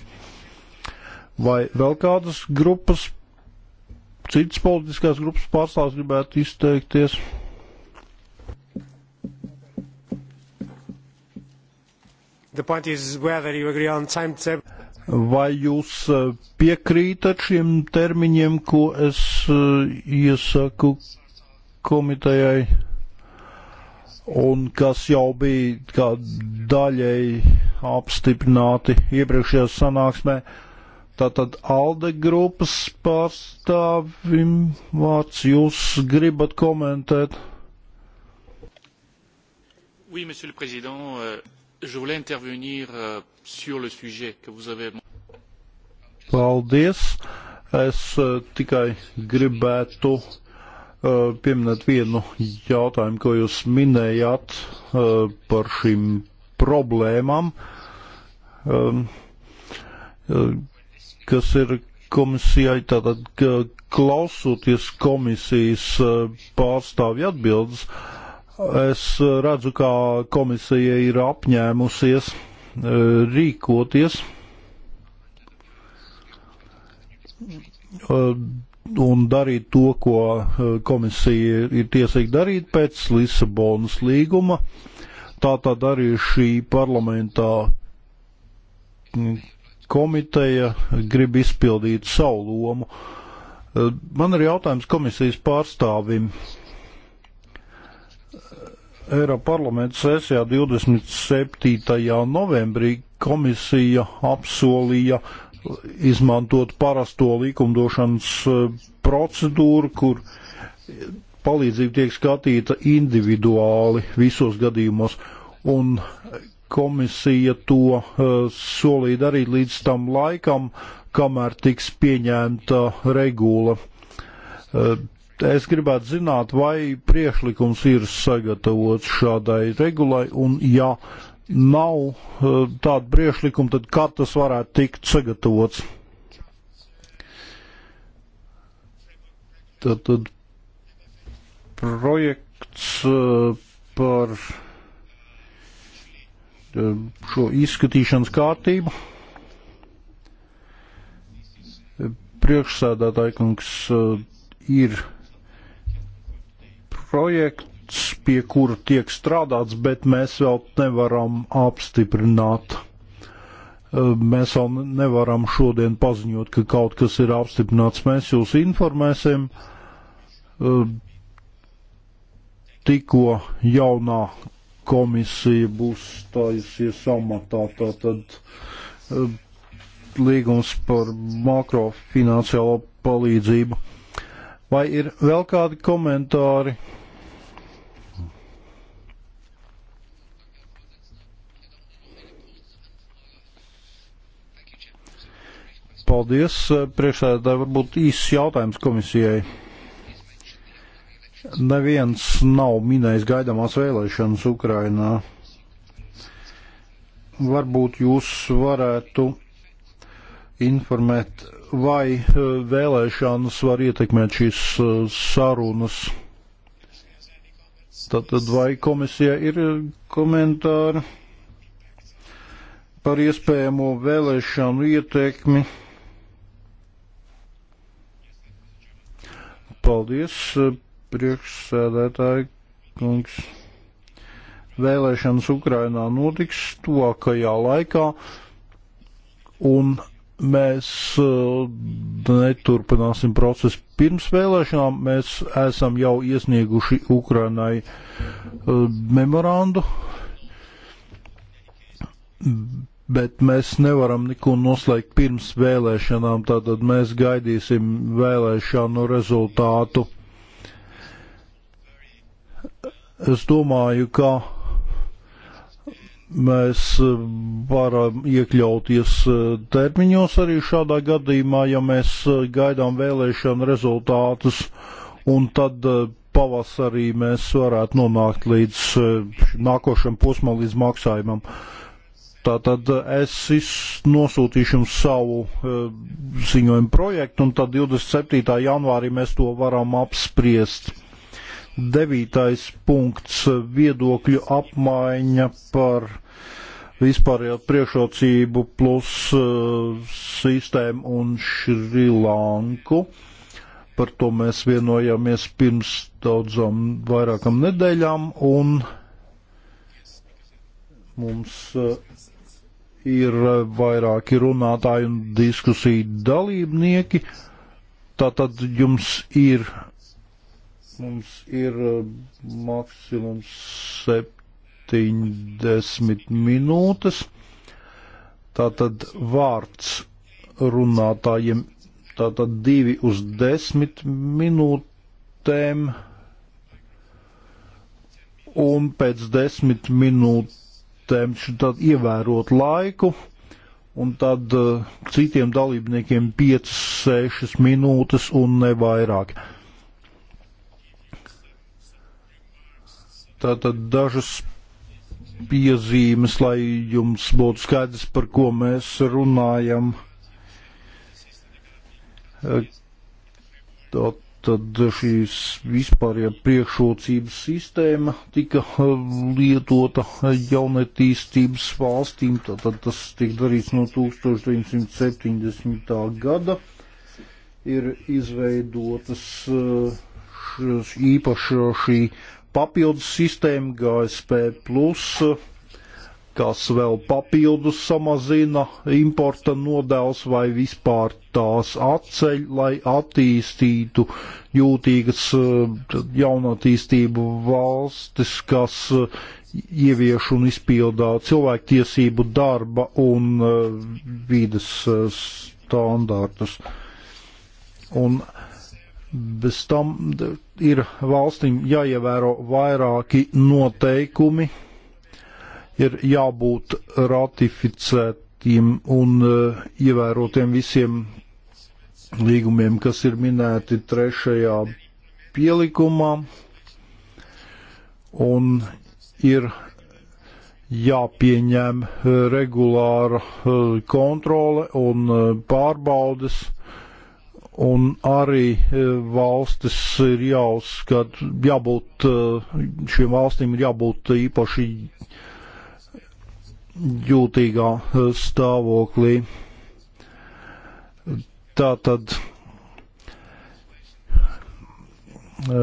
Speaker 5: Vai vēl kādas grupas, citas politiskās grupas pārstāvs gribētu izteikties?
Speaker 1: The point is whether you agree on
Speaker 5: timetable. Vai jūs eh, piekrītat šiem termiņiem, ko es eh, iesaku komitejai, un kas jau bija kā daļai apstiprināti iepriekšējā sanāksmē? Tātad Alde grupas pārstāvim vārds jūs gribat komentēt? Oui, monsieur le président, euh, Je voulais intervenir euh, sur le
Speaker 2: sujet que vous avez.
Speaker 5: Paldies. Es euh, tikai gribētu euh, pieminēt vienu jautājumu, ko jūs minējāt par šīm problēmām, um, uh, kas ir komisijai, tātad klausoties komisijas uh, pārstāvju atbildes Es redzu, ka komisija ir apņēmusies e, rīkoties. E, un darīt to, ko e, komisija ir tiesīga darīt pēc Lisabonas līguma. Tā tad arī šī parlamentā komiteja grib izpildīt savu lomu. Man ir jautājums komisijas pārstāvim. Uh, Eiropa parlamenta sesijā 27. novembrī komisija apsolīja izmantot parasto likumdošanas e, procedūru, kur palīdzība tiek skatīta individuāli visos gadījumos, un komisija to e, solīja darīt līdz tam laikam, kamēr tiks pieņemta regula e, Es gribētu zināt, vai priekšlikums ir sagatavots šādai regulai, un ja nav eh, tāda priekšlikuma, tad kā tas varētu tikt sagatavots? Tad, tad projekts eh, par eh, šo izskatīšanas kārtību. Priekšsēdētāji kungs ir projekts, pie kura tiek strādāts, bet mēs vēl nevaram apstiprināt. Mēs vēl nevaram šodien paziņot, ka kaut kas ir apstiprināts. Mēs jūs informēsim. Tikko jaunā komisija būs stājusies amatā, tātad līgums par makrofinansiālo palīdzību. Vai ir vēl kādi komentāri? Paldies, priekšsēdētāji. Varbūt īsts jautājums komisijai. Neviens nav minējis gaidāmās vēlēšanas Ukrainā. Varbūt jūs varētu informēt, vai eh, vēlēšanas var ietekmēt šīs eh, sarunas. Tātad vai komisija ir komentāri par iespējamo vēlēšanu ietekmi? Paldies, eh, priekšsēdētāji kungs. Vēlēšanas Ukrainā notiks tuvākajā laikā, un mēs eh, neturpināsim procesu pirms vēlēšanām. Mēs esam jau iesnieguši Ukrainai eh, memorandu bet mēs nevaram neko noslēgt pirms vēlēšanām, tātad mēs gaidīsim vēlēšanu rezultātu. Es domāju, ka mēs varam iekļauties eh, termiņos arī šādā gadījumā, ja mēs eh, gaidām vēlēšanu rezultātus, un tad eh, pavasarī mēs varētu nonākt līdz nākošam posmam, līdz maksājumam. Uh, Tātad es nosūtīšu jums savu e, ziņojumu projektu, un tad 27. janvārī mēs to varam apspriest. Devītais punkts - viedokļu apmaiņa par vispārējo priekšrocību plus e, sistēmu un Šrilanku. Par to mēs vienojāmies pirms daudzām vairākam nedēļām, un mums uh, ir eh, vairāki runātāji un diskusiju dalībnieki. Tātad jums ir, mums ir eh, maksimums 70 minūtes. Tātad vārds runātājiem, tātad divi uz desmit minūtēm. Un pēc desmit minūtēm temšu tad ievērot laiku, un tad uh, citiem dalībniekiem 5-6 minūtes un nevairāk. Tātad dažas piezīmes, lai jums būtu skaidrs, par ko mēs runājam. Uh, eh, Tad tad šīs vispārējā priekšrocības sistēma tika eh, lietota jaunatīstības valstīm, tad tas tiek darīts no 1970. gada. Ir izveidotas eh, šī īpaša šī papildus sistēma GSP kas vēl papildus samazina importa nodevs vai vispār tās atceļ, lai attīstītu jūtīgas eh, jaunatīstību valstis, kas eh, ievieš un izpildā cilvēktiesību darba un eh, vides standārtus. Un bez tam ir valstīm jāievēro vairāki noteikumi, ir jābūt ratificētiem un eh, ievērotiem visiem līgumiem, kas ir minēti trešajā pielikumā, un ir jāpieņem eh, regulāra eh, kontrole un pārbaudes, un arī valstis ir jāuzskat, jābūt, šiem valstīm ir jābūt īpaši jūtīgā e, stāvoklī. Tā tad e,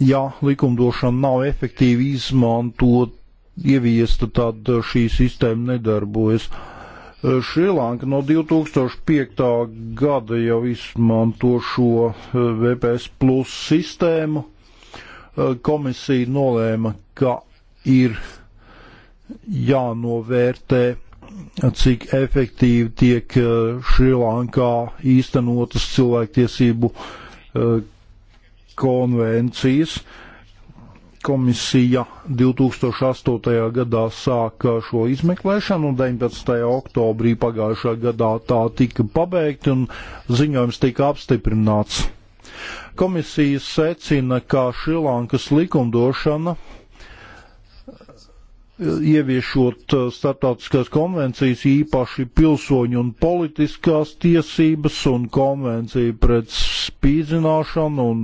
Speaker 5: ja likumdošana nav efektīvi izmantot, ieviesta, tad šī sistēma nedarbojas. E, Šrilanka no 2005. gada jau izmanto šo VPS plus sistēmu. Komisija nolēma, ka ir jānovērtē, cik efektīvi tiek eh, Šrilankā īstenotas cilvēktiesību eh, konvencijas. Komisija 2008. gadā sāka šo izmeklēšanu, un 19. oktobrī pagājušā gadā tā tika pabeigta, un ziņojums tika apstiprināts. Komisija secina, ka Šrilankas likumdošana ieviešot eh, starptautiskās konvencijas, īpaši pilsoņu un politiskās tiesības un konvenciju pret spīdzināšanu un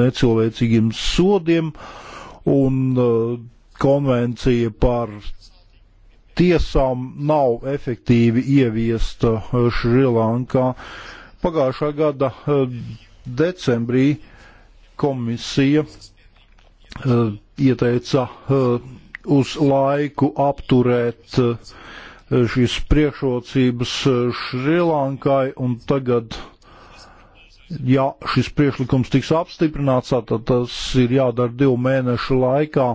Speaker 5: necilvēcīgiem sodiem un eh, konvencija par tiesām nav efektīvi ieviesta eh, Šrilankā. Pagājušā gada decembrī komisija ieteica uz laiku apturēt eh, šīs priekšrocības eh, Šrilankai, un tagad, ja šis priekšlikums tiks apstiprināts, tad tas ir jādara divu mēnešu laikā,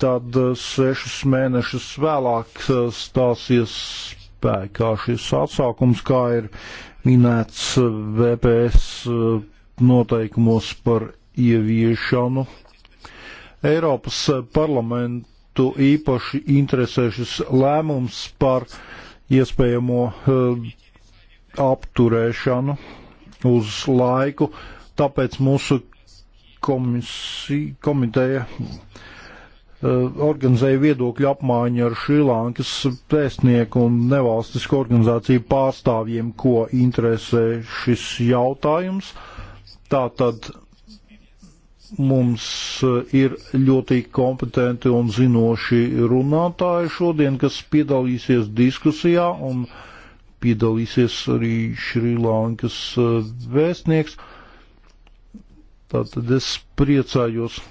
Speaker 5: tad eh, sešus mēnešus vēlāk stāsies spēkā šis atsākums, kā ir minēts VPS noteikumos par ieviešanu. Eiropas parlamentu īpaši interesē šis lēmums par iespējamo eh, apturēšanu uz laiku, tāpēc mūsu komisija, komiteja eh, organizēja viedokļu apmaiņu ar Šrilankas pēstnieku un nevalstisku organizāciju pārstāvjiem, ko interesē šis jautājums. Tātad Mums eh, ir ļoti kompetenti un zinoši runātāji šodien, kas piedalīsies diskusijā un piedalīsies arī Šrilankas eh, vēstnieks. Tātad es priecājos eh,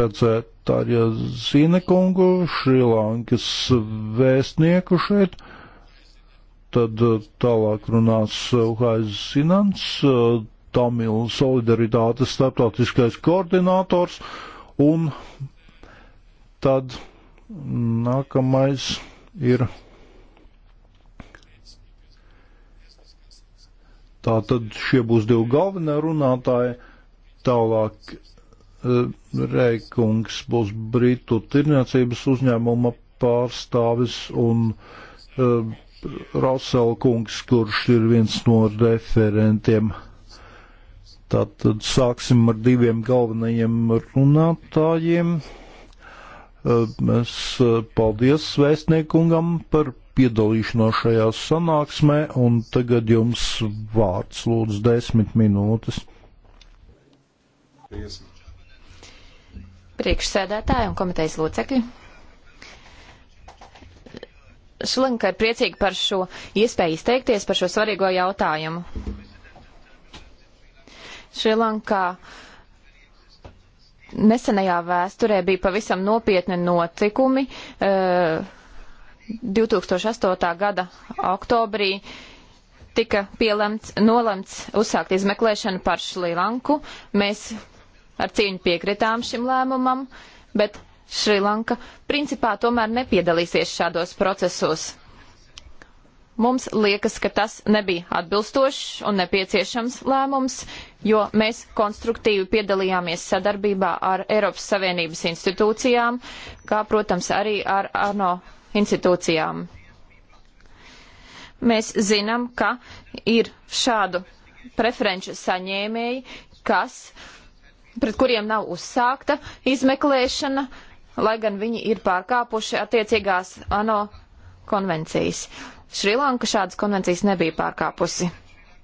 Speaker 5: redzēt arī Zinekungu, Šrilankas vēstnieku šeit. Tad tālāk runās Haiz Sinants, Tamil solidaritātes starptautiskais koordinators, un tad nākamais ir tātad šie būs divi galvenie runātāji, tālāk eh, Reikungs būs Britu tirniecības uzņēmuma pārstāvis un uh, eh, Rasel kungs, kurš ir viens no referentiem. Tātad sāksim ar diviem galvenajiem runātājiem. Mēs paldies vēstniekungam par piedalīšanos šajā sanāksmē, un tagad jums vārds lūdzu desmit minūtes.
Speaker 3: Priekšsēdētāji un komitejas locekļi. Šlinka ir priecīga par šo iespēju izteikties par šo svarīgo jautājumu. Šrilankā nesenajā vēsturē bija pavisam nopietni notikumi. 2008. Eh, gada oktobrī tika pielemts, nolemts uzsākt izmeklēšanu par Šrilanku. Mēs ar cieņu piekritām šim lēmumam, bet Šrilanka principā tomēr nepiedalīsies šādos procesos mums liekas, ka tas nebija atbilstošs un nepieciešams lēmums, jo mēs konstruktīvi piedalījāmies sadarbībā ar Eiropas Savienības institūcijām, kā, protams, arī ar ANO institūcijām. Mēs zinām, ka ir šādu preferenču saņēmēji, kas, pret kuriem nav uzsākta izmeklēšana, lai gan viņi ir pārkāpuši attiecīgās ANO konvencijas. Uh, Šrilanka šādas konvencijas nebija pārkāpusi.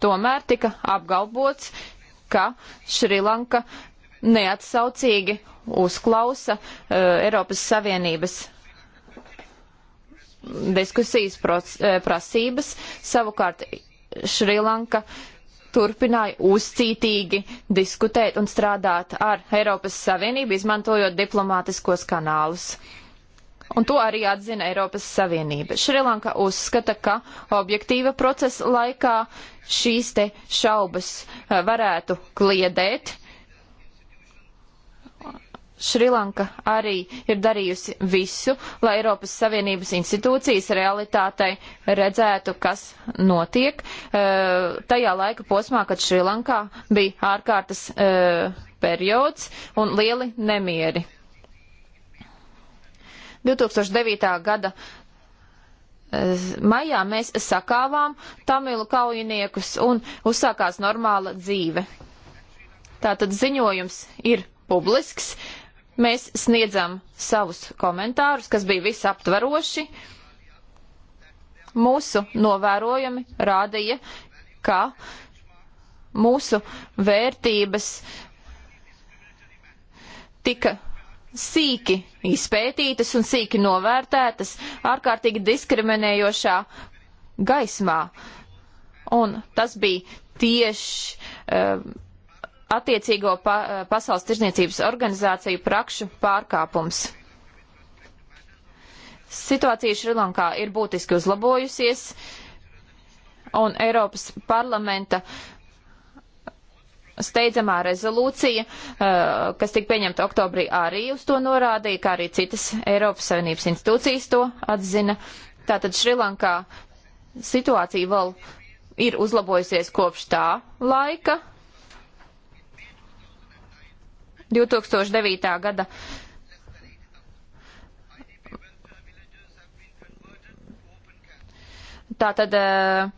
Speaker 3: Tomēr tika apgalvots, ka Šrilanka neatsaucīgi uzklausa uh, Eiropas Savienības diskusijas proc, uh, prasības, savukārt Šrilanka turpināja uzcītīgi diskutēt un strādāt ar Eiropas Savienību, izmantojot diplomātiskos kanālus. Uh, un to arī atzina Eiropas Savienība. Šrilanka uzskata, ka objektīva procesa laikā šīs te šaubas eh, varētu kliedēt. Šrilanka arī ir darījusi visu, lai Eiropas Savienības institūcijas realitātei redzētu, kas notiek eh, tajā laika posmā, kad Šrilankā bija ārkārtas eh, periods un lieli nemieri. 2009. gada eh, maijā mēs sakāvām tamilu kaujiniekus un uzsākās normāla dzīve. Tātad ziņojums ir publisks. Mēs sniedzam savus komentārus, kas bija visaptvaroši. Mūsu novērojumi rādīja, ka mūsu vērtības tika sīki izpētītas un sīki novērtētas ārkārtīgi diskriminējošā gaismā. Un tas bija tieši uh, attiecīgo pa, uh, pasaules tirzniecības organizāciju prakšu pārkāpums. Situācija Šrilankā ir būtiski uzlabojusies, un Eiropas parlamenta uh, steidzamā rezolūcija, eh, kas tika pieņemta oktobrī, arī uz to norādīja, kā arī citas Eiropas Savienības institūcijas to atzina. Tātad Šrilankā situācija vēl ir uzlabojusies kopš tā laika. 2009. gada tātad eh,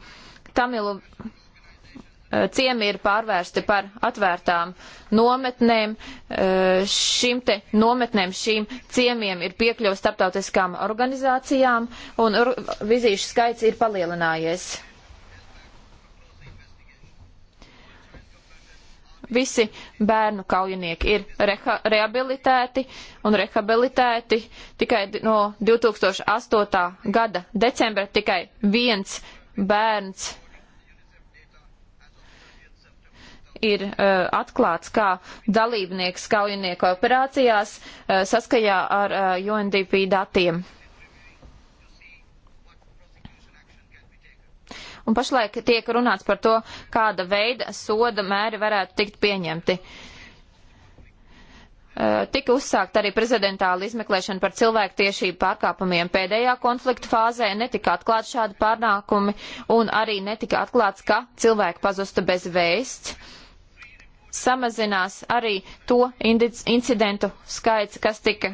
Speaker 3: Tamilu Eh, ciemi ir pārvērsti par atvērtām nometnēm. Eh, šim te nometnēm, šīm ciemiem ir piekļuvis starptautiskām organizācijām, un vizīšu skaits ir palielinājies. Visi bērnu kaujinieki ir reha, rehabilitēti un rehabilitēti. Tikai no 2008. gada decembra tikai viens bērns ir uh, atklāts kā dalībnieks kaujinieku operācijās uh, saskaņā ar uh, eh, UNDP datiem. Un pašlaik tiek runāts par to, kāda veida soda mēri varētu tikt pieņemti. Uh, tika uzsākt arī prezidentāla izmeklēšana par cilvēktiesību pārkāpumiem pēdējā konflikta fāzē, netika atklāt šādi pārnākumi un arī netika atklāts, ka cilvēki pazusta bez vēsts samazinās arī to incidentu skaits, kas tika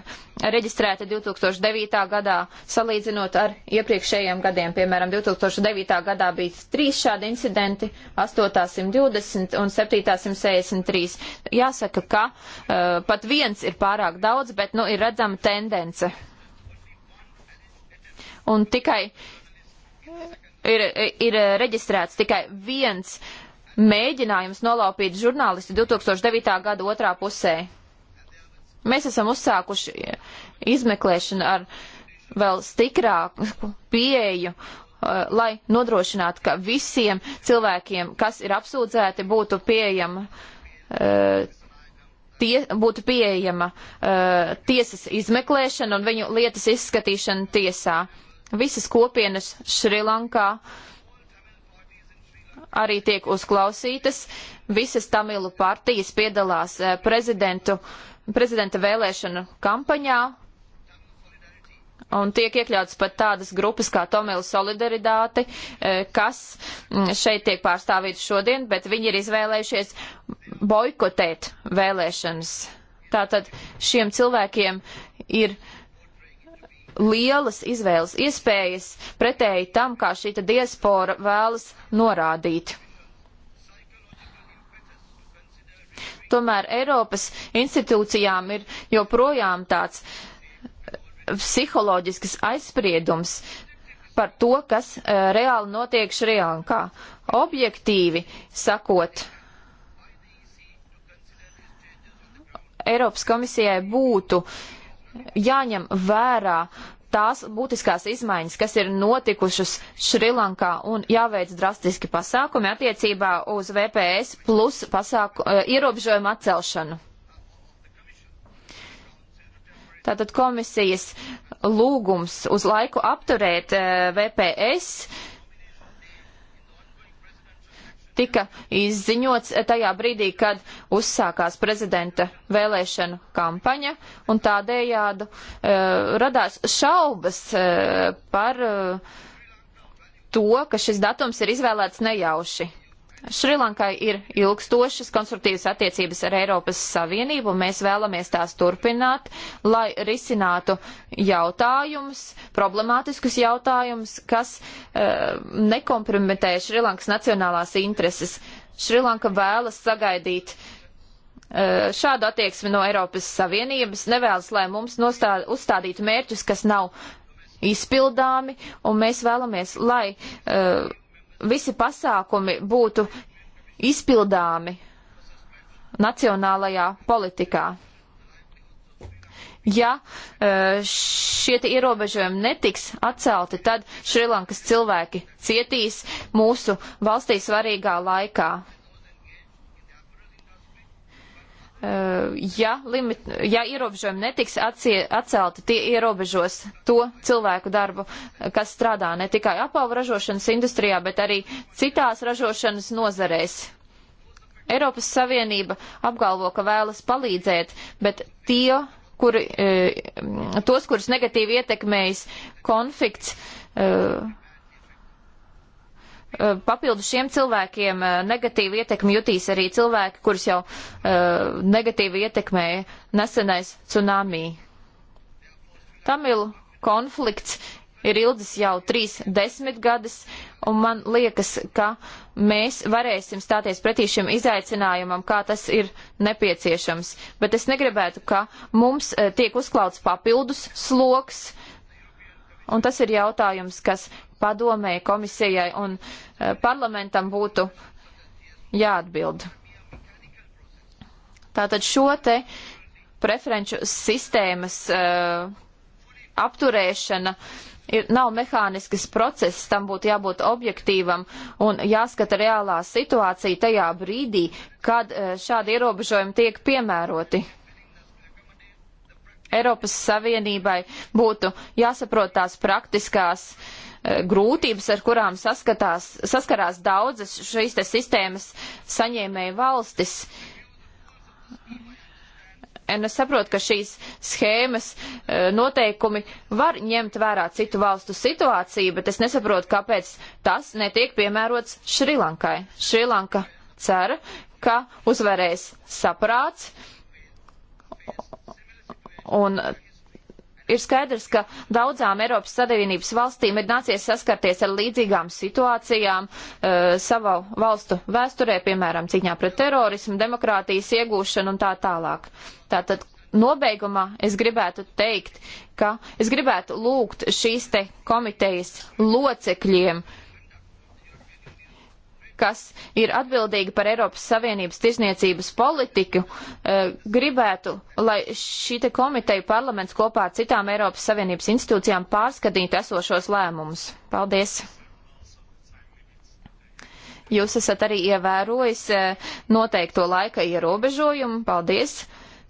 Speaker 3: reģistrēta 2009. gadā, salīdzinot ar iepriekšējiem gadiem. Piemēram, 2009. gadā bija trīs šādi incidenti - 820 un 763. Jāsaka, ka uh, pat viens ir pārāk daudz, bet nu, ir redzama tendence. Un tikai ir, ir reģistrēts tikai viens uh, mēģinājums nolaupīt žurnālisti 2009. gada otrā pusē. Mēs esam uzsākuši izmeklēšanu ar vēl stiprāku pieeju, eh, lai nodrošinātu, ka visiem cilvēkiem, kas ir apsūdzēti, būtu pieejama, eh, tie, būtu pieejama eh, tiesas izmeklēšana un viņu lietas izskatīšana tiesā. Visas kopienas Šrilankā uh, arī tiek uzklausītas. Visas Tamilu partijas piedalās eh, prezidentu, prezidenta vēlēšanu kampaņā un tiek iekļauts pat tādas grupas kā Tomila Solidaritāte, eh, kas mm, šeit tiek pārstāvīts šodien, bet viņi ir izvēlējušies boikotēt vēlēšanas. Tātad šiem cilvēkiem ir uh, lielas izvēles iespējas pretēji tam, kā šī diaspora vēlas norādīt. Tomēr Eiropas institūcijām ir joprojām tāds eh, psiholoģisks aizspriedums par to, kas eh, reāli notiek Šrilankā. Objektīvi sakot, Eiropas komisijai būtu uh, jāņem vērā tās būtiskās izmaiņas, kas ir notikušas Šrilankā un jāveic drastiski pasākumi attiecībā uz VPS plus pasāku, eh, ierobežojumu atcelšanu. Tātad komisijas lūgums uz laiku apturēt eh, VPS tika izziņots tajā brīdī, kad uzsākās prezidenta vēlēšanu kampaņa, un tādējādu uh, radās šaubas uh, par uh, to, ka šis datums ir izvēlēts nejauši. Šrilankai ir ilgstošas konstruktīvas attiecības ar Eiropas Savienību, un mēs vēlamies tās turpināt, lai risinātu jautājumus, problemātiskus jautājumus, kas uh, nekompromitē Šrilankas nacionālās intereses. Šrilanka vēlas sagaidīt uh, šādu attieksmi no Eiropas Savienības, nevēlas, lai mums nostād, uzstādītu mērķus, kas nav izpildāmi, un mēs vēlamies, lai uh, visi pasākumi būtu izpildāmi nacionālajā politikā. Ja e, šie ierobežojumi netiks atcelti, tad Šrilankas cilvēki cietīs mūsu valstī svarīgā laikā. Eh, ja, limit, ja ierobežojumi netiks atcie, atcelti, tie ierobežos to cilvēku darbu, kas strādā ne tikai apavu ražošanas industrijā, bet arī citās ražošanas nozarēs. Eiropas Savienība apgalvo, ka vēlas palīdzēt, bet tie, kuri, eh, tos, kurus negatīvi ietekmējis konflikts, eh, Eh, papildus šiem cilvēkiem eh, negatīvu ietekmi jutīs arī cilvēki, kurus jau uh, negatīvi ietekmēja nesenais tsunami. Tamilu konflikts ir ilgs jau trīs desmitgades, un man liekas, ka mēs varēsim stāties pretī šim izaicinājumam, kā tas ir nepieciešams. Bet es negribētu, ka mums tiek uzklauts papildus sloks, un tas ir jautājums, kas padomē, komisijai un eh, parlamentam būtu jāatbild. Tātad šo te preferenču sistēmas uh, apturēšana ir, nav mehānisks process, tam būtu jābūt objektīvam un jāskata reālā situācija tajā brīdī, kad uh, šādi ierobežojumi tiek piemēroti. Eiropas Savienībai būtu jāsaprot tās praktiskās e, grūtības, ar kurām saskatās, saskarās daudzas šīs te sistēmas saņēmēja valstis. Un es saprotu, ka šīs schēmas e, noteikumi var ņemt vērā citu valstu situāciju, bet es nesaprotu, kāpēc tas netiek piemērots Šrilankai. Šrilanka cer, ka uzvarēs saprāts Un ir skaidrs, ka daudzām Eiropas Savienības valstīm ir nācies saskarties ar līdzīgām situācijām e, eh, savā valstu vēsturē, piemēram, cīņā pret terorismu, demokrātijas iegūšanu un tā tālāk. Tātad nobeigumā es gribētu teikt, ka es gribētu lūgt šīs te komitejas locekļiem uh, kas ir atbildīgi par Eiropas Savienības tirzniecības politiku, e, gribētu, lai šī te komiteja parlaments kopā ar citām Eiropas Savienības institūcijām pārskatītu esošos lēmumus. Paldies! Jūs esat arī ievērojis e, noteikto laika ierobežojumu. Paldies!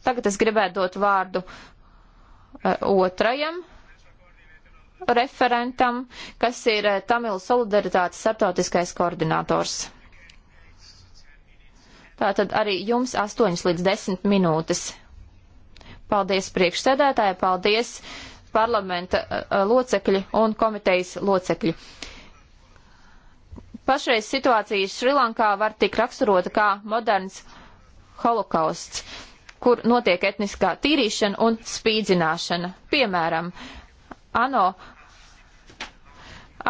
Speaker 3: Tagad es gribētu dot vārdu e, otrajam referentam, kas ir eh, Tamilu solidaritātes starptautiskais koordinators. Tātad arī jums 8 līdz 10 minūtes. Paldies priekšsēdētāji, paldies parlamenta eh, eh, locekļi un komitejas locekļi. Pašreiz situācija Šrilankā var tik raksturota kā moderns holokausts, kur notiek etniskā tīrīšana un spīdzināšana. Piemēram, uh, ANO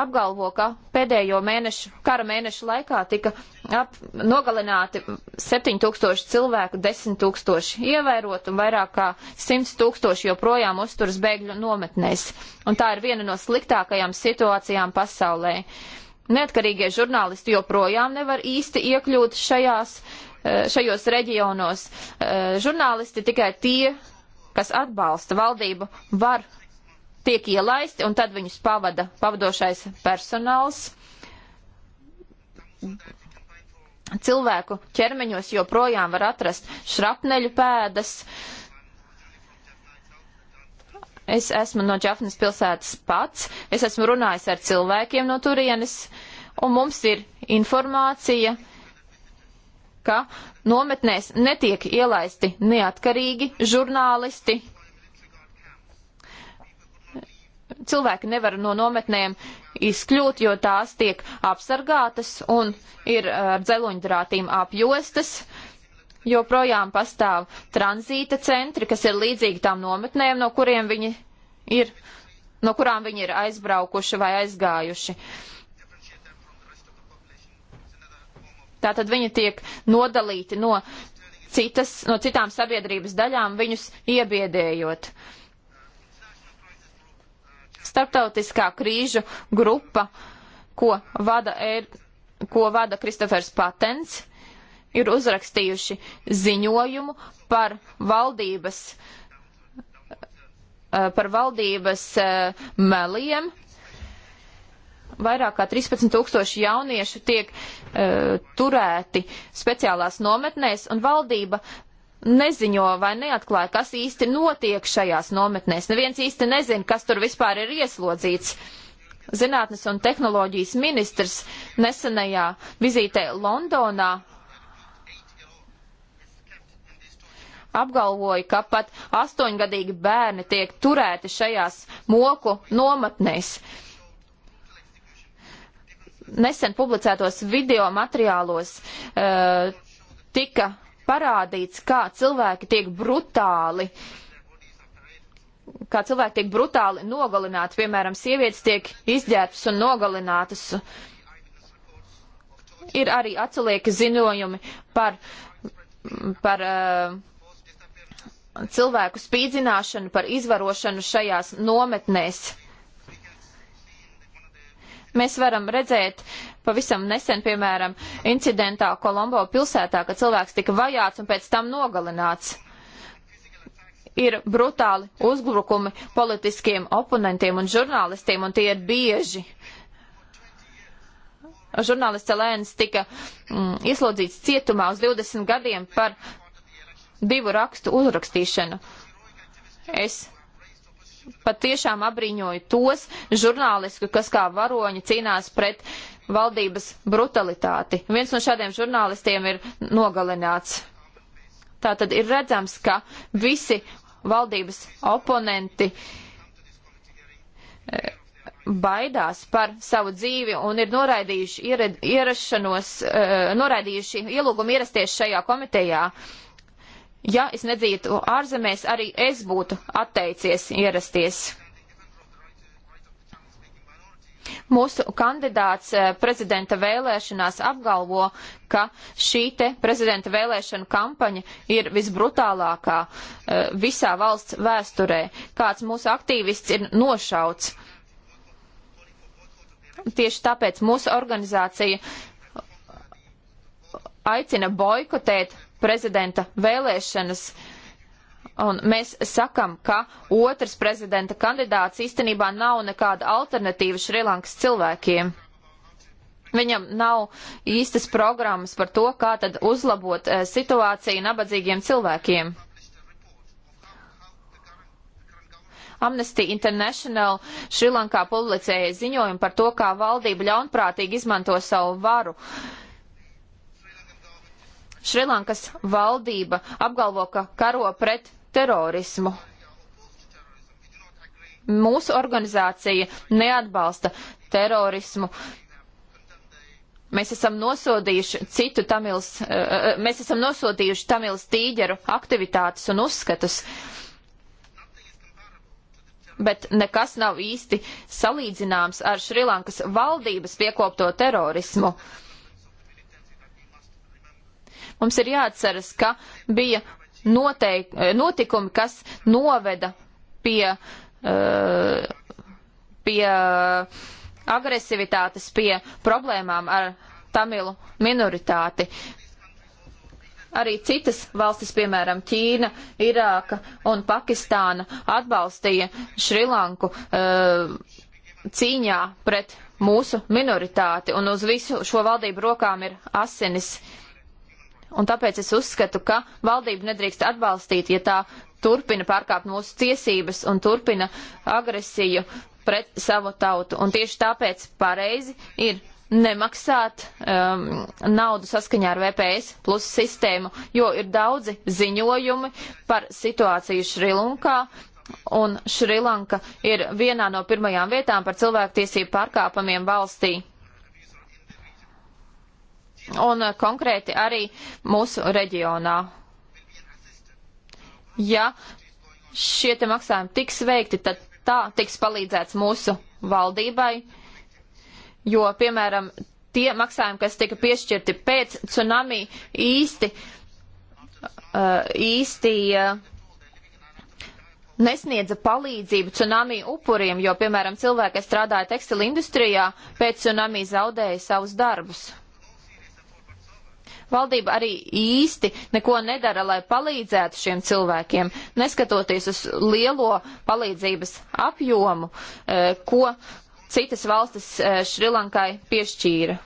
Speaker 3: apgalvo, ka pēdējo mēnešu, kara mēnešu laikā tika ap, nogalināti 7000 cilvēku, 10 tūkstoši ievērot un vairāk kā 100 tūkstoši joprojām uzturas bēgļu nometnēs. Un tā ir viena no sliktākajām situācijām pasaulē. Neatkarīgie žurnālisti joprojām nevar īsti iekļūt šajās, eh, šajos reģionos. Eh, žurnālisti tikai tie, kas atbalsta valdību, var tiek ielaisti un tad viņus pavada pavadošais personāls. Cilvēku ķermeņos joprojām var atrast šrapneļu pēdas. Es esmu no Džafnes pilsētas pats, es esmu runājis ar cilvēkiem no turienes, un mums ir informācija, ka nometnēs netiek ielaisti neatkarīgi žurnālisti, cilvēki nevar no nometnēm izkļūt, jo tās tiek apsargātas un ir ar dzeloņdrātīm apjostas. Joprojām pastāv tranzīta centri, kas ir līdzīgi tām nometnēm, no kuriem viņi ir, no kurām viņi ir aizbraukuši vai aizgājuši. Tātad viņi tiek nodalīti no, citas, no citām sabiedrības daļām, viņus iebiedējot. Uh, starptautiskā krīžu grupa, ko vada, er, ko vada Kristofers Patents, ir uzrakstījuši ziņojumu par valdības, eh, par valdības eh, meliem. Vairāk kā 13 tūkstoši jauniešu tiek uh, turēti speciālās nometnēs, un valdība neziņo vai neatklāja, kas īsti notiek šajās nometnēs. Neviens īsti nezina, kas tur vispār ir ieslodzīts. Zinātnes un tehnoloģijas ministrs nesenajā vizītē Londonā apgalvoja, ka pat astoņgadīgi bērni tiek turēti šajās moku nometnēs. Nesen publicētos video materiālos uh, tika parādīts, kā cilvēki tiek brutāli kā cilvēki tiek brutāli nogalināti, piemēram, sievietes tiek izģērbtas un nogalinātas. Ir arī atsalieka ziņojumi par, par uh, cilvēku spīdzināšanu, par izvarošanu šajās nometnēs. Mēs varam redzēt uh, pavisam nesen, piemēram, incidentā Kolombo pilsētā, kad cilvēks tika vajāts un pēc tam nogalināts. Ir brutāli uzbrukumi politiskiem oponentiem un žurnālistiem, un tie ir bieži. Žurnālists Lēns tika mm, ieslodzīts cietumā uz 20 gadiem par divu rakstu uzrakstīšanu. Es patiešām abrīņoju tos žurnālistu, kas kā varoņi cīnās pret uh, valdības brutalitāti. Viens no šādiem žurnālistiem ir nogalināts. Tā tad ir redzams, ka visi valdības oponenti eh, baidās par savu dzīvi un ir noraidījuši ierad, ierašanos, eh, noraidījuši ielūgumu ierasties šajā komitejā. Ja es nedzītu ārzemēs, arī es būtu atteicies ierasties. Mūsu kandidāts eh, prezidenta vēlēšanās apgalvo, ka šī te prezidenta vēlēšana kampaņa ir visbrutālākā eh, visā valsts vēsturē. Kāds mūsu aktīvists ir nošauts. Tieši tāpēc mūsu organizācija aicina boikotēt prezidenta vēlēšanas uh, Un mēs sakam, ka otrs prezidenta kandidāts īstenībā nav nekāda alternatīva Šrilankas cilvēkiem. Viņam nav īstas programmas par to, kā tad uzlabot eh, situāciju nabadzīgiem cilvēkiem. Amnesty International Šrilankā publicēja ziņojumu par to, kā valdība ļaunprātīgi izmanto savu varu. Uh, Šrilankas valdība apgalvo, ka karo pret terorismu. Mūsu organizācija neatbalsta terorismu. Mēs esam nosodījuši citu Tamils, eh, eh, mēs esam nosodījuši Tamils tīģeru aktivitātes un uzskatus, bet nekas nav īsti salīdzināms ar Šrilankas valdības piekopto terorismu. Uh, Mums ir jāatceras, ka bija noteik, notikumi, kas noveda pie, eh, pie agresivitātes, pie problēmām ar tamilu minoritāti. Arī citas valstis, piemēram, Ķīna, Irāka un Pakistāna atbalstīja Šrilanku eh, cīņā pret mūsu minoritāti, un uz visu šo valdību rokām ir asinis. Uh, Un tāpēc es uzskatu, ka valdību nedrīkst atbalstīt, ja tā turpina pārkāpt mūsu tiesības un turpina agresiju pret savu tautu. Un tieši tāpēc pareizi ir nemaksāt um, naudu saskaņā ar VPS plus sistēmu, jo ir daudzi ziņojumi par situāciju Šrilunkā. Un Šrilanka ir vienā no pirmajām vietām par cilvēktiesību pārkāpumiem valstī un eh, konkrēti arī mūsu reģionā. Ja šie te maksājumi tiks veikti, tad tā tiks palīdzēts mūsu valdībai, jo, piemēram, tie maksājumi, kas tika piešķirti pēc tsunami, īsti, eh, īsti eh, nesniedza palīdzību tsunami upuriem, jo, piemēram, cilvēki, kas strādāja tekstila industrijā, pēc tsunami zaudēja savus darbus. Valdība arī īsti neko nedara, lai palīdzētu šiem cilvēkiem, neskatoties uz lielo palīdzības apjomu, eh, ko citas valstis eh, Šrilankai piešķīra.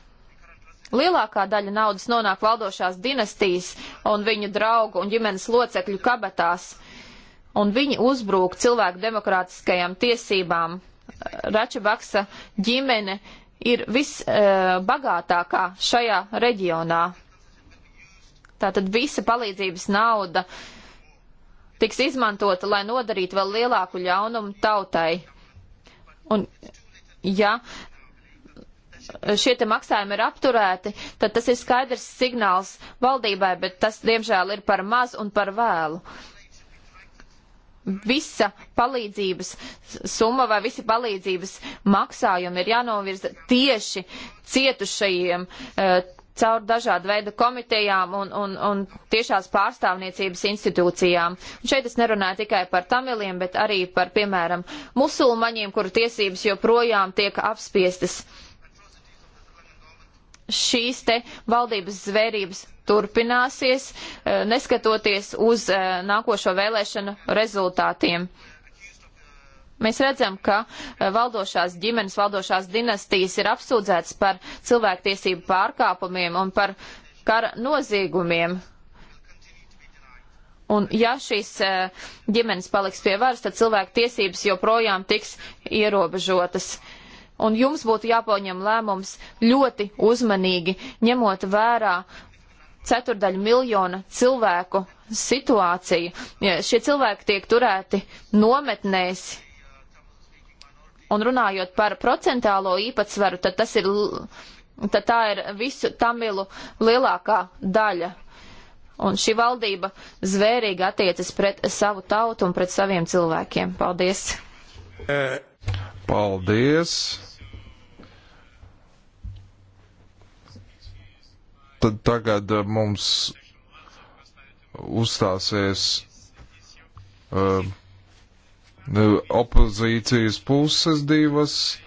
Speaker 3: Lielākā daļa naudas nonāk valdošās dinastijas un viņu draugu un ģimenes locekļu kabatās, un viņi uzbrūk cilvēku demokrātiskajām tiesībām. Rača Baksa ģimene ir visbagātākā e, šajā reģionā. Tātad visa palīdzības nauda tiks izmantota, lai nodarītu vēl lielāku ļaunumu tautai. Un, ja šie te maksājumi ir apturēti, tad tas ir skaidrs signāls valdībai, bet tas, diemžēl, ir par maz un par vēlu. Visa palīdzības summa vai visi palīdzības maksājumi ir jānovirza tieši cietušajiem. Uh, caur dažādu veidu komitejām un, un, un tiešās pārstāvniecības institūcijām. Un šeit es nerunāju tikai par tamiliem, bet arī par, piemēram, musulmaņiem, kuru tiesības joprojām tiek apspiestas. Šīs te valdības zvērības turpināsies, eh, neskatoties uz eh, nākošo vēlēšanu rezultātiem. Mēs redzam, ka eh, valdošās ģimenes, valdošās dinastijas ir apsūdzētas par cilvēktiesību pārkāpumiem un par kara noziegumiem. Un ja šīs eh, ģimenes paliks pie varas, tad cilvēku tiesības joprojām tiks ierobežotas. Un jums būtu jāpauņem lēmums ļoti uzmanīgi, ņemot vērā ceturdaļu miljona cilvēku situāciju. Šie cilvēki tiek turēti nometnēs, Un runājot par procentālo īpatsvaru, tad tas ir, tad tā ir visu Tamilu lielākā daļa. Un šī valdība zvērīgi attiecas pret savu tautu un pret saviem cilvēkiem. Paldies!
Speaker 2: Paldies! Tad tagad eh, mums uzstāsies uh, opozīcijas puses divas.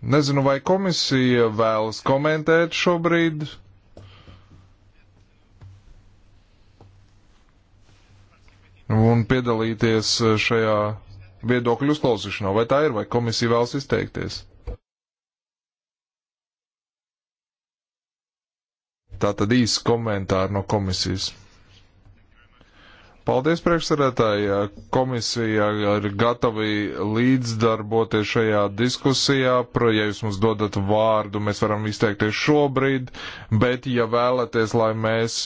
Speaker 2: Nezinu, vai komisija vēlas komentēt šobrīd. Un piedalīties šajā viedokļu uzklausīšanā, vai tā ir, vai komisija vēlas izteikties? Tā tad īsts komentāri no komisijas. Paldies, priekšsarētāji. Komisija ir gatavi līdzdarboties šajā diskusijā. Ja jūs mums dodat vārdu, mēs varam izteikties šobrīd, bet ja vēlaties, lai mēs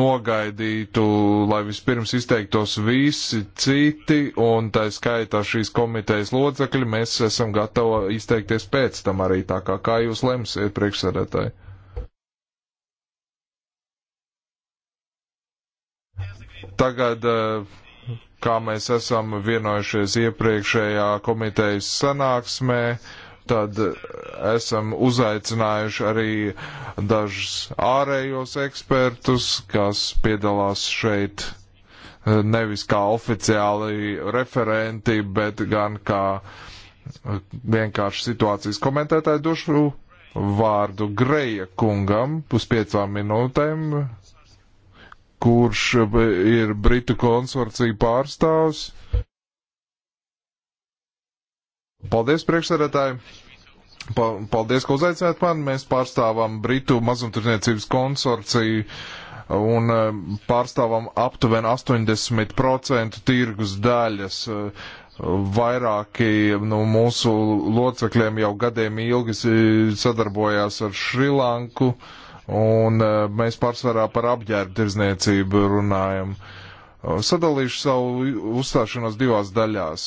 Speaker 2: nogaidītu, lai vispirms izteiktos visi citi, un tā skaitā šīs komitejas locekļi, mēs esam gatavi izteikties pēc tam arī tā kā, kā jūs lemsiet, priekšsarētāji. Tagad, eh, kā mēs esam vienojušies iepriekšējā komitejas sanāksmē, tad esam uzaicinājuši arī dažus ārējos ekspertus, kas piedalās šeit eh, nevis kā oficiāli referenti, bet gan kā eh, vienkārši situācijas komentētāji došu vārdu Greja kungam, pus piecām minūtēm, kurš ir Britu konsorcija pārstāvs. Paldies, priekšsēdētāji! Paldies, ka uzaicinājāt mani. Mēs pārstāvam Britu mazumtirdzniecības konsorciju un eh, pārstāvam aptuveni 80% tirgus daļas. Vairāki no nu, mūsu locekļiem jau gadiem ilgi sadarbojās ar Šrilanku. Uh, un eh, mēs pārsvarā par apģērbu tirzniecību runājam. Eh, sadalīšu savu uzstāšanos divās daļās.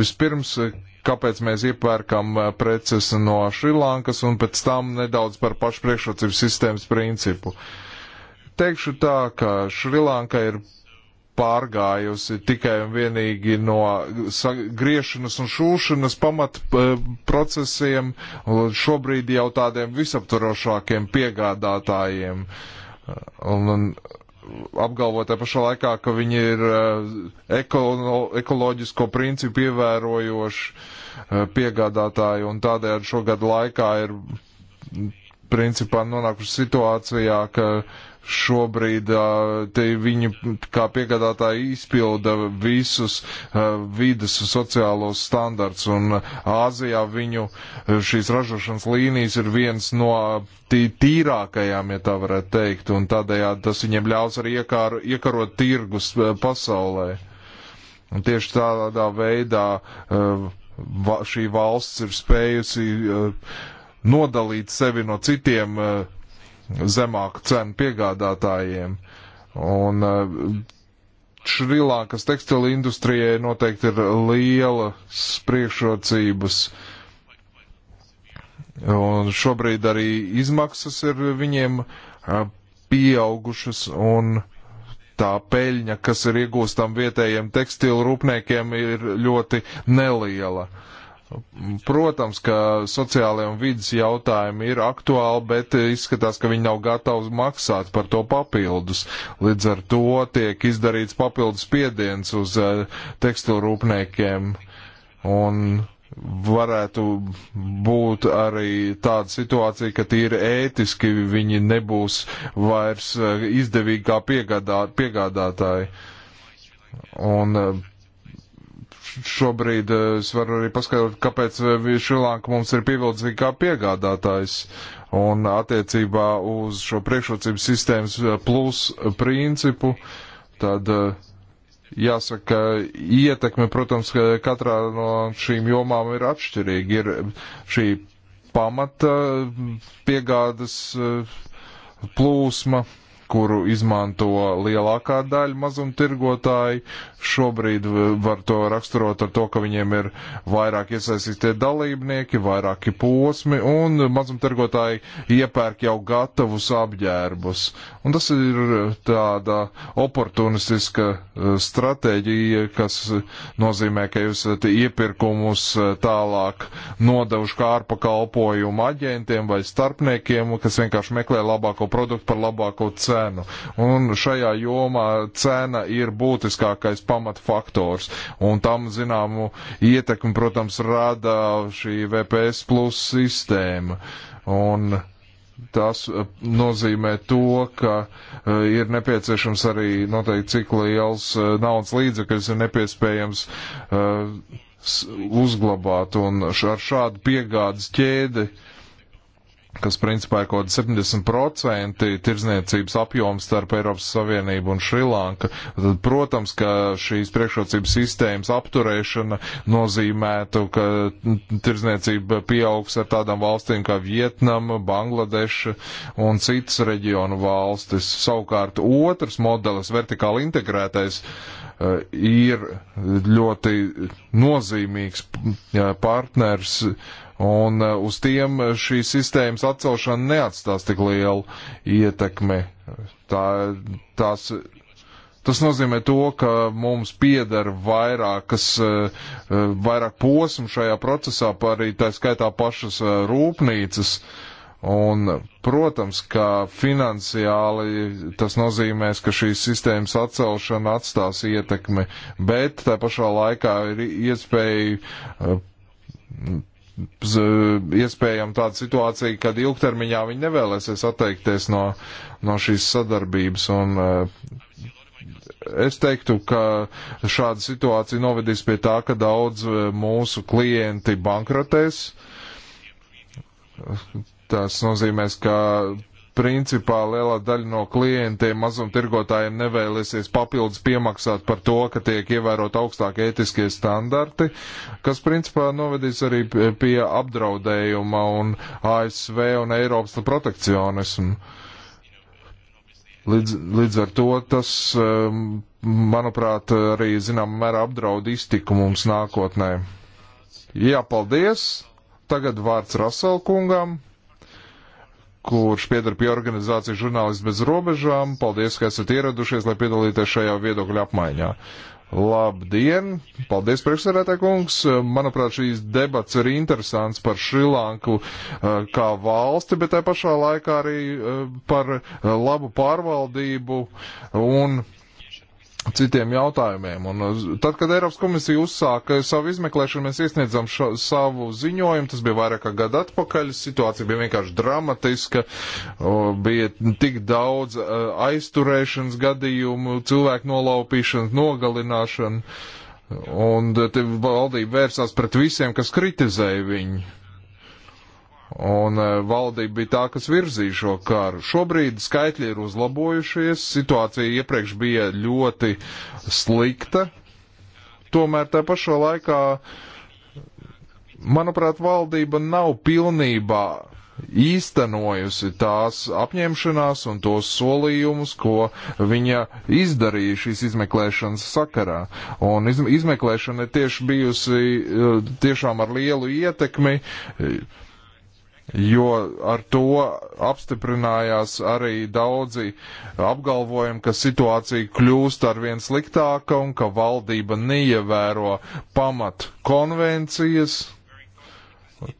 Speaker 2: Vispirms, eh, kāpēc mēs iepērkam preces no Šrilankas, un pēc tam nedaudz par pašpriekšrocības sistēmas principu. Teikšu tā, ka Šrilanka ir pārgājusi tikai un vienīgi no griešanas un šūšanas pamat procesiem, šobrīd jau tādiem visaptvarošākiem piegādātājiem. Un, un, apgalvot tajā pašā laikā, ka viņi ir e, ekolo, ekoloģisko principu ievērojoši e, piegādātāji un tādējādi šogad laikā ir principā nonākuši situācijā, ka šobrīd viņi kā piegādātāji izpilda visus vidas sociālos standarts, un Āzijā viņu šīs ražošanas līnijas ir viens no tīrākajām, ja tā varētu teikt, un tādējādi tas viņiem ļaus arī iekār, iekarot tirgus pasaulē. Un tieši tādā veidā šī valsts ir spējusi nodalīt sevi no citiem uh, zemāku cenu piegādātājiem. Un eh, Šrilankas tekstila industrijai noteikti ir lielas priekšrocības. Un šobrīd arī izmaksas ir viņiem eh, pieaugušas un tā peļņa, kas ir iegūstam vietējiem tekstilu rūpniekiem, ir ļoti neliela. Uh, Protams, ka sociālajie un vidas jautājumi ir aktuāli, bet izskatās, ka viņi nav gatavi maksāt par to papildus. Līdz ar to tiek izdarīts papildus spiediens uz eh, tekstilrūpniekiem un varētu būt arī tāda situācija, ka tīri ētiski viņi nebūs vairs eh, izdevīgi kā piegādā, piegādātāji. Un eh, šobrīd eh, es varu arī paskaidrot, kāpēc eh, Šrilanka mums ir pievilcīga kā piegādātājs. Un attiecībā uz šo priekšrocības sistēmas eh, plus principu, tad jāsaka, ietekme, protams, ka katrā no šīm jomām ir atšķirīga. Ir šī pamata piegādas plūsma kuru izmanto lielākā daļa mazumtirgotāji. Šobrīd var to raksturot ar to, ka viņiem ir vairāk iesaistītie dalībnieki, vairāki posmi, un mazumtirgotāji iepērk jau gatavus apģērbus. Un tas ir tāda oportunistiska e, stratēģija, kas nozīmē, ka jūs esat iepirkumus e, tālāk nodevuši kā ārpakalpojumu aģentiem vai starpniekiem, kas vienkārši meklē labāko produktu par labāko cenu cenu. Un šajā jomā cena ir būtiskākais pamatfaktors. Un tam zināmu ietekmi, protams, rada šī VPS plus sistēma. Un Tas e, nozīmē to, ka e, ir nepieciešams arī noteikti cik liels e, naudas līdzekļus ir nepiespējams uzglabāt un ar šādu piegādes ķēdi uh, kas principā ir kaut 70% tirzniecības apjoms starp Eiropas Savienību un Šrilanka, tad, protams, ka šīs priekšrocības sistēmas apturēšana nozīmētu, ka tirzniecība pieaugs ar tādām valstīm kā Vietnama, Bangladeša un citas reģionu valstis. Savukārt otrs modelis, vertikāli integrētais, eh, ir ļoti nozīmīgs partners un uh, uz tiem šīs sistēmas atcelšana neatstās tik lielu ietekmi. Tā, tās, tas nozīmē to, ka mums pieder vairākas, uh, uh, vairāk posmu šajā procesā, arī tā skaitā pašas rūpnīcas. Un, protams, ka finansiāli tas nozīmēs, ka šīs sistēmas atcelšana atstās ietekmi, bet tā pašā laikā ir iespēja iespējama tāda situācija, kad ilgtermiņā viņi nevēlēsies atteikties no, no šīs sadarbības. Un, eh, Es teiktu, ka šāda situācija novedīs pie tā, ka daudz eh, mūsu klienti bankrotēs. Tas nozīmēs, ka principā lielā daļa no klientiem mazumtirgotājiem nevēlēsies papildus piemaksāt par to, ka tiek ievērot augstākie ētiskie standarti, kas principā novedīs arī pie apdraudējuma un ASV un Eiropas protekcionismu. Līdz, līdz ar to tas, um, manuprāt, arī zinām mērā apdraud iztiku mums nākotnē. Jā, paldies! Tagad vārds Raselkungam. kungam kurš piedar pie organizācijas žurnālisti bez robežām. Paldies, ka esat ieradušies, lai piedalīties šajā viedokļa apmaiņā. Labdien! Paldies, priekšsarētā kungs! Manuprāt, šīs debats ir interesants par Šrilanku eh, kā valsti, bet tā pašā laikā arī eh, par eh, labu pārvaldību un citiem jautājumiem. Un uh, tad, kad Eiropas komisija uzsāka savu izmeklēšanu, mēs iesniedzām šo, savu ziņojumu, tas bija vairāk kā gada atpakaļ, situācija bija vienkārši dramatiska, bija tik daudz uh, aizturēšanas gadījumu, cilvēku nolaupīšanas, nogalināšanu, un uh, valdība vērsās pret visiem, kas kritizēja viņu. Un e, valdība bija tā, kas virzīja šo karu. Šobrīd skaitļi ir uzlabojušies, situācija iepriekš bija ļoti slikta. Tomēr tā pašā laikā, manuprāt, valdība nav pilnībā īstenojusi tās apņemšanās un tos solījumus, ko viņa izdarīja šīs izmeklēšanas sakarā. Un izmeklēšana tieši bijusi e, tiešām ar lielu ietekmi jo ar to apstiprinājās arī daudzi apgalvojumi, ka situācija kļūst ar vien sliktāka un ka valdība neievēro pamat konvencijas.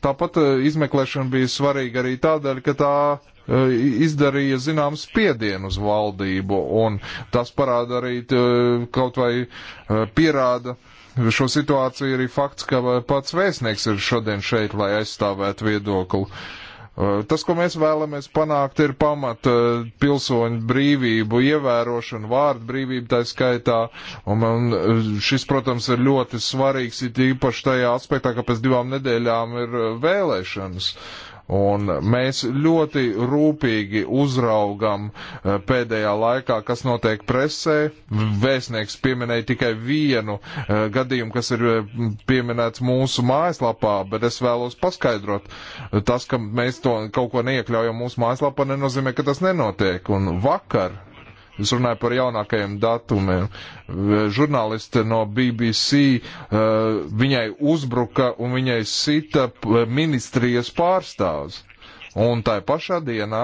Speaker 2: Tāpat eh, izmeklēšana bija svarīga arī tādēļ, ka tā eh, izdarīja zināms spiedienu uz valdību, un tas parāda arī eh, kaut vai pierāda šo situāciju arī fakts, ka uh, pats vēstnieks ir šodien šeit, lai aizstāvētu viedokli. Uh, tas, ko mēs vēlamies panākt, ir pamata uh, pilsoņu brīvību, ievērošanu, vārdu brīvību tā skaitā. Un, un šis, protams, ir ļoti svarīgs, it īpaši tajā aspektā, ka pēc divām nedēļām ir vēlēšanas. Uh, Un mēs ļoti rūpīgi uzraugam eh, pēdējā laikā, kas notiek presē. Vēstnieks pieminēja tikai vienu eh, gadījumu, kas ir eh, pieminēts mūsu mājaslapā, bet es vēlos paskaidrot. Tas, ka mēs to kaut ko neiekļaujam mūsu mājaslapā, nenozīmē, ka tas nenotiek. Un vakar Es runāju par jaunākajiem datumiem. Žurnāliste no BBC eh, viņai uzbruka un viņai sita ministrijas pārstāvs. Un tai pašā dienā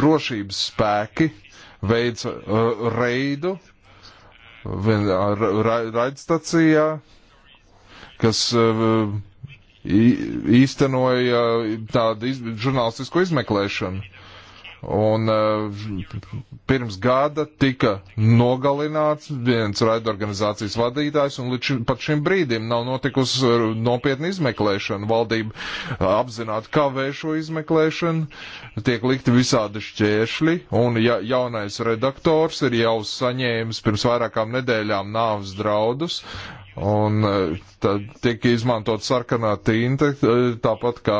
Speaker 2: drošības spēki veids eh, reidu raidstacijā, kas eh, īstenoja tādu žurnālistisko izmeklēšanu Un eh, pirms gada tika nogalināts viens raidorganizācijas vadītājs, un līdz šim, pat šim brīdim nav notikusi eh, nopietna izmeklēšana. Valdība eh, apzināti kavē šo izmeklēšanu, tiek likti visādi šķēršļi, un ja, jaunais redaktors ir jau saņēmis pirms vairākām nedēļām nāvs draudus, Un tad tiek izmantot sarkanā tinta, tāpat kā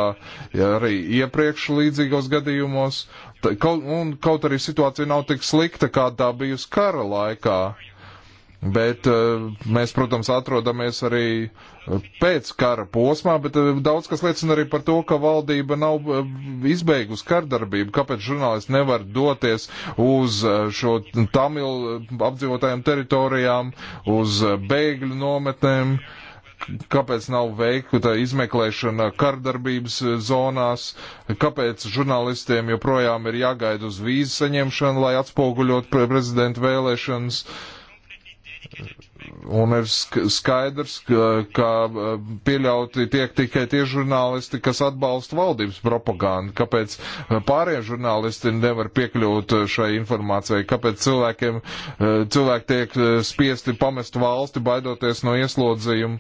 Speaker 2: arī iepriekš līdzīgos gadījumos, Kaut, un kaut arī situācija nav tik slikta, kā tā bijusi kara laikā. Bet eh, mēs, protams, atrodamies arī eh, pēc kara posmā, bet eh, daudz kas liecina arī par to, ka valdība nav izbeigusi kardarbību. Kāpēc žurnālisti nevar doties uz šo tamilu apdzīvotājiem teritorijām, uz bēgļu nometnēm? Uh, kāpēc nav veikta izmeklēšana kardarbības zonās, kāpēc žurnālistiem joprojām ir jāgaida uz vīzu saņemšanu, lai atspoguļot prezidenta vēlēšanas. Un ir skaidrs, ka eh, pieļauti tiek tikai tie žurnālisti, kas atbalsta valdības propagandu. Kāpēc eh, pārējie žurnālisti nevar piekļūt eh, šai informācijai? Kāpēc cilvēkiem, cilvēki tiek spiesti pamest valsti, baidoties no ieslodzījuma?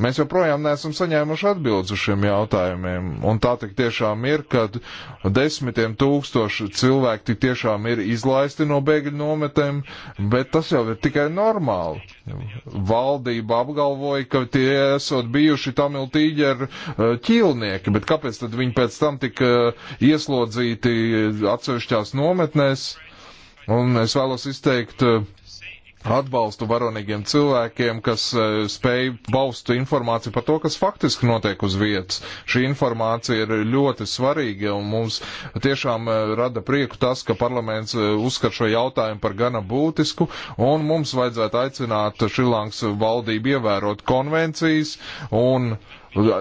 Speaker 2: Mēs joprojām neesam saņēmuši atbildes uz šiem jautājumiem, un tā tik tiešām ir, kad desmitiem tūkstoši cilvēki tik tiešām ir izlaisti no bēgļu nometēm, bet tas jau ir tikai normāli. Valdība apgalvoja, ka tie esot bijuši Tamil tīģeru e, ķīlnieki, bet kāpēc tad viņi pēc tam tika e, ieslodzīti atsevišķās nometnēs? Un es vēlos izteikt uh, atbalstu varonīgiem cilvēkiem, kas e, spēj baust informāciju par to, kas faktiski notiek uz vietas. Šī informācija ir ļoti svarīga un mums tiešām e, rada prieku tas, ka parlaments e, uzskat šo jautājumu par gana būtisku un mums vajadzētu aicināt Šilanks valdību ievērot konvencijas un uh, Nu,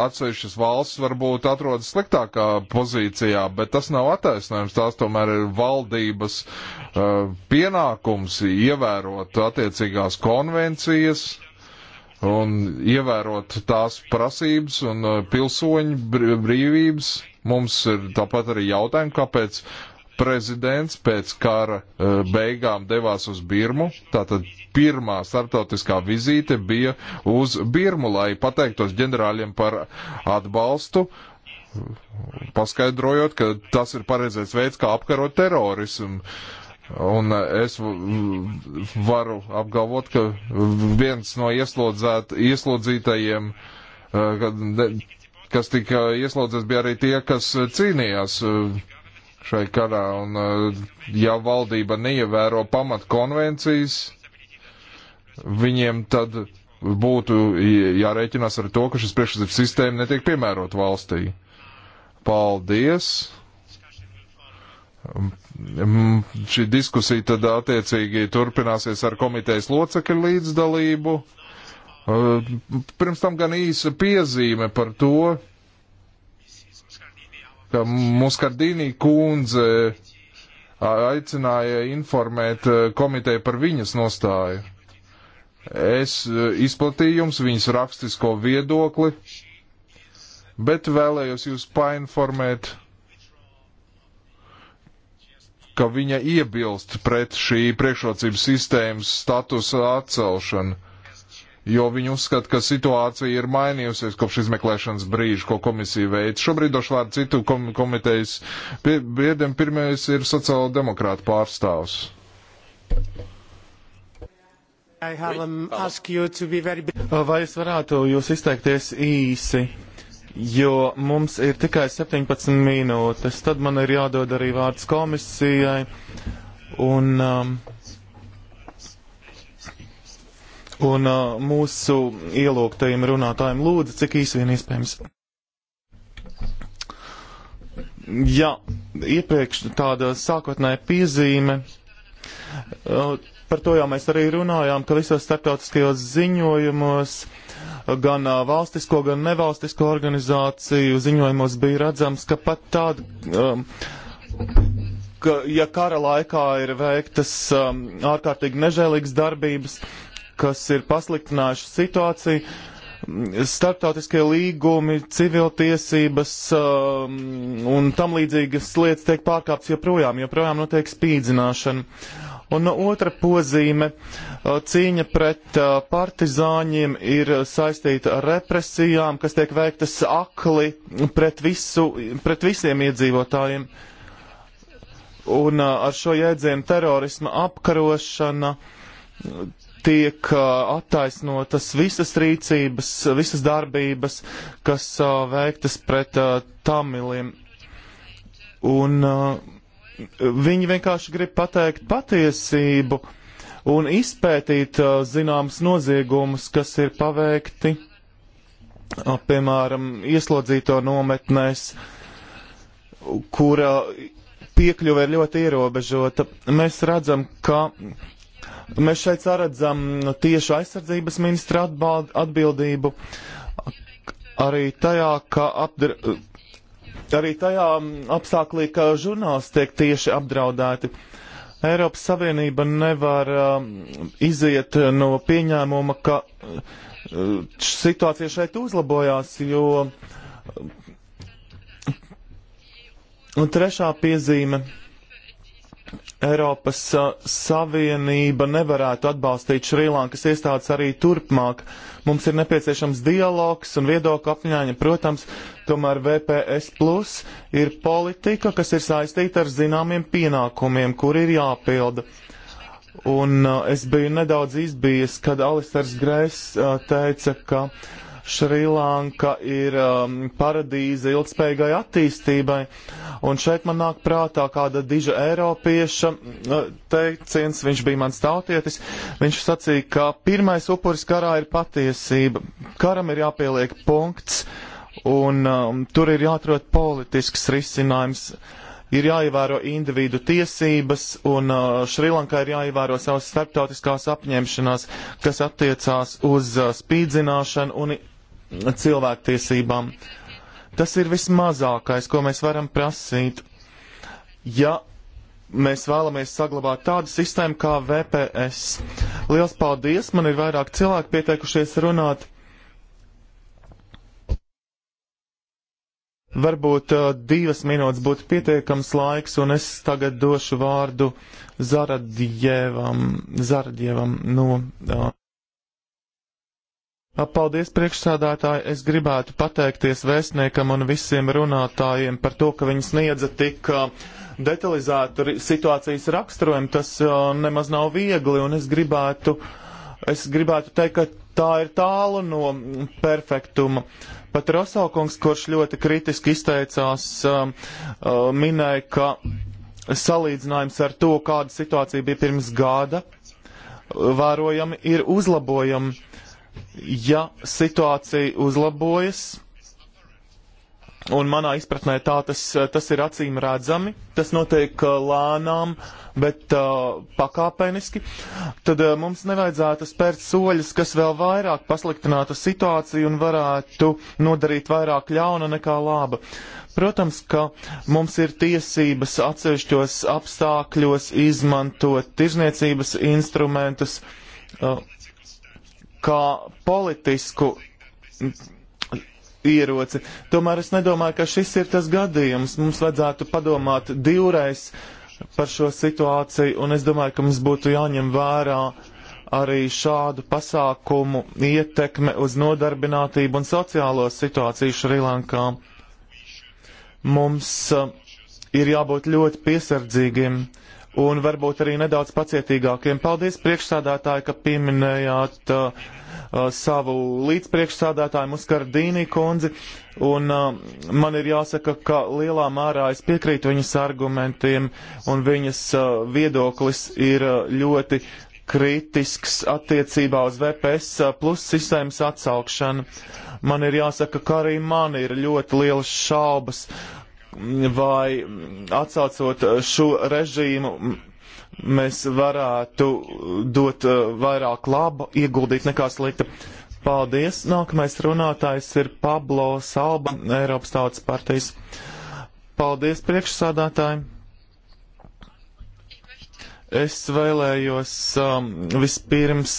Speaker 2: atsevišķas valsts varbūt atrodas sliktākā pozīcijā, bet tas nav attaisnojums. Tās tomēr ir valdības uh, pienākums ievērot attiecīgās konvencijas un ievērot tās prasības un uh, pilsoņu brīvības. Mums ir tāpat arī jautājumi, kāpēc prezidents pēc kara eh, beigām devās uz Birmu. Tātad pirmā starptautiskā vizīte bija uz Birmu, lai pateiktos ģenerāļiem par atbalstu, paskaidrojot, ka tas ir pareizais veids, kā apkarot terorismu. Un eh, es varu apgalvot, ka viens no ieslodzēt, ieslodzītajiem, eh, kas tika ieslodzīts, bija arī tie, kas cīnījās šai karā. Un, eh, ja valdība neievēro pamat konvencijas, viņiem tad būtu jārēķinās ar to, ka šis priekšsacības sistēma netiek piemērot valstī. Paldies! Šī diskusija tad attiecīgi turpināsies ar komitejas locekļu līdzdalību. Eh, pirms tam gan īsa piezīme par to, ka Muskardīnī kundze aicināja informēt e, komiteju par viņas nostāju. Es e, izplatīju jums viņas rakstisko viedokli, bet vēlējos jūs painformēt, ka viņa iebilst pret šī priekšrocības sistēmas statusa atcelšanu jo viņi uzskata, ka situācija ir mainījusies kopš izmeklēšanas brīža, ko komisija veica. Šobrīd došu vārdu citu kom komitejas biedriem. Pirmais ir sociāla demokrāta pārstāvs.
Speaker 4: Um, very... Oh, vai es varētu jūs izteikties īsi? jo mums ir tikai 17 minūtes. Tad man ir jādod arī vārds komisijai. Un um, un uh, mūsu ielūgtajiem runātājiem lūdzu, cik īsi vien iespējams. Jā, iepriekš tāda sākotnēja piezīme. Uh, par to jau mēs arī runājām, ka visos starptautiskajos ziņojumos gan uh, valstisko, gan nevalstisko organizāciju ziņojumos bija redzams, ka pat tāda. Um, ka, ja kara laikā ir veiktas um, ārkārtīgi nežēlīgas darbības, uh, kas ir pasliktinājuši situāciju. Startautiskie līgumi, civiltiesības um, un tam līdzīgas lietas tiek pārkāptas joprojām, joprojām notiek spīdzināšana. Un no otra pozīme uh, - cīņa pret uh, partizāņiem ir saistīta ar represijām, kas tiek veiktas akli pret, visu, pret visiem iedzīvotājiem. Un uh, ar šo jēdzienu terorisma apkarošana tiek attaisnotas visas rīcības, visas darbības, kas veiktas pret tamiliem. Un viņi vienkārši grib pateikt patiesību un izpētīt zināmas noziegumus, kas ir paveikti, piemēram, ieslodzīto nometnēs, kura piekļuve ir ļoti ierobežota. Mēs redzam, ka Mēs šeit saredzam tieši aizsardzības ministra atbildību arī tajā, ka apdar. Arī tajā apstāklī, ka žurnālisti tiek tieši apdraudēti. Eiropas Savienība nevar uh, iziet no pieņēmuma, ka uh, situācija šeit uzlabojās, jo uh, trešā piezīme. Uh, Eiropas Savienība nevarētu atbalstīt Šrilankas iestādes arī turpmāk. Mums ir nepieciešams dialogs un viedokļu apņēņa, protams, tomēr VPS plus ir politika, kas ir saistīta ar zināmiem pienākumiem, kuri ir jāpilda. Un uh, es biju nedaudz izbijies, kad Alisters Grēs uh, teica, ka uh, Šrilanka ir um, paradīze ilgspējīgai attīstībai. Un šeit man nāk prātā kāda diža Eiropieša uh, teiciens, viņš bija mans tautietis. Viņš sacīja, ka pirmais upuris karā ir patiesība. Karam ir jāpieliek punkts, un um, tur ir jāatrod politisks risinājums. Ir jāievēro individu tiesības, un uh, Šrilankai ir jāievēro savas starptautiskās apņemšanās, kas attiecās uz uh, spīdzināšanu un cilvēktiesībām. Tas ir vismazākais, ko mēs varam prasīt. Ja mēs vēlamies saglabāt tādu sistēmu kā VPS. Liels paldies! Man ir vairāk cilvēki pieteikušies runāt. Varbūt uh, divas minūtes būtu pietiekams laiks, un es tagad došu vārdu Zaradievam, Zaradievam no. Uh, Paldies, priekšsādātāji! Es gribētu pateikties vēstniekam un visiem runātājiem par to, ka viņi sniedza tik detalizētu situācijas raksturojumu. Tas nemaz nav viegli, un es gribētu, es gribētu teikt, ka tā ir tālu no perfektuma. Pat Rosaukungs, kurš ļoti kritiski izteicās, minēja, ka salīdzinājums ar to, kāda situācija bija pirms gada, vērojami ir uzlabojami ja situācija uzlabojas, un manā izpratnē tā tas, tas ir acīm redzami, tas notiek uh, lēnām, bet uh, pakāpeniski, tad uh, mums nevajadzētu spērt soļus, kas vēl vairāk pasliktinātu situāciju un varētu nodarīt vairāk ļauna nekā laba. Protams, ka mums ir tiesības atsevišķos apstākļos izmantot tirzniecības instrumentus. Uh, kā politisku ieroci. Tomēr es nedomāju, ka šis ir tas gadījums. Mums vajadzētu padomāt divreiz par šo situāciju, un es domāju, ka mums būtu jāņem vērā arī šādu pasākumu ietekme uz nodarbinātību un sociālo situāciju Šrilankā. Mums uh, ir jābūt ļoti piesardzīgiem. Uh, un varbūt arī nedaudz pacietīgākiem. Paldies priekšsādātāji, ka pieminējāt uh, uh savu līdzpriekšsādātāju Muskardīnī kundzi, un uh, man ir jāsaka, ka lielā mērā es piekrītu viņas argumentiem, un viņas uh, viedoklis ir uh, ļoti kritisks attiecībā uz VPS uh, plus sistēmas atsaukšanu. Man ir jāsaka, ka arī man ir ļoti liels šaubas vai atsaucot šo režīmu mēs varētu dot uh, vairāk laba, ieguldīt nekā slikta. Paldies! Nākamais runātājs ir Pablo Salba, Eiropas Tautas partijas. Paldies priekšsādātājiem! Es vēlējos um, vispirms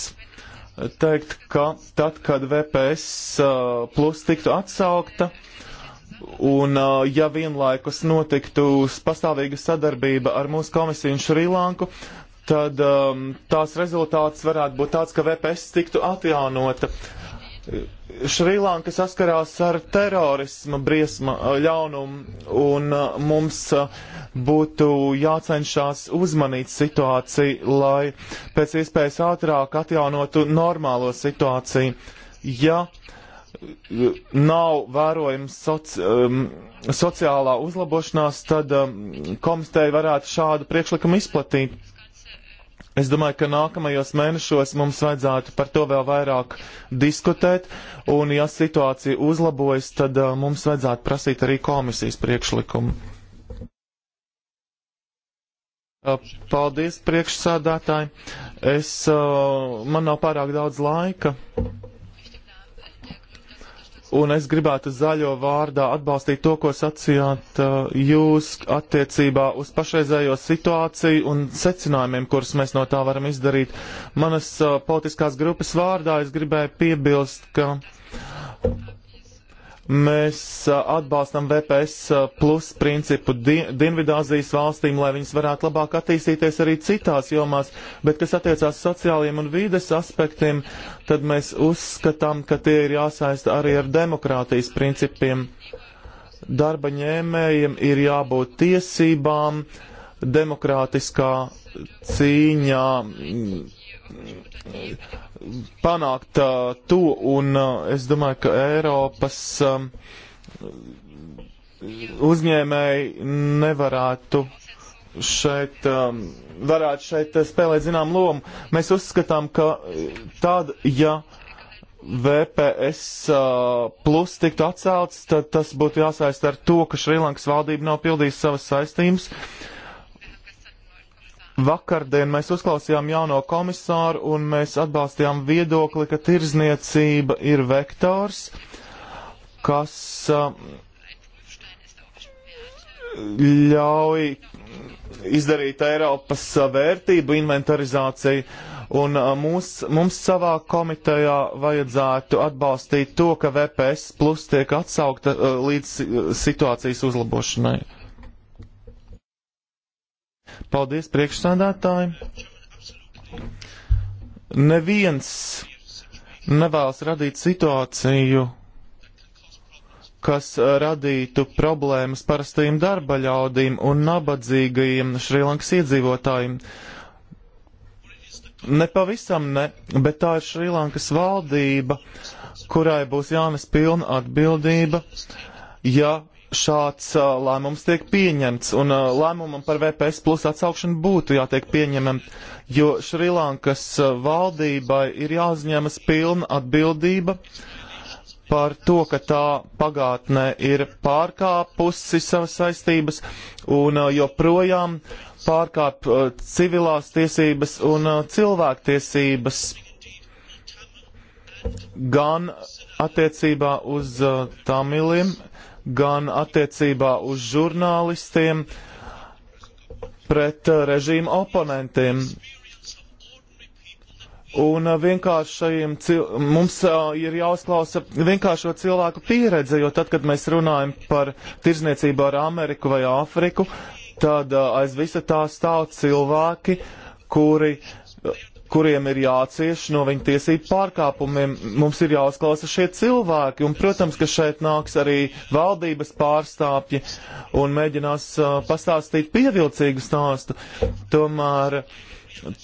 Speaker 4: teikt, ka tad, kad VPS uh, plus tiktu atsaukta, uh, Un, ja vienlaikus notiktu pastāvīga sadarbība ar mūsu komisiju Šrilanku, tad um, tās rezultāts varētu būt tāds, ka VPS tiktu atjaunota. Šrilanka saskarās ar terorisma briesma ļaunumu, un uh, mums uh, būtu jācenšas uzmanīt situāciju, lai pēc iespējas ātrāk atjaunotu normālo situāciju. Ja nav vērojama soci, um, sociālā uzlabošanās, tad um, komisteja varētu šādu priekšlikumu izplatīt. Es domāju, ka nākamajos mēnešos mums vajadzētu par to vēl vairāk diskutēt, un ja situācija uzlabojas, tad uh, mums vajadzētu prasīt arī komisijas priekšlikumu. Uh, paldies, priekšsādātāji. Es, uh, man nav pārāk daudz laika. Un es gribētu zaļo vārdā atbalstīt to, ko sacījāt uh, jūs attiecībā uz pašreizējo situāciju un secinājumiem, kurus mēs no tā varam izdarīt. Manas uh, politiskās grupas vārdā es gribēju piebilst, ka Mēs uh, atbalstam VPS uh, plus principu Dienvidāzijas valstīm, lai viņas varētu labāk attīstīties arī citās jomās, bet kas attiecās sociālajiem un vīdes aspektiem, tad mēs uzskatām, ka tie ir jāsaista arī ar demokrātijas principiem. Darba ņēmējiem ir jābūt tiesībām demokrātiskā cīņā panākt uh, to, un uh, es domāju, ka Eiropas um, uzņēmēji nevarētu šeit, um, varētu šeit spēlēt zinām lomu. Mēs uzskatām, ka tad, ja VPS uh, plus tiktu atcelts, tad tas būtu jāsaist ar to, ka Šrilankas valdība nav pildījusi savas saistības. Uh, Vakardien mēs uzklausījām jauno komisāru un mēs atbalstījām viedokli, ka tirzniecība ir vektors, kas ļauj izdarīt Eiropas vērtību inventarizāciju, un mūs, mums savā komitejā vajadzētu atbalstīt to, ka VPS plus tiek atsaukta līdz situācijas uzlabošanai. Paldies, priekšsādātāji! Neviens nevēlas radīt situāciju, kas radītu problēmas parastajiem darba ļaudīm un nabadzīgajiem Šrilankas iedzīvotājiem. Nepavisam ne, bet tā ir Šrilankas valdība, kurai būs jānes pilna atbildība, ja šāds uh, lēmums tiek pieņemts, un uh, lēmumam par VPS plus atsaukšanu būtu jātiek pieņemam, jo Šrilankas uh, valdībai ir jāuzņemas pilna atbildība par to, ka tā pagātnē ir pārkāpusi savas saistības un uh, joprojām pārkāp uh, civilās tiesības un uh, cilvēktiesības gan attiecībā uz uh, Tamiliem, gan attiecībā uz žurnālistiem, pret eh, režīmu oponentiem. Un eh, vienkāršajiem mums eh, ir jāuzklausa vienkāršo cilvēku pieredze, jo tad, kad mēs runājam par tirzniecību ar Ameriku vai Āfriku, tad aiz visa tā stāv cilvēki, kuri kuriem ir jācieš no viņu tiesību pārkāpumiem. Mums ir jāuzklausa šie cilvēki, un, protams, ka šeit nāks arī valdības pārstāpji un mēģinās uh, pastāstīt pievilcīgu stāstu. Tomēr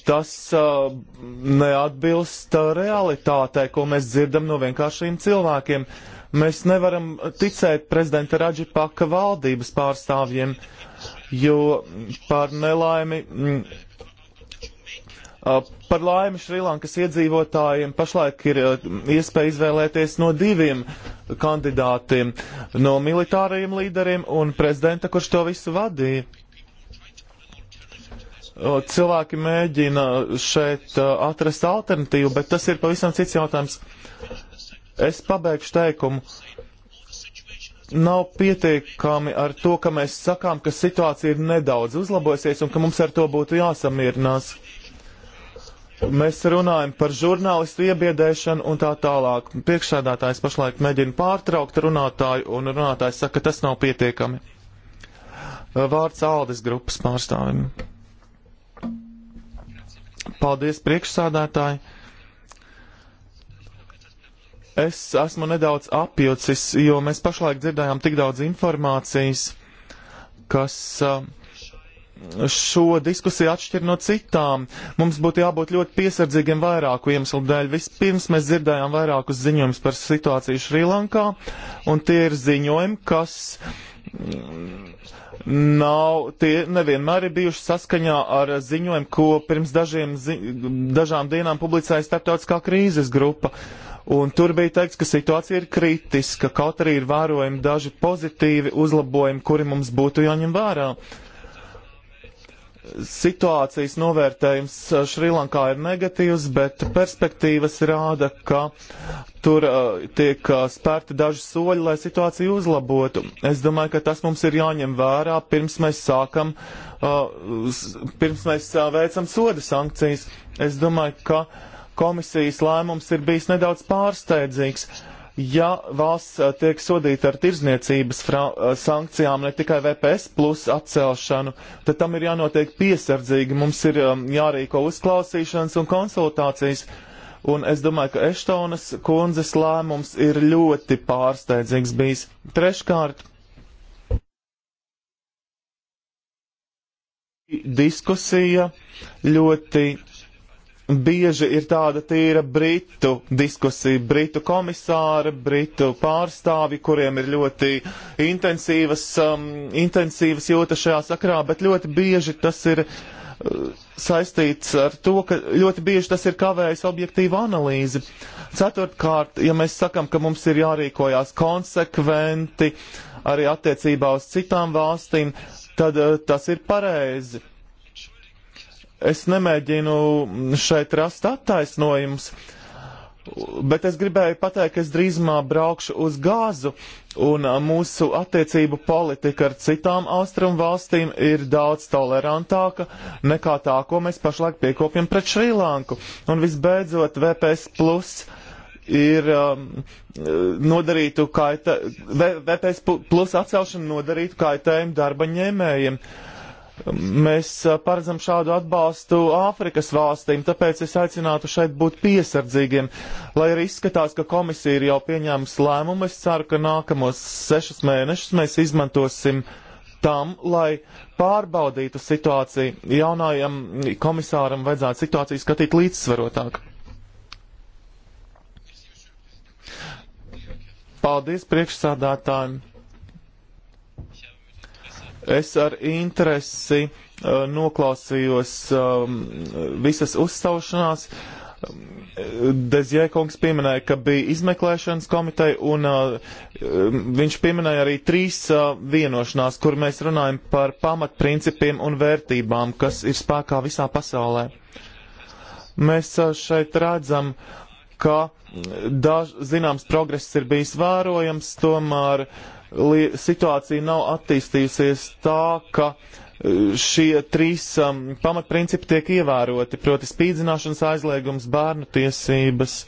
Speaker 4: tas uh, neatbilst uh, realitātei, ko mēs dzirdam no vienkāršiem cilvēkiem. Mēs nevaram ticēt prezidenta Raģipaka valdības pārstāvjiem, jo par nelaimi. Mm, Uh, par laimi Šrilankas iedzīvotājiem pašlaik ir uh, iespēja izvēlēties no diviem kandidātiem - no militārajiem līderiem un prezidenta, kurš to visu vadīja. Uh, cilvēki mēģina šeit atrast alternatīvu, bet tas ir pavisam cits jautājums. Es pabeigšu teikumu nav pietiekami ar to, ka mēs sakām, ka situācija ir nedaudz uzlabojusies un ka mums ar to būtu jāsamierinās mēs runājam par žurnālistu iebiedēšanu un tā tālāk. Priekšsēdētājs pašlaik mēģina pārtraukt runātāju, un runātājs saka, ka tas nav pietiekami. Vārds Aldis grupas pārstāvim. Paldies, priekšsādātāji! Es esmu nedaudz apjucis, jo mēs pašlaik dzirdējām tik daudz informācijas, kas uh, šo diskusiju atšķir no citām. Mums būtu jābūt ļoti piesardzīgiem vairāku iemeslu dēļ. Vispirms mēs dzirdējām vairākus ziņojumus par situāciju Šrilankā, un tie ir ziņojumi, kas mm, nav, tie nevienmēr ir bijuši saskaņā ar ziņojumu, ko pirms dažiem, zi, dažām dienām publicēja starptautiskā krīzes grupa. Un tur bija teikts, ka situācija ir kritiska, kaut arī ir vērojami daži pozitīvi uzlabojumi, kuri mums būtu jāņem vērā. Uh, situācijas novērtējums Šrilankā ir negatīvs, bet perspektīvas rāda, ka tur uh, tiek uh, spērti daži soļi, lai situāciju uzlabotu. Es domāju, ka tas mums ir jāņem vērā, pirms mēs sākam, uh, pirms mēs veicam soda sankcijas. Es domāju, ka komisijas lēmums ir bijis nedaudz pārsteidzīgs ja valsts eh, tiek sodīta ar tirzniecības eh, sankcijām, ne tikai VPS plus atcelšanu, tad tam ir jānotiek piesardzīgi. Mums ir eh, jārīko uzklausīšanas un konsultācijas. Un es domāju, ka Eštonas kundzes lēmums ir ļoti pārsteidzīgs bijis. Treškārt, diskusija ļoti bieži ir tāda tīra britu diskusija, britu komisāra, britu pārstāvi, kuriem ir ļoti intensīvas, um, intensīvas jūta šajā sakrā, bet ļoti bieži tas ir uh, saistīts ar to, ka ļoti bieži tas ir kavējis objektīvu analīzi. Ceturtkārt, ja mēs sakam, ka mums ir jārīkojās konsekventi arī attiecībā uz citām valstīm, tad uh, tas ir pareizi Es nemēģinu šeit rast attaisnojumus, bet es gribēju pateikt, ka es drīzumā braukšu uz gāzu, un mūsu attiecību politika ar citām austrumu valstīm ir daudz tolerantāka nekā tā, ko mēs pašlaik piekopjam pret Šrilanku. Un visbeidzot, VPS plus ir um, nodarītu kaita, VPS plus atcelšana nodarītu kaitējumu darba ņēmējiem. Uh, Mēs paredzam šādu atbalstu Āfrikas valstīm, tāpēc es aicinātu šeit būt piesardzīgiem. Lai arī izskatās, ka komisija ir jau pieņēmusi lēmumu, es ceru, ka nākamos sešus mēnešus mēs izmantosim tam, lai pārbaudītu situāciju. Jaunajam komisāram vajadzētu situāciju skatīt līdzsvarotāk. Paldies priekšsādātājiem! Es ar interesi uh, noklausījos um, visas uzstāšanās. Um, Dezjē kungs pieminēja, ka bija izmeklēšanas komiteja, un uh, um, viņš pieminēja arī trīs uh, vienošanās, kur mēs runājam par pamatprincipiem un vērtībām, kas ir spēkā visā pasaulē. Mēs uh, šeit redzam, ka mm, daž, zināms progress ir bijis vērojams, tomēr uh, situācija nav attīstījusies tā, ka e, šie trīs um, pamatprincipi tiek ievēroti, proti spīdzināšanas aizliegums, bērnu tiesības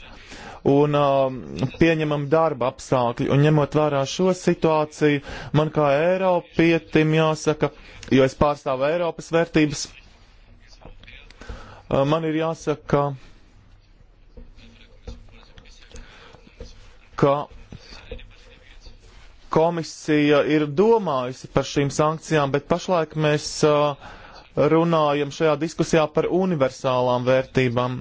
Speaker 4: un um, pieņemam darba apstākļi. Un ņemot vērā šo situāciju, man kā Eiropietim jāsaka, jo es pārstāvu Eiropas vērtības, e, man ir jāsaka, ka komisija ir domājusi par šīm sankcijām, bet pašlaik mēs uh, runājam šajā diskusijā par universālām vērtībām.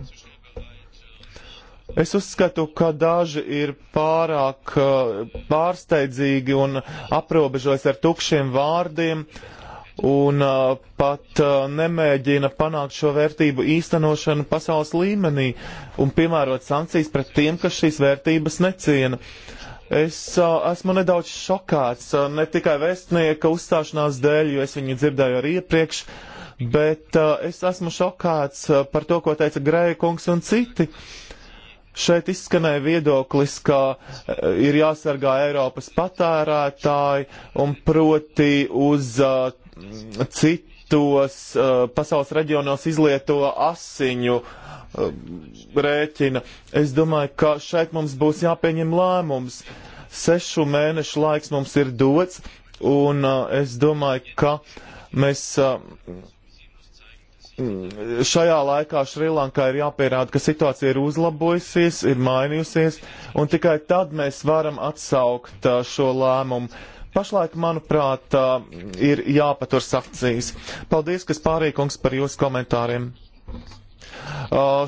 Speaker 4: Es uzskatu, ka daži ir pārāk uh, pārsteidzīgi un aprobežojas ar tukšiem vārdiem un uh, pat uh, nemēģina panākt šo vērtību īstenošanu pasaules līmenī un piemērot sankcijas pret tiem, kas šīs vērtības neciena. Uh, Es uh, esmu nedaudz šokāts, uh, ne tikai vēstnieka uzstāšanās dēļ, jo es viņu dzirdēju arī iepriekš, bet uh, es esmu šokāts uh, par to, ko teica Grēja kungs un citi. Šeit izskanēja viedoklis, ka uh, ir jāsargā Eiropas patērētāji un proti uz uh, citu citos uh, pasaules reģionos izlieto asiņu uh, rēķina. Es domāju, ka šeit mums būs jāpieņem lēmums. Sešu mēnešu laiks mums ir dots, un uh, es domāju, ka mēs. Uh, šajā laikā Šrilankā ir jāpierāda, ka situācija ir uzlabojusies, ir mainījusies, un tikai tad mēs varam atsaukt uh, šo lēmumu. Pašlaik, manuprāt, ir jāpatur sakcijas. Paldies, kas pārīkums par jūsu komentāriem.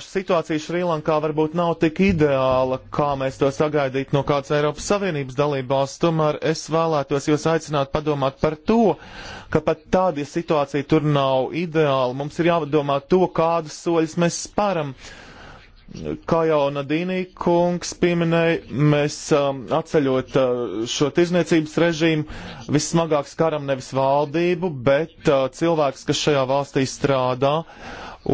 Speaker 4: Situācija Šrilankā varbūt nav tik ideāla, kā mēs to sagaidītu no kādas Eiropas Savienības dalībās, tomēr es vēlētos jūs aicināt padomāt par to, ka pat tāda ja situācija tur nav ideāla. Mums ir jādomā to, kādus soļus mēs sparam. Uh, Kā jau Nadīnī kungs pieminēja, mēs um, atceļot uh, šo tirzniecības režīmu vissmagāk skaram nevis valdību, bet uh, cilvēks, kas šajā valstī strādā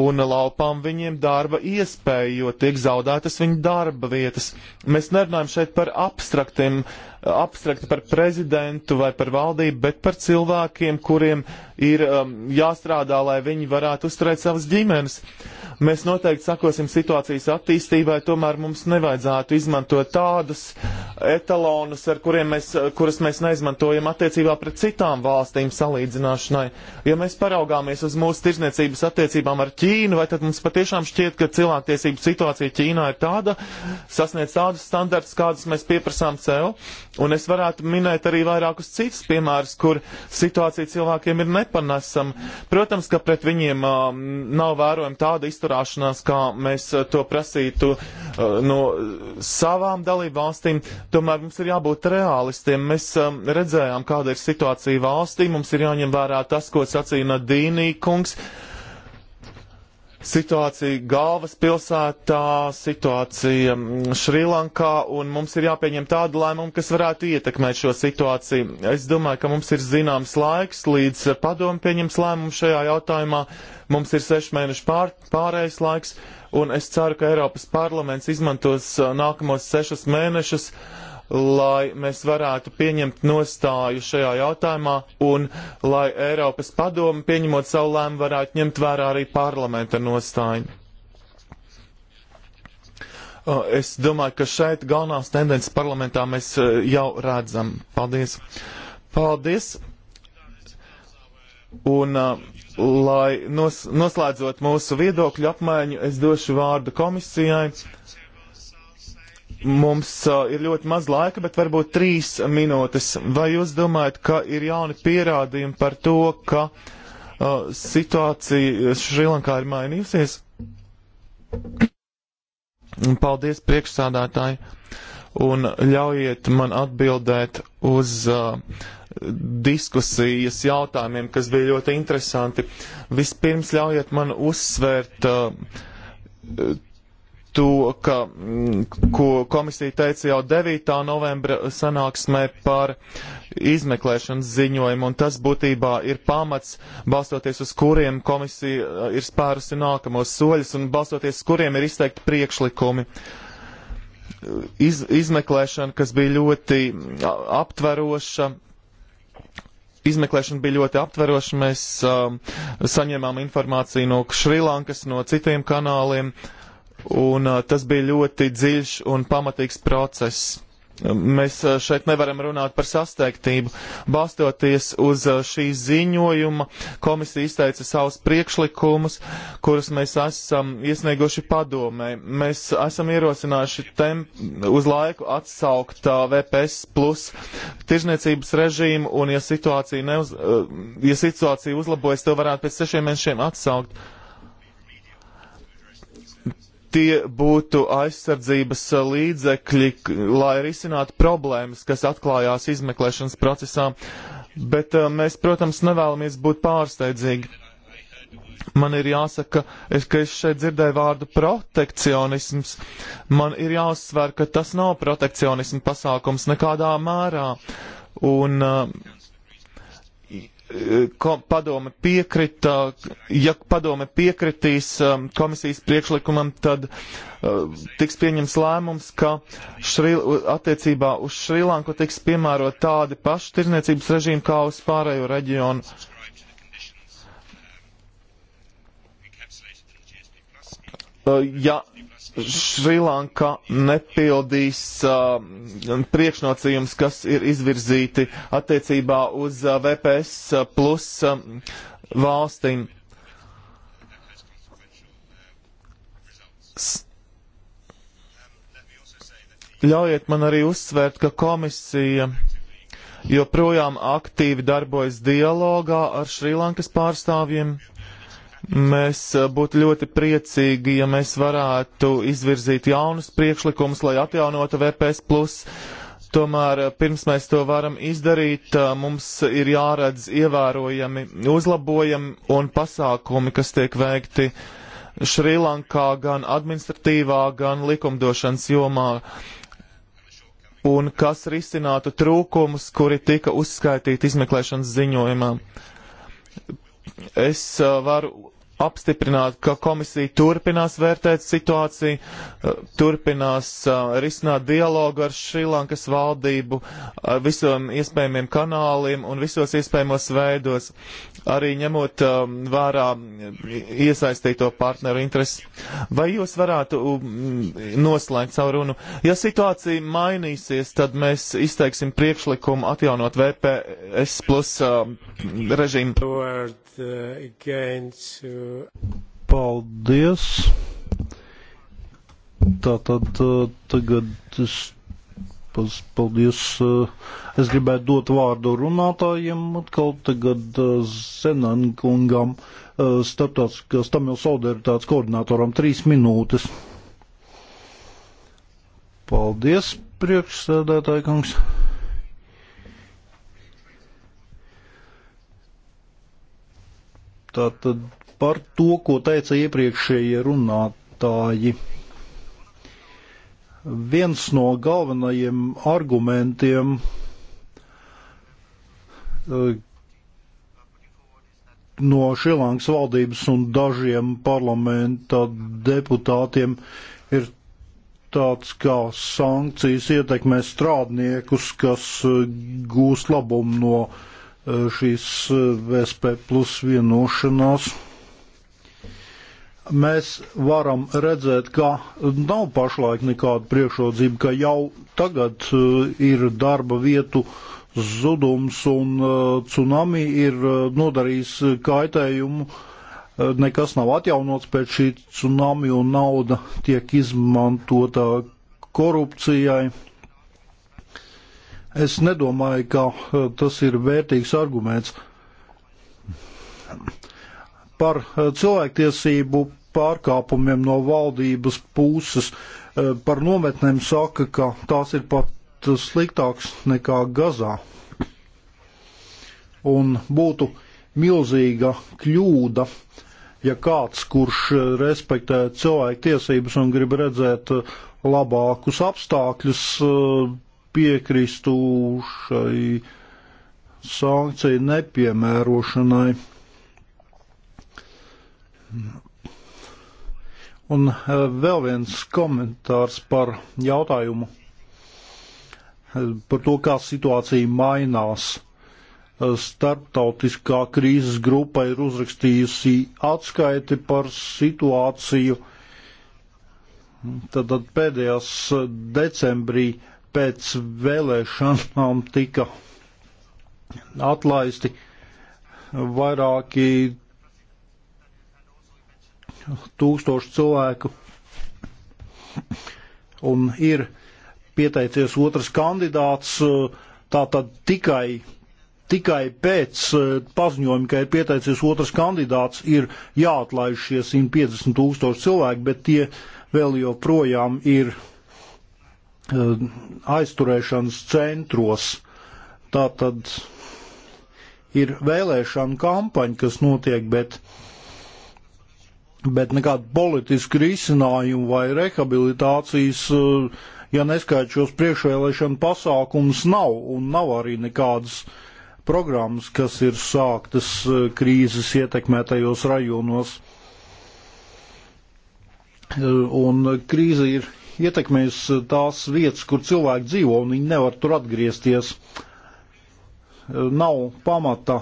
Speaker 4: un laupām viņiem darba iespēju, jo tiek zaudētas viņu darba vietas. Mēs nerunājam šeit par abstraktiem uh, abstrakti par prezidentu vai par valdību, bet par cilvēkiem, kuriem ir um, jāstrādā, lai viņi varētu uzturēt savas ģimenes. Mēs noteikti sakosim situācijas attīstībai, tomēr mums nevajadzētu izmantot tādus etalonus, ar kuriem mēs, kurus mēs neizmantojam attiecībā pret citām valstīm salīdzināšanai. Ja mēs paraugāmies uz mūsu tirzniecības attiecībām ar Ķīnu, vai tad mums patiešām šķiet, ka cilvēktiesību situācija Ķīnā ir tāda, sasniedz tādus standartus, kādus mēs pieprasām sev, Un es varētu minēt arī vairākus citus piemērus, kur situācija cilvēkiem ir nepanesama. Protams, ka pret viņiem uh, nav vērojama tāda izturēšanās, kā mēs uh, to prasītu uh, no savām dalību valstīm. Tomēr mums ir jābūt realistiem. Mēs um, redzējām, kāda ir situācija valstī. Mums ir jāņem vērā tas, ko sacīja Nadīnī kungs. Uh, situācija galvaspilsētā, situācija mm, Šrilankā, un mums ir jāpieņem tādu lēmumu, kas varētu ietekmēt šo situāciju. Es domāju, ka mums ir zināms laiks, līdz padomu pieņems lēmumu šajā jautājumā. Mums ir sešu mēnešu pār, pārējais laiks, un es ceru, ka Eiropas parlaments izmantos uh, nākamos sešus mēnešus. Uh, lai mēs varētu pieņemt nostāju šajā jautājumā un lai Eiropas padomu pieņemot savu lēmu varētu ņemt vērā arī parlamenta nostāju. Es domāju, ka šeit galvenās tendences parlamentā mēs e, jau redzam. Paldies! Paldies! Un, e, lai nos, noslēdzot mūsu viedokļu apmaiņu, es došu vārdu komisijai. Mums uh, ir ļoti maz laika, bet varbūt trīs minūtes. Vai jūs domājat, ka ir jauni pierādījumi par to, ka uh, situācija Šrilankā ir mainījusies? Paldies, priekšsādātāji, un ļaujiet man atbildēt uz uh, diskusijas jautājumiem, kas bija ļoti interesanti. Vispirms ļaujiet man uzsvērt. Uh, to, ka, mm, ko komisija teica jau 9. novembra sanāksmē par izmeklēšanas ziņojumu, un tas būtībā ir pamats, balstoties uz kuriem komisija uh, ir spērusi nākamos soļus, un balstoties uz kuriem ir izteikti priekšlikumi. Iz, izmeklēšana, kas bija ļoti mm, aptveroša, Izmeklēšana bija ļoti aptveroša. Mēs um, saņēmām informāciju no Šrilankas, no citiem kanāliem. Uh, un tas bija ļoti dziļš un pamatīgs process. Mēs šeit nevaram runāt par sasteigtību. Balstoties uz šī ziņojuma, komisija izteica savus priekšlikumus, kurus mēs esam iesnieguši padomē. Mēs esam ierosinājuši tem, uz laiku atsaukt VPS plus tirzniecības režīmu, un ja situācija, neuz, ja situācija uzlabojas, to varētu pēc sešiem mēnešiem atsaukt. Uh, tie būtu aizsardzības līdzekļi, lai risinātu problēmas, kas atklājās izmeklēšanas procesā. Bet eh, mēs, protams, nevēlamies būt pārsteidzīgi. Man ir jāsaka, es, ka es šeit dzirdēju vārdu protekcionisms. Man ir jāuzsver, ka tas nav protekcionismu pasākums nekādā mērā. Un uh, padome piekrita, ja padome piekritīs um, komisijas priekšlikumam, tad uh, tiks pieņems lēmums, ka šri, attiecībā uz Šrilanku tiks piemērot tādi paši tirniecības režīmi kā uz pārējo reģionu. Uh, ja Šrilanka nepildīs uh, priekšnocījums, kas ir izvirzīti attiecībā uz uh, VPS uh, plus uh, valstīm. S Ļaujiet man arī uzsvērt, ka komisija joprojām aktīvi darbojas dialogā ar Šrilankas pārstāvjiem Mēs eh, būtu ļoti priecīgi, ja mēs varētu izvirzīt jaunus priekšlikumus, lai atjaunotu VPS. Plus. Tomēr eh, pirms mēs to varam izdarīt, eh, mums ir jāredz ievērojami uzlabojumi un pasākumi, kas tiek veikti Šrilankā gan administratīvā, gan likumdošanas jomā, un kas risinātu trūkumus, kuri tika uzskaitīti izmeklēšanas ziņojumā es uh, varu apstiprināt, ka komisija turpinās vērtēt situāciju, eh, turpinās eh, risināt dialogu ar Šrilankas valdību, ar visiem iespējamiem kanāliem un visos iespējamos veidos, arī ņemot eh, vērā iesaistīto partneru intereses. Vai jūs varētu mm, noslēgt savu runu? Ja situācija mainīsies, tad mēs izteiksim priekšlikumu atjaunot VPS plus režīmu.
Speaker 1: Against, uh,
Speaker 4: Paldies.
Speaker 5: Tātad tagad es paldies. Es gribētu dot vārdu runātājiem atkal tagad Zenankungam, starptautiskās Tamil solidaritātes koordinatoram, trīs minūtes. Paldies, priekšsēdētāji kungs. Tātad par to, ko teica iepriekšējie runātāji. Viens no galvenajiem argumentiem, eh, no Šrilankas valdības un dažiem parlamenta deputātiem ir tāds, kā sankcijas ietekmē strādniekus, kas eh, gūst labumu no eh, šīs VSP plus vienošanās mēs varam redzēt, ka nav pašlaik nekāda priekšrocība, ka jau tagad uh, ir darba vietu zudums un uh, tsunami ir uh, nodarījis kaitējumu. Nekas nav atjaunots pēc šī tsunami un nauda tiek izmantota korupcijai. Es nedomāju, ka tas ir vērtīgs arguments par eh, cilvēktiesību pārkāpumiem no valdības puses. Eh, par nometnēm saka, ka tās ir pat eh, sliktāks nekā Gazā. Un būtu milzīga kļūda, ja kāds, kurš respektē cilvēku tiesības un grib redzēt labākus apstākļus, piekristu šai sankciju nepiemērošanai. Un eh, vēl viens komentārs par jautājumu eh, par to, kā situācija mainās. Eh, starptautiskā krīzes grupa ir uzrakstījusi atskaiti par situāciju. Tad pēdējās decembrī pēc vēlēšanām tika atlaisti vairāki tūkstošu cilvēku un ir pieteicies otrs kandidāts, tātad tikai, tikai pēc eh, paziņojuma, ka ir pieteicies otrs kandidāts, ir jāatlaiž šie 150 tūkstoši cilvēki, bet tie vēl joprojām ir eh, aizturēšanas centros. Tātad ir vēlēšana kampaņa, kas notiek, bet uh, bet nekādu politisku risinājumu vai rehabilitācijas, eh, ja neskaidrs šos priekšvēlēšanu pasākumus, nav un nav arī nekādas programmas, kas ir sāktas eh, krīzes ietekmētajos rajonos. Eh, un krīze ir ietekmējusi tās vietas, kur cilvēki dzīvo, un viņi nevar tur atgriezties. Nav pamata,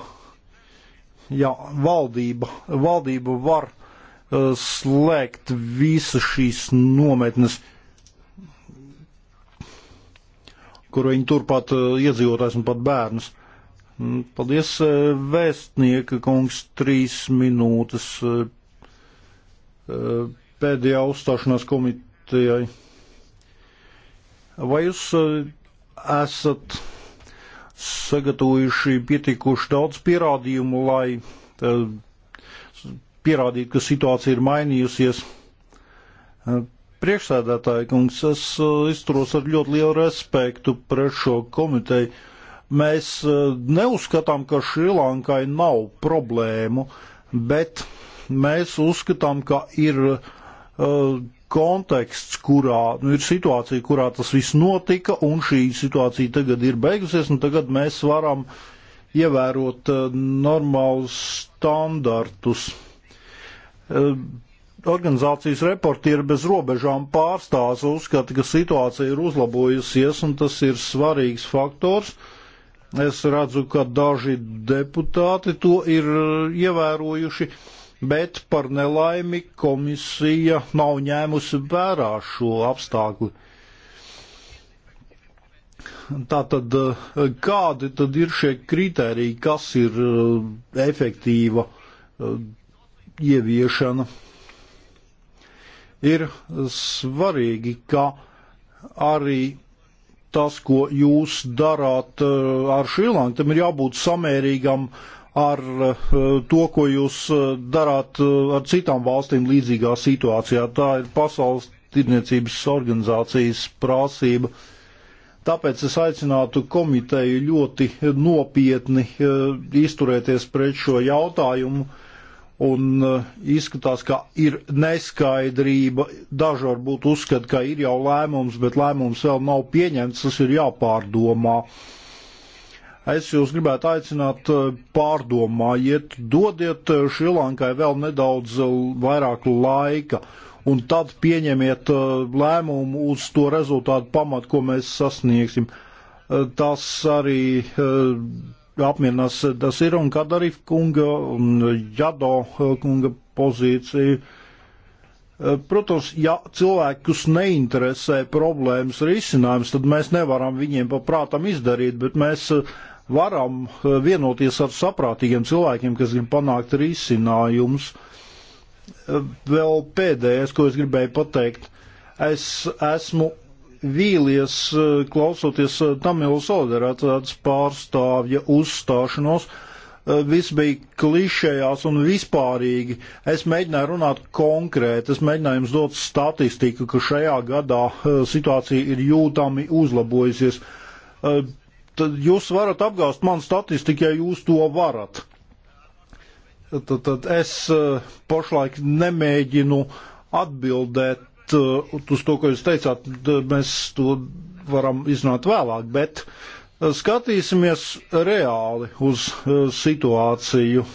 Speaker 5: ja valdība, valdība var Uh, slēgt visas šīs nometnes, kur viņi turpat uh, iedzīvotājs un pat bērnus. Mm, paldies, uh, vēstnieka kungs, trīs minūtes pēdējā uzstāšanās komitejai. Vai jūs esat sagatavojuši pietikuši daudz pierādījumu, lai pierādīt, ka situācija ir mainījusies. Eh, priekšsēdētāji, kungs, es eh, izturos ar ļoti lielu respektu pret šo komiteju. Mēs eh, neuzskatām, ka Šrilankai nav problēmu, bet mēs uzskatām, ka ir konteksts, kurā nu, ir situācija, kurā tas viss notika, un šī situācija tagad ir beigusies, un tagad mēs varam ievērot normālus standartus. Eh, organizācijas reportieri bez robežām pārstāsta, uzskata, ka situācija ir uzlabojusies un tas ir svarīgs faktors. Es redzu, ka daži deputāti to ir eh, ievērojuši, bet par nelaimi komisija nav ņēmusi vērā šo apstākli. Tātad, eh, kādi tad ir šie kriteriji, kas ir efektīva ieviešana. Ir svarīgi, ka arī tas, ko jūs darāt eh, ar Šrilanku, tam ir jābūt samērīgam ar eh, to, ko jūs eh, darāt ar citām valstīm līdzīgā situācijā. Tā ir pasaules tirniecības organizācijas prasība. Tāpēc es aicinātu komiteju ļoti nopietni izturēties pret šo jautājumu un eh, izskatās, ka ir neskaidrība. Daži varbūt uzskata, ka ir jau lēmums, bet lēmums vēl nav pieņemts, tas ir jāpārdomā. Es jūs gribētu aicināt eh, pārdomājiet, dodiet eh, Šrilankai vēl nedaudz vairāk laika, un tad pieņemiet lēmumu uz to rezultātu pamatu, ko mēs sasniegsim. Tas arī apmierinās Dasira un Kadarif kunga un Jado eh, kunga pozīciju. Eh, protams, ja cilvēkus neinteresē problēmas risinājums, tad mēs nevaram viņiem paprātam izdarīt, bet mēs eh, varam vienoties ar saprātīgiem cilvēkiem, kas grib panākt risinājumus. Vēl pēdējais, ko es gribēju pateikt, es esmu vīlies e, klausoties e, Tamils Oderāts e, pārstāvja uzstāšanos. Viss bija klišejās un vispārīgi. Es mēģināju runāt konkrēti, es mēģināju jums dot statistiku, ka šajā gadā situācija ir jūtami uzlabojusies. Tad jūs varat apgāst man statistiku, ja jūs to varat. Tad, tad es pašlaik nemēģinu atbildēt Uh, uz to, ko jūs teicāt, mēs to varam izrunāt vēlāk, bet uh, skatīsimies reāli uz uh, situāciju.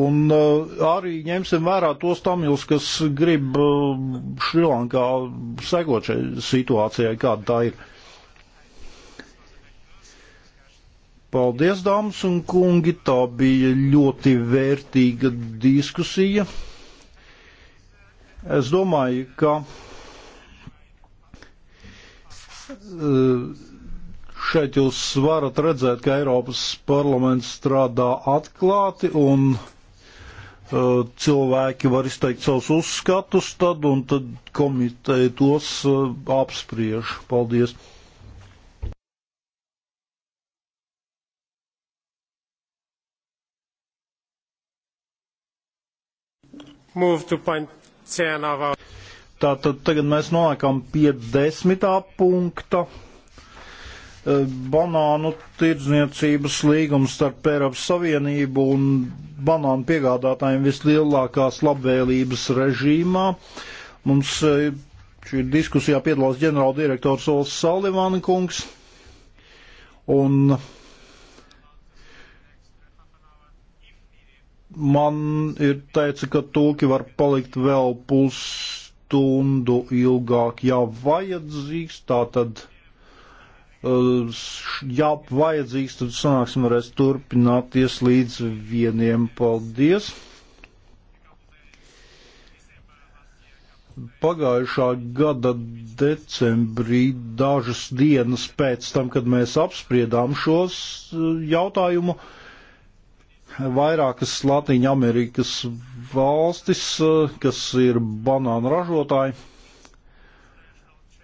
Speaker 5: Un arī ņemsim vērā tos tamils, kas grib Šrilankā sekot šai situācijai, kāda tā ir. Paldies, dāmas un kungi, tā bija ļoti vērtīga diskusija. Es domāju, ka eh, šeit jūs varat redzēt, ka Eiropas parlaments strādā atklāti un eh, cilvēki var izteikt savus uzskatus tad, un tad komiteja tos eh, apspriež. Paldies! Tātad tagad mēs nonākam pie desmitā punkta. E, banānu tirdzniecības līgums starp Eiropas Savienību un banānu piegādātājiem vislielākās labvēlības režīmā. Mums e, šī diskusijā piedalās ģenerāldirektors Ols Salivāna kungs. Un man ir teica, ka tulki var palikt vēl pusstundu ilgāk, ja vajadzīgs, tā tad, eh, ja vajadzīgs, tad sanāksim varēs turpināties līdz vieniem. Paldies! Pagājušā gada decembrī, dažas dienas pēc tam, kad mēs apspriedām šos eh, jautājumu, uh, vairākas Latīņa Amerikas valstis, eh, kas ir banāna ražotāji,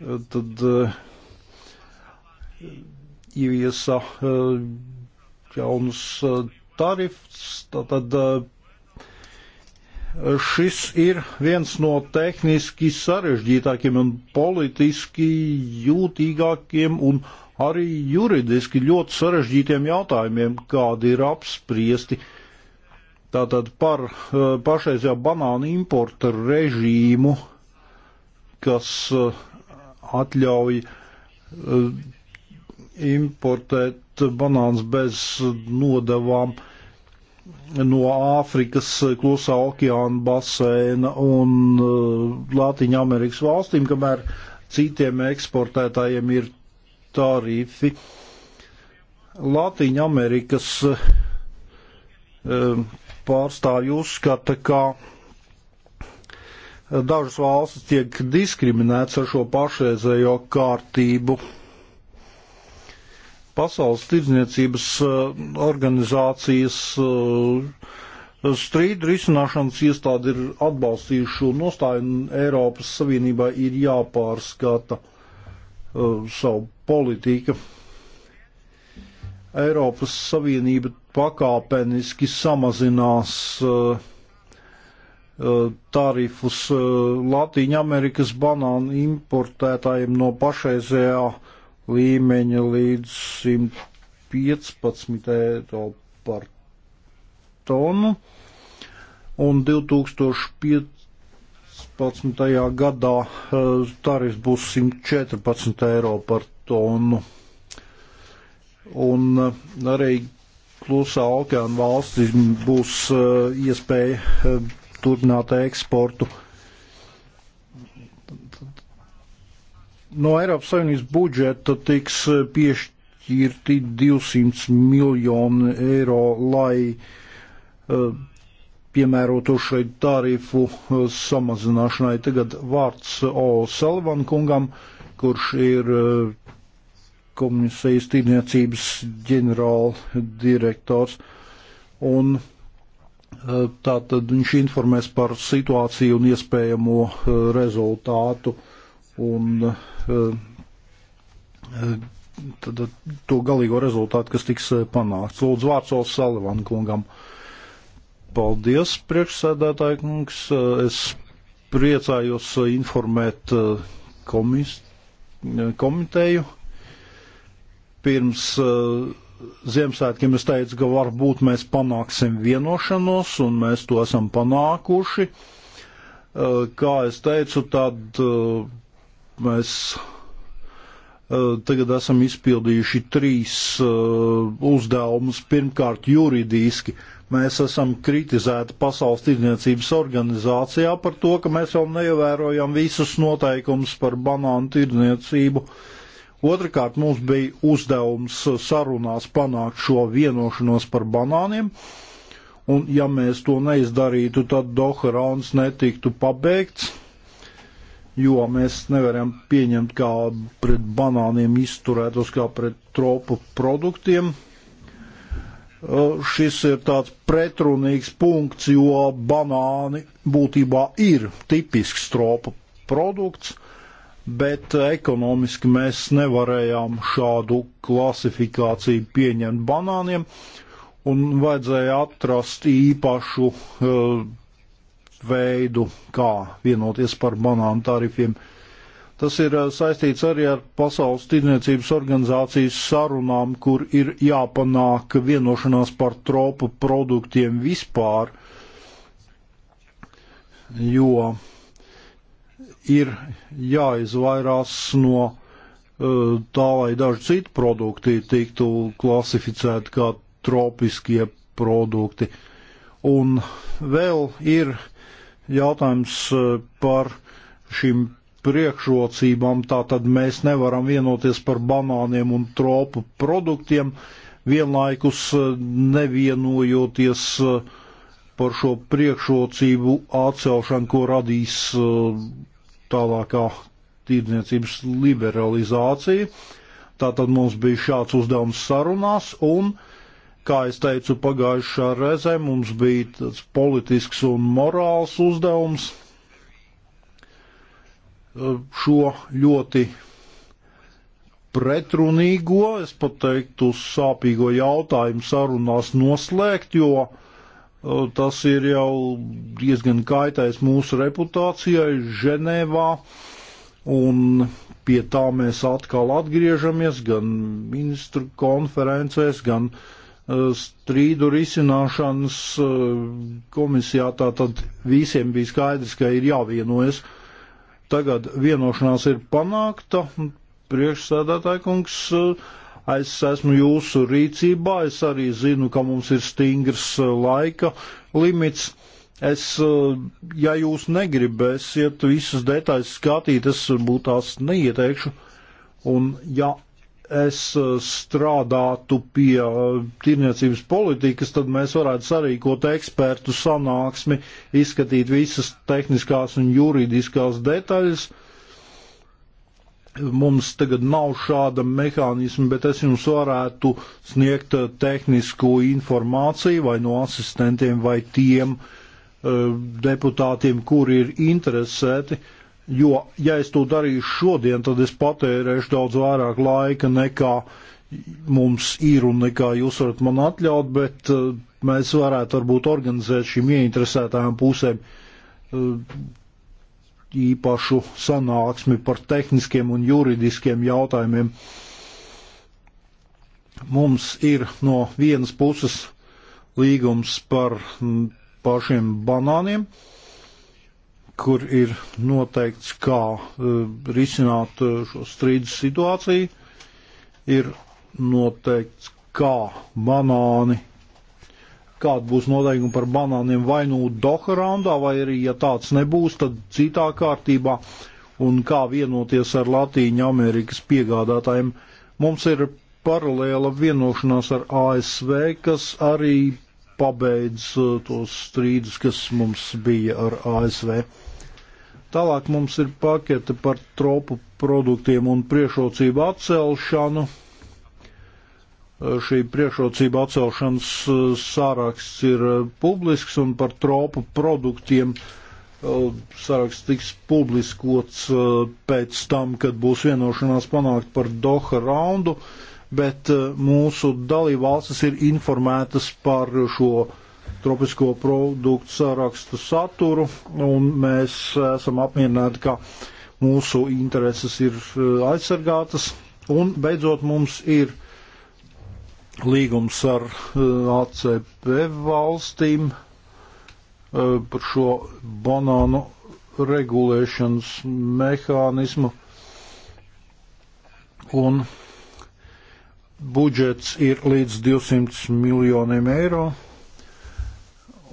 Speaker 5: eh, tad eh, ieviesa jaunus tarifs, tad šis ir viens no tehniski sarežģītākiem un politiski jūtīgākiem un arī juridiski ļoti sarežģītiem jautājumiem, kādi ir apspriesti. Tātad par eh, pašreizējā banānu importa režīmu, kas eh, atļauj eh, importēt banāns bez nodevām no Āfrikas, Klusā okeāna basēna un Latviju Amerikas valstīm, kamēr citiem eksportētājiem ir tarifi. Latīņa Amerikas eh, pārstāvju uzskata, ka dažas valstis tiek diskriminētas ar šo pašreizējo kārtību. Pasaules tirdzniecības eh, organizācijas eh, strīdu risināšanas iestādi ir atbalstījuši šo nostāju un Eiropas Savienībā ir jāpārskata. Uh, savu politiku. Eiropas Savienība pakāpeniski samazinās uh, uh, tarifus Latīņa Amerikas banānu importētājiem no pašreizējā līmeņa līdz 115 eiro par tonu un 2005. 17. gadā eh, tarifs būs 114 eiro par tonu. Un eh, arī klusā okeāna valstis būs eh, iespēja turpināt eksportu. No Eiropas Savienības budžeta tiks piešķirti 200 miljoni eiro, lai uh, piemērotu šai tarifu eh, samazināšanai. Tagad vārds eh, O. Salvan kungam, kurš ir eh, komisijas tīrniecības ģenerāla direktors. Un tātad viņš informēs par situāciju un iespējamo rezultātu. Un tad to galīgo rezultātu, kas tiks panākts. Lūdzu, vārds O. Salvan kungam. Uh, Paldies, priekšsēdētāji kungs. Es priecājos informēt eh, komis, eh, komiteju. Pirms eh, Ziemassvētkiem es teicu, ka varbūt mēs panāksim vienošanos, un mēs to esam panākuši. Kā es teicu, tad mēs tagad esam izpildījuši trīs uzdevumus. Pirmkārt, juridiski Mēs esam kritizēti Pasaules tirdzniecības organizācijā par to, ka mēs vēl neievērojam visus noteikumus par banānu tirdzniecību. Otrakārt, mums bija uzdevums sarunās panākt šo vienošanos par banāniem, un ja mēs to neizdarītu, tad Doha rauns netiktu pabeigts jo mēs nevaram pieņemt, kā pret banāniem izturētos kā pret tropu produktiem. Uh, šis ir tāds pretrunīgs punkts, jo banāni būtībā ir tipisks stropa produkts, bet ekonomiski mēs nevarējām šādu klasifikāciju pieņemt banāniem un vajadzēja atrast īpašu uh, veidu, kā vienoties par banānu tarifiem. Uh, Tas ir eh, saistīts arī ar Pasaules tirniecības organizācijas sarunām, kur ir jāpanāk vienošanās par tropu produktiem vispār, jo ir jāizvairās no eh, tā, lai daži citi produkti tiktu klasificēti kā tropiskie produkti. Un vēl ir jautājums eh, par šīm priekšrocībām, tātad mēs nevaram vienoties par banāniem un tropu produktiem, vienlaikus eh, nevienojoties eh, par šo priekšrocību atcelšanu, ko radīs eh, tālākā tirdzniecības liberalizācija. Tātad mums bija šāds uzdevums sarunās, un, kā es teicu, pagājušā reizē mums bija tāds politisks un morāls uzdevums šo ļoti pretrunīgo, es pat teiktu, sāpīgo jautājumu sarunās noslēgt, jo uh, tas ir jau diezgan kaitais mūsu reputācijai Ženēvā, un pie tā mēs atkal atgriežamies gan ministru konferencēs, gan uh, strīdu risināšanas uh, komisijā, tātad visiem bija skaidrs, ka ir jāvienojas. Ja Tagad vienošanās ir panākta. Priekšsēdētāji kungs, es esmu jūsu rīcībā, es arī zinu, ka mums ir stingrs eh, laika limits. Es, eh, ja jūs negribēsiet visas detaļas skatīt, es būtu tās neieteikšu. Un ja es eh, strādātu pie eh, tirniecības politikas, tad mēs varētu sarīkot ekspertu sanāksmi, izskatīt visas tehniskās un juridiskās detaļas. Mums tagad nav šāda mehānisma, bet es jums varētu sniegt eh, tehnisko informāciju vai no asistentiem vai tiem uh, deputātiem, kuri ir interesēti. Uh, jo, ja es to darīšu šodien, tad es patērēšu daudz vairāk laika nekā mums ir un nekā jūs varat man atļaut, bet uh, mēs varētu varbūt organizēt šīm ieinteresētām pusēm uh, īpašu sanāksmi par tehniskiem un juridiskiem jautājumiem. Mums ir no vienas puses līgums par pašiem banāniem, uh, kur ir noteikts, kā e, risināt e, šo strīdus situāciju, ir noteikts, kā banāni, kāda būs noteikuma par banāniem vai nu Doha raundā, vai arī, ja tāds nebūs, tad citā kārtībā, un kā vienoties ar Latīņu Amerikas piegādātājiem. Mums ir paralēla vienošanās ar ASV, kas arī pabeidz e, tos strīdus, kas mums bija ar ASV. Tālāk mums ir pakete par tropu produktiem un priešrocību atcelšanu. Šī priešrocība atcelšanas eh, saraksts ir eh, publisks un par tropu produktiem eh, saraksts tiks publiskots pēc tam, kad būs vienošanās panākt par Doha raundu, bet mūsu dalībvalstis ir informētas par šo uh, tropisko produktu sarakstu saturu, un mēs esam apmierināti, ka mūsu intereses ir eh, aizsargātas, un beidzot mums ir līgums ar eh, ACP valstīm eh, par šo banānu regulēšanas mehānismu, un budžets ir līdz 200 miljoniem eiro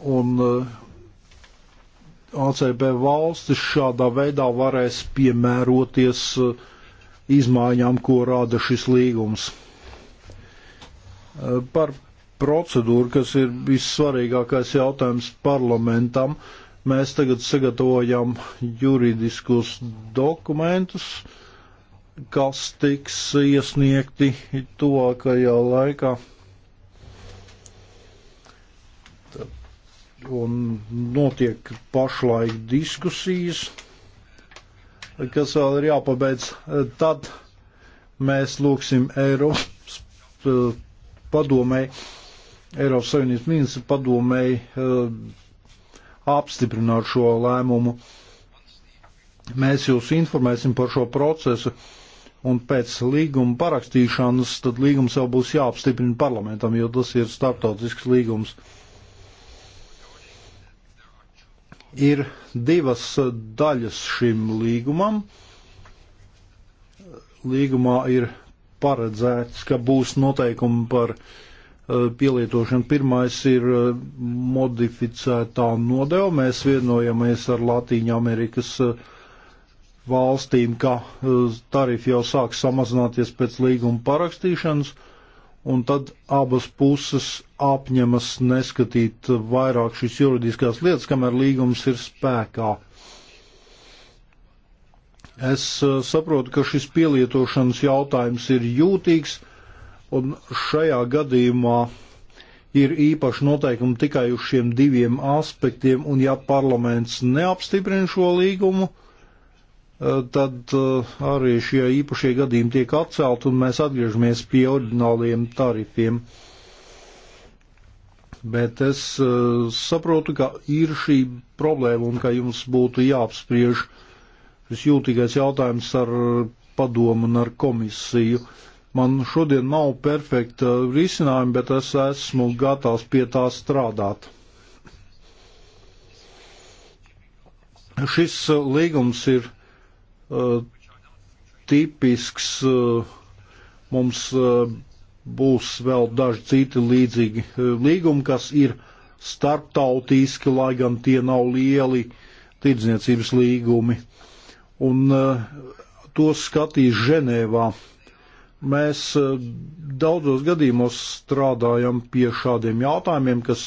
Speaker 5: un eh, ACB valstis šādā veidā varēs piemēroties eh, izmaiņām, ko rada šis līgums. Eh, par procedūru, kas ir vissvarīgākais jautājums parlamentam, mēs tagad sagatavojam juridiskus dokumentus, kas tiks iesniegti tuvākajā laikā. un notiek pašlaik diskusijas, kas vēl ir jāpabeidz. Tad mēs lūksim Eiropas eh, padomēji, Eiropas Savienības ministra padomēji eh, apstiprināt šo lēmumu. Mēs jūs informēsim par šo procesu un pēc līguma parakstīšanas, tad līgums jau būs jāapstiprina parlamentam, jo tas ir starptautisks līgums. Uh, Ir divas daļas šim līgumam. Līgumā ir paredzēts, ka būs noteikumi par e, pielietošanu. Pirmais ir e, modificētā nodeva. Mēs vienojamies ar Latīņu Amerikas e, valstīm, ka tarifi jau sāk samazināties pēc līguma parakstīšanas. Uh, un tad abas puses apņemas neskatīt vairāk šīs juridiskās lietas, kamēr līgums ir spēkā. Es eh, saprotu, ka šis pielietošanas jautājums ir jūtīgs, un šajā gadījumā ir īpaši noteikumi tikai uz šiem diviem aspektiem, un ja parlaments neapstiprina šo līgumu, Eh, tad eh, arī šie īpašie gadījumi tiek atcelti un mēs atgriežamies pie ordināliem tarifiem. Bet es eh, saprotu, ka ir šī problēma un ka jums būtu jāapspriež šis jūtīgais jautājums ar padomu un ar komisiju. Man šodien nav perfekta risinājuma, bet es esmu gatavs pie tā strādāt. Šis līgums ir tipisks. Eh, mums eh, būs vēl daži citi līdzīgi eh, līgumi, kas ir starptautiski, lai gan tie nav lieli tirdzniecības līgumi. Un tos skatīs Ženēvā. Mēs daudzos gadījumos strādājam pie šādiem jautājumiem, kas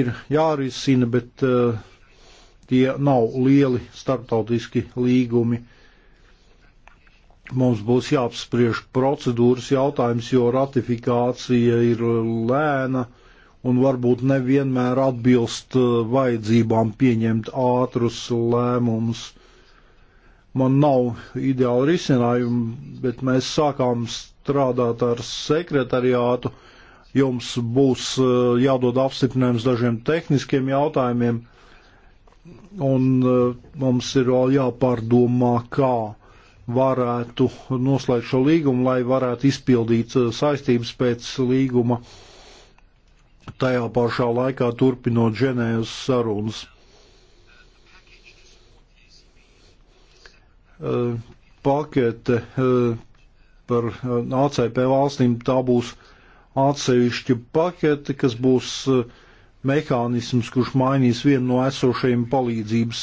Speaker 5: ir jārisina, bet uh, Tie nav lieli starptautiski līgumi. Mums būs jāapspriež procedūras jautājums, jo ratifikācija ir lēna un varbūt nevienmēr atbilst uh, vajadzībām pieņemt ātrus lēmumus. Man nav ideāla risinājuma, bet mēs sākām strādāt ar sekretariātu. Jums būs uh, jādod apstiprinājums dažiem tehniskiem jautājumiem un eh, mums ir vēl jāpārdomā, kā varētu noslēgt šo līgumu, lai varētu izpildīt eh, saistības pēc līguma, tajā pašā laikā turpinot ženējas sarunas. Eh, pakete par ACP valstīm tā būs atsevišķa pakete, kas būs uh, mehānisms, kurš mainīs vienu no esošajiem palīdzības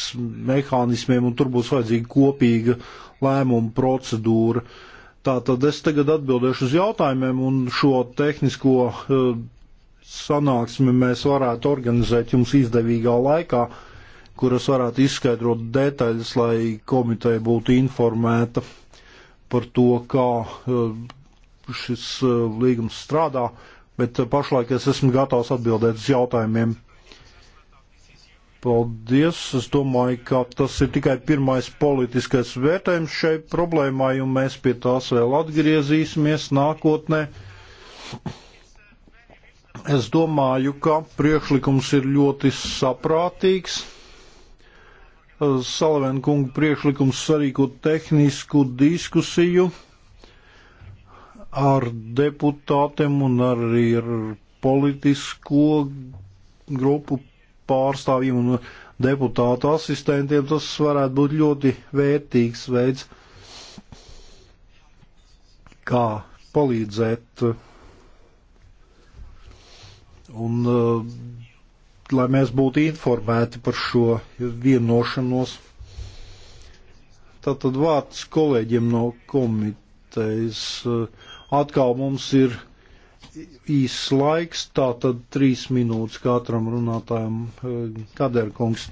Speaker 5: mehānismiem, un tur būs vajadzīga kopīga lēmuma procedūra. Tātad es tagad atbildēšu uz jautājumiem, un šo tehnisko e, sanāksmi mēs varētu organizēt jums izdevīgā laikā, kuras varētu izskaidrot detaļas, lai komiteja būtu informēta par to, kā e, šis e, līgums strādā. Uh, bet uh, pašlaik es esmu gatavs atbildēt uz jautājumiem. Paldies! Es domāju, ka tas ir tikai pirmais politiskais vērtējums šai problēmai, un mēs pie tās vēl atgriezīsimies nākotnē. Es domāju, ka priekšlikums ir ļoti saprātīgs. Salavēna kunga priekšlikums sarīkot tehnisku diskusiju ar deputātiem un arī ar politisko grupu pārstāvjiem un deputātu asistentiem. Tas varētu būt ļoti vērtīgs veids, kā palīdzēt. Un, uh, lai mēs būtu informēti par šo vienošanos. Tātad vārds kolēģiem no komitejas. Uh, atkal mums ir īsts laiks, tā tad trīs minūtes katram runātājam eh, Kaderkungs.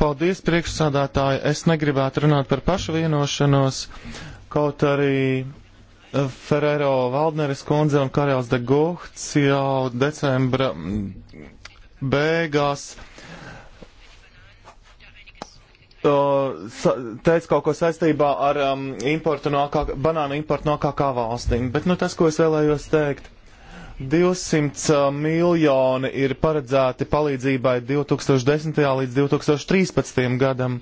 Speaker 4: Paldies, priekšsādātāji. Es negribētu runāt par pašu vienošanos, kaut arī eh, Ferrero Valdneres kundze un Karels de Guhts jau decembra mm, beigās teica kaut ko saistībā ar um, importu no kā, banānu importu no AKK valstīm, bet nu, tas, ko es vēlējos teikt, 200 uh, miljoni ir paredzēti palīdzībai 2010. līdz 2013. gadam.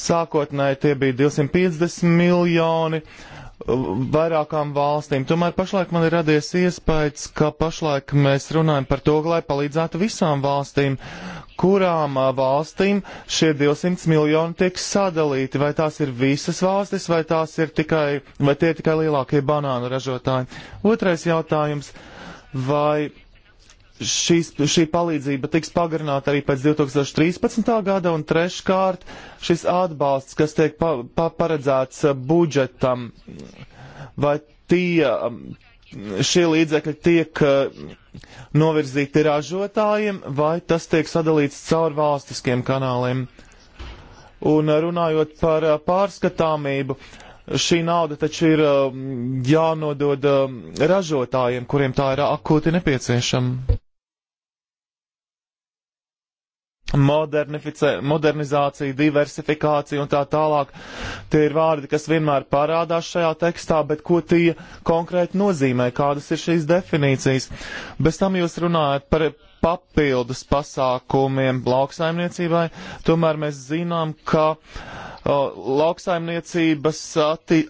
Speaker 4: Sākotnēji tie bija 250 miljoni uh, vairākām valstīm. Tomēr pašlaik man ir radies iespējas, ka pašlaik mēs runājam par to, lai palīdzētu visām valstīm, kurām valstīm šie 200 miljoni tiek sadalīti, vai tās ir visas valstis, vai, tās ir tikai, vai tie ir tikai lielākie banānu ražotāji. Otrais jautājums, vai šīs, šī palīdzība tiks pagarināta arī pēc 2013. gada, un treškārt šis atbalsts, kas tiek pa, pa, paredzēts budžetam, vai tie šie līdzekļi tiek eh, novirzīti ražotājiem, vai tas tiek sadalīts caur valstiskiem kanāliem. Un eh, runājot par eh, pārskatāmību, šī nauda taču ir jānodod ražotājiem, kuriem tā ir akūti nepieciešama modernizācija, diversifikācija un tā tālāk. Tie ir vārdi, kas vienmēr parādās šajā tekstā, bet ko tie konkrēti nozīmē, kādas ir šīs definīcijas. Bez tam jūs runājat par papildus pasākumiem lauksaimniecībai, tomēr mēs zinām, ka o, lauksaimniecības atti,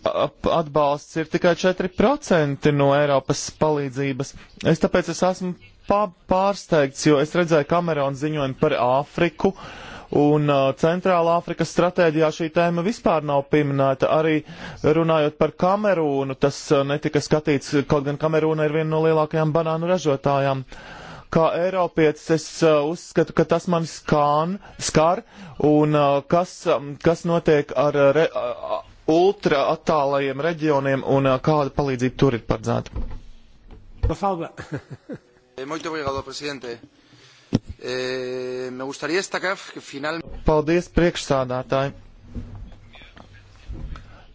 Speaker 4: atbalsts ir tikai 4% no Eiropas palīdzības. Es tāpēc es esmu pārsteigts, jo es redzēju Kamerona ziņojumu par Āfriku, un uh, Centrāla Āfrikas stratēģijā šī tēma vispār nav pieminēta. Arī runājot par Kamerūnu, tas uh, netika skatīts, kaut gan Kamerūna ir viena no lielākajām banānu ražotājām. Kā Eiropietis es uh, uzskatu, ka tas man skan, skar, un uh, kas, um, kas notiek ar uh, re, uh, ultra attālajiem reģioniem un uh, kāda palīdzība tur ir paredzēta. Eh, Muito obrigado, presidente. Eh, me gustaría destacar, ka final... Paldies, priekšsādātāji.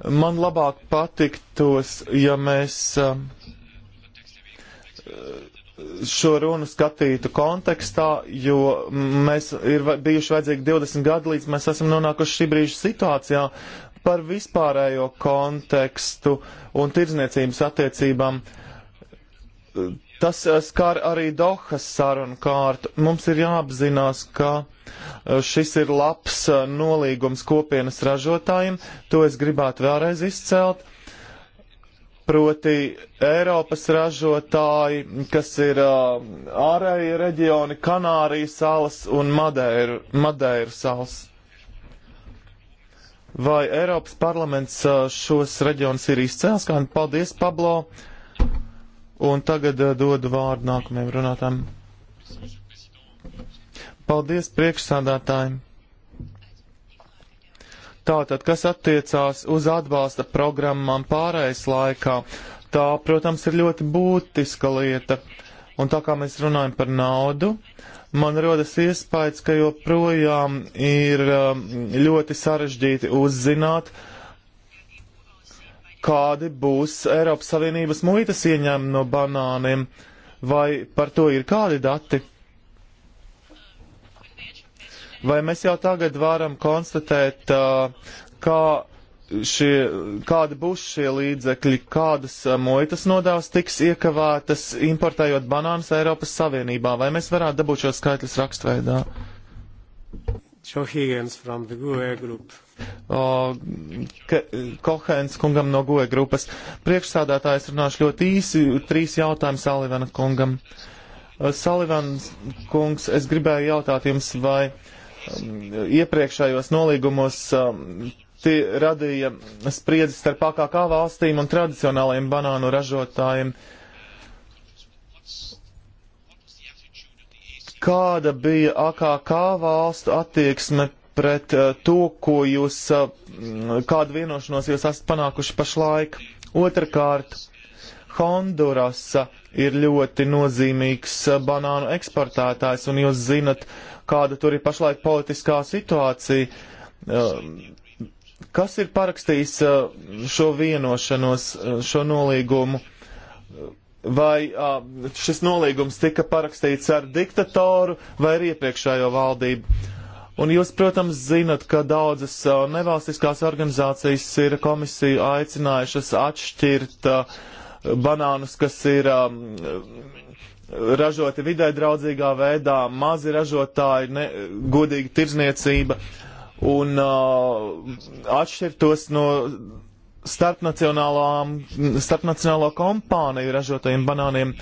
Speaker 4: Man labāk patiktos, ja mēs um, šo runu skatītu kontekstā, jo mēs ir bijuši vajadzīgi 20 gadi, līdz mēs esam nonākuši šī brīža situācijā, par vispārējo kontekstu un tirdzniecības attiecībām. Tas eh, skar arī Dohas sarunu kārtu. Mums ir jāapzinās, ka eh, šis ir labs eh, nolīgums kopienas ražotājiem. To es gribētu vēlreiz izcelt. Proti Eiropas ražotāji, kas ir ārējie reģioni Kanārijas salas un Madeiru, Madeiru salas. Vai Eiropas parlaments šos reģionus ir izcēlis? Paldies, Pablo! Uh, Un tagad uh, dodu vārdu nākamajam runātājam. Paldies priekšsādātājiem. Tātad, kas attiecās uz atbalsta programmām pārējais laikā, tā, protams, ir ļoti būtiska lieta. Un tā kā mēs runājam par naudu, man rodas iespējas, ka joprojām ir eh, ļoti sarežģīti uzzināt, uh, kādi būs Eiropas Savienības muitas ieņēmumi no banāniem, vai par to ir kādi dati? Vai mēs jau tagad varam konstatēt, kā šie, kādi būs šie līdzekļi, kādas muitas nodevas tiks iekavētas importējot banānus Eiropas Savienībā? Vai mēs varētu dabūt šos skaitļus rakstveidā? Uh, Joe Higgins from the GUE group. O, Ke Kohens kungam no GUE grupas. Priekšsādātājs runāšu ļoti īsi, trīs jautājumi Salivana kungam. Salivans kungs, es gribēju jautāt jums, vai um, iepriekšējos nolīgumos um, tie radīja spriedzi starp AKK valstīm un tradicionālajiem banānu ražotājiem. Uh, kāda bija AKK valstu attieksme pret eh, to, ko jūs, eh, kādu vienošanos jūs esat panākuši pašlaik. Otrakārt, Hondurasa ir ļoti nozīmīgs eh, banānu eksportētājs, un jūs zinat, kāda tur ir pašlaik politiskā situācija. Kas ir parakstījis šo vienošanos, šo nolīgumu? vai a, šis nolīgums tika parakstīts ar diktatoru vai ar iepriekšējo valdību. Un jūs, protams, zinat, ka daudzas a, nevalstiskās organizācijas ir komisiju aicinājušas atšķirt a, banānus, kas ir a, ražoti vidē draudzīgā veidā, mazi ražotāji, ne, godīga tirzniecība, un a, atšķirt tos no starpnacionālo kompāniju ražotajiem banāniem,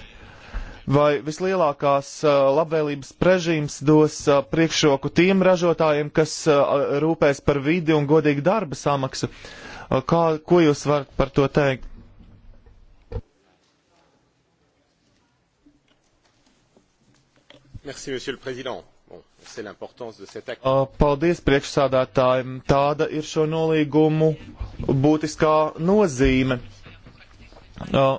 Speaker 4: vai vislielākās uh, labvēlības režīms dos uh, priekšroku tiem ražotājiem, kas uh, rūpēs par vidi un godīgu darba samaksu. Kā, ko jūs varat par to teikt?
Speaker 1: Merci, Monsieur le Président.
Speaker 4: Uh, paldies priekšsādātājiem. Tāda ir šo nolīgumu būtiskā nozīme. Uh,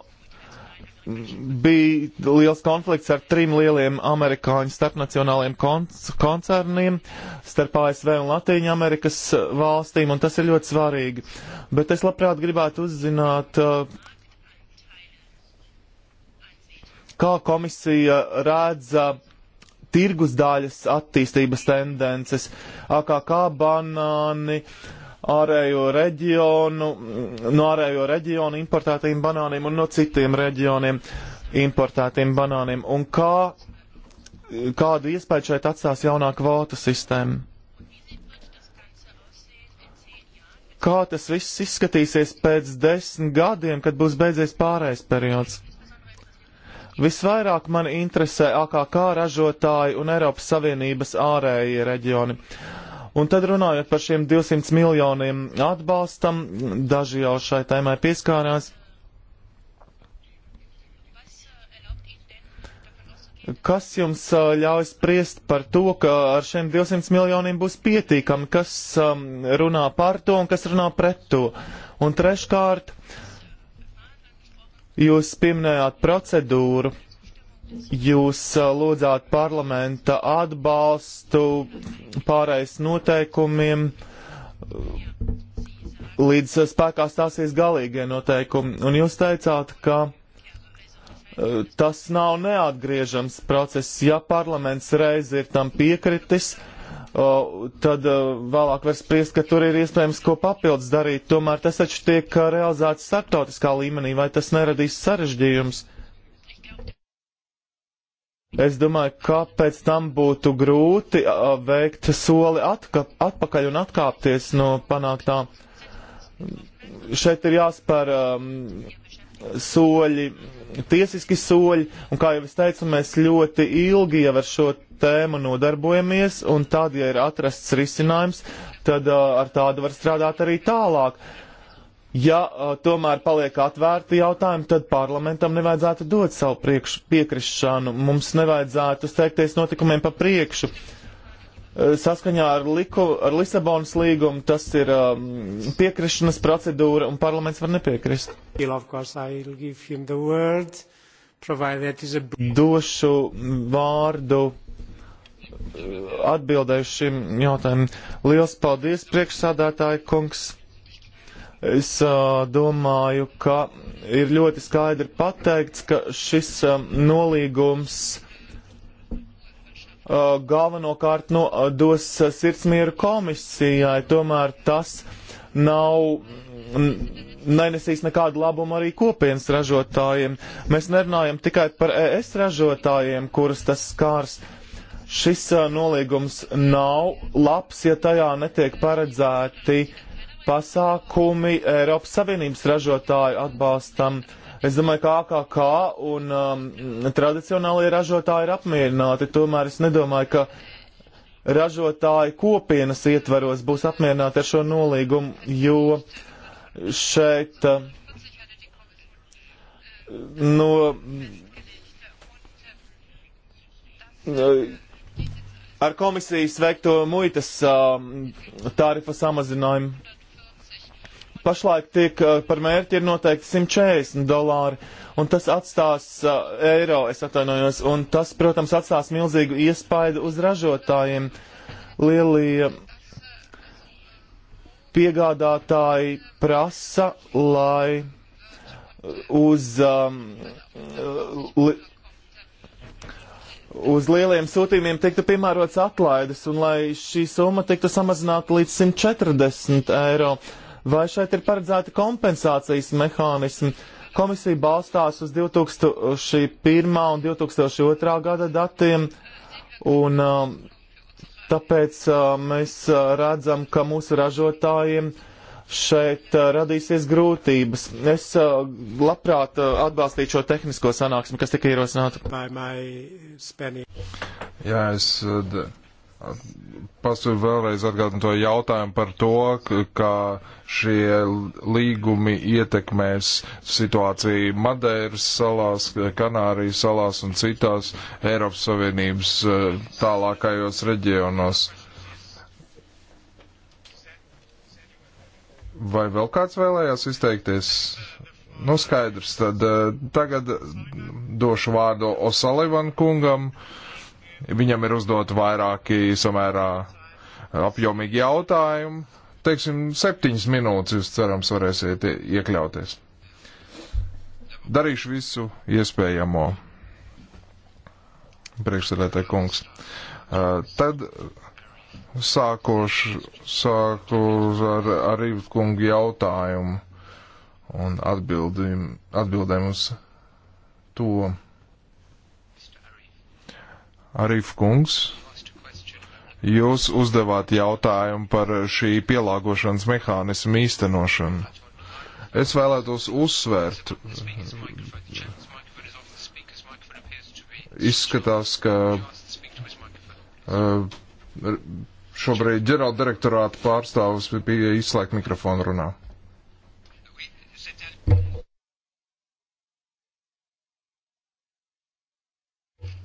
Speaker 4: bija liels konflikts ar trim lieliem amerikāņu starpnacionāliem koncerniem, starp ASV un Latīņu Amerikas valstīm, un tas ir ļoti svarīgi. Bet es labprāt gribētu uzzināt, uh, kā komisija redz tirgus daļas attīstības tendences, AKK banāni, ārējo reģionu, mm, no ārējo reģionu importētiem banāniem un no citiem reģioniem importētiem banāniem. Un kā, kādu iespēju šeit atstās jaunā kvota sistēma? Kā tas viss izskatīsies pēc desmit gadiem, kad būs beidzies pārējais periods? Visvairāk mani interesē AKK ražotāji un Eiropas Savienības ārējie reģioni. Un tad runājot par šiem 200 miljoniem atbalstam, daži jau šai tēmai pieskārās. Kas jums ļauj spriest par to, ka ar šiem 200 miljoniem būs pietiekami, kas um, runā par to un kas runā pret to? Un treškārt, uh, Jūs pieminējāt procedūru, jūs uh, lūdzāt parlamenta atbalstu pārējais noteikumiem, uh, līdz uh, spēkā stāsies galīgie noteikumi, un jūs teicāt, ka tas nav neatgriežams process, ja parlaments reiz ir tam piekritis, uh, tad vēlāk var spriest, ka tur ir iespējams ko papildus darīt. Tomēr tas taču tiek realizēts starptautiskā līmenī, vai tas neradīs sarežģījums? Es domāju, kāpēc tam būtu grūti veikt soli atka, atpakaļ un atkāpties no panāktā. Šeit ir jāspēr um, soļi, tiesiski soļi, un kā jau es teicu, mēs ļoti ilgi jau ar šo tēmu nodarbojamies, un tad, ja ir atrasts risinājums, tad uh, ar tādu var strādāt arī tālāk. Ja uh, tomēr paliek atvērti jautājumi, tad parlamentam nevajadzētu dot savu priekš, piekrišanu. Mums nevajadzētu steigties notikumiem pa priekšu. Uh, saskaņā ar, liku, ar Lisabonas līgumu tas ir um, uh, piekrišanas procedūra, un parlaments var nepiekrist. Došu vārdu atbildējuši šim jautājumam. Liels paldies, priekšsādātāja kungs! Es uh, domāju, ka ir ļoti skaidri pateikts, ka šis um, nolīgums uh, galvenokārt no, uh, dos uh, sirdsmieru komisijai, tomēr tas nav. Mm, nenesīs nekādu labumu arī kopienas ražotājiem. Mēs nerunājam tikai par ES ražotājiem, kurus tas skārs. Uh, Šis nolīgums nav labs, ja tajā netiek paredzēti pasākumi Eiropas Savienības ražotāju atbalstam. Es domāju, ka AKK un um, tradicionālie ražotāji ir apmierināti, tomēr es nedomāju, ka ražotāji kopienas ietvaros būs apmierināti ar šo nolīgumu, jo šeit no ar komisijas veikto muitas um, tarifa samazinājumu. Pašlaik tiek uh, par mērķi ir noteikti 140 dolāri, un tas atstās uh, eiro, es atvainojos, un tas, protams, atstās milzīgu iespaidu uz ražotājiem. Lielie piegādātāji prasa, lai uz um, li, uz lieliem sūtījumiem tiktu piemērots atlaides un lai šī summa tiktu samazināta līdz 140 eiro. Vai šeit ir paredzēta kompensācijas mehānismi? Komisija balstās uz 2001. un 2002. gada datiem, un um, tāpēc uh, mēs uh, redzam, ka mūsu ražotājiem uh, šeit uh, radīsies grūtības. Es uh, labprāt uh, atbalstītu šo tehnisko sanāksmi, kas tika ierosināta.
Speaker 2: Jā, es pasūtu vēlreiz atgādinu to jautājumu par to, kā šie līgumi ietekmēs situāciju Madeiras salās, Kanārijas salās un citās Eiropas Savienības tālākajos reģionos. Vai vēl kāds vēlējās izteikties? Nu, skaidrs, tad eh, tagad došu vārdu O'Sullivan kungam. Viņam ir uzdot vairāki samērā apjomīgi jautājumi. Teiksim, septiņas minūtes jūs cerams varēsiet iekļauties. Darīšu visu iespējamo. Priekšsēdētāji kungs. Eh, tad sākošu, sāku ar arī kungu jautājumu un atbildēm, atbildēm uz to. Arif kungs, jūs uzdevāt jautājumu par šī pielāgošanas mehānismu īstenošanu. Es vēlētos uzsvērt, izskatās, ka uh, šobrīd ģenerāla direktorāta pārstāvis pie izslēgt mikrofonu runā.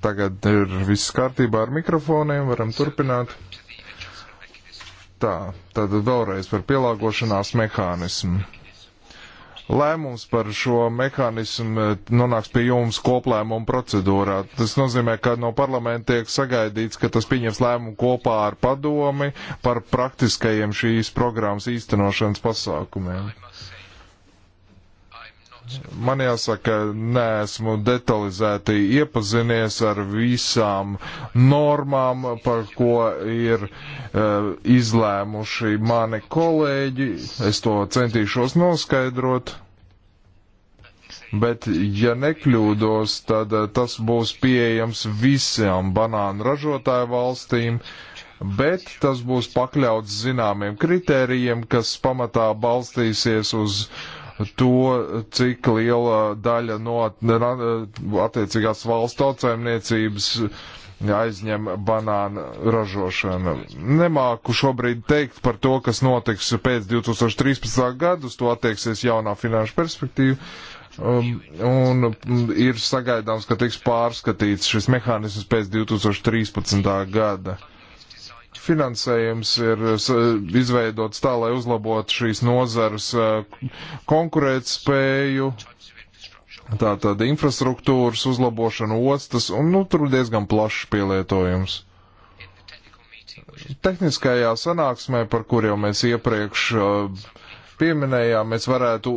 Speaker 2: Tagad ir viss kārtībā ar mikrofoniem, varam turpināt. Tā, tad vēlreiz par pielāgošanās mehānismu lēmums par šo mehānismu eh, nonāks pie jums koplēmuma procedūrā. Tas nozīmē, ka no parlamenta tiek sagaidīts, ka tas pieņems lēmumu kopā ar padomi par praktiskajiem šīs programmas īstenošanas pasākumiem. Man jāsaka, neesmu detalizēti iepazinies ar visām normām, par ko ir uh, izlēmuši mani kolēģi. Es to centīšos noskaidrot. Bet, ja nekļūdos, tad eh, tas būs pieejams visām banānu ražotāju valstīm, bet tas būs pakļauts zināmiem kritērijiem, kas pamatā balstīsies uz uh, to, cik liela daļa no attiecīgās valsts tautsēmniecības aizņem banāna ražošana. Nemāku šobrīd teikt par to, kas notiks pēc 2013. gadus, to attieksies jaunā finanšu perspektīva. Um, un mm, ir sagaidāms, ka tiks pārskatīts šis mehānisms pēc 2013. gada finansējums ir eh, eh, izveidots tā, lai uzlabotu šīs nozares eh, konkurētspēju, tātad infrastruktūras uzlabošanu ostas, un nu, tur diezgan plašs pielietojums. Tehniskajā sanāksmē, par kur jau mēs iepriekš uh, pieminējām, mēs varētu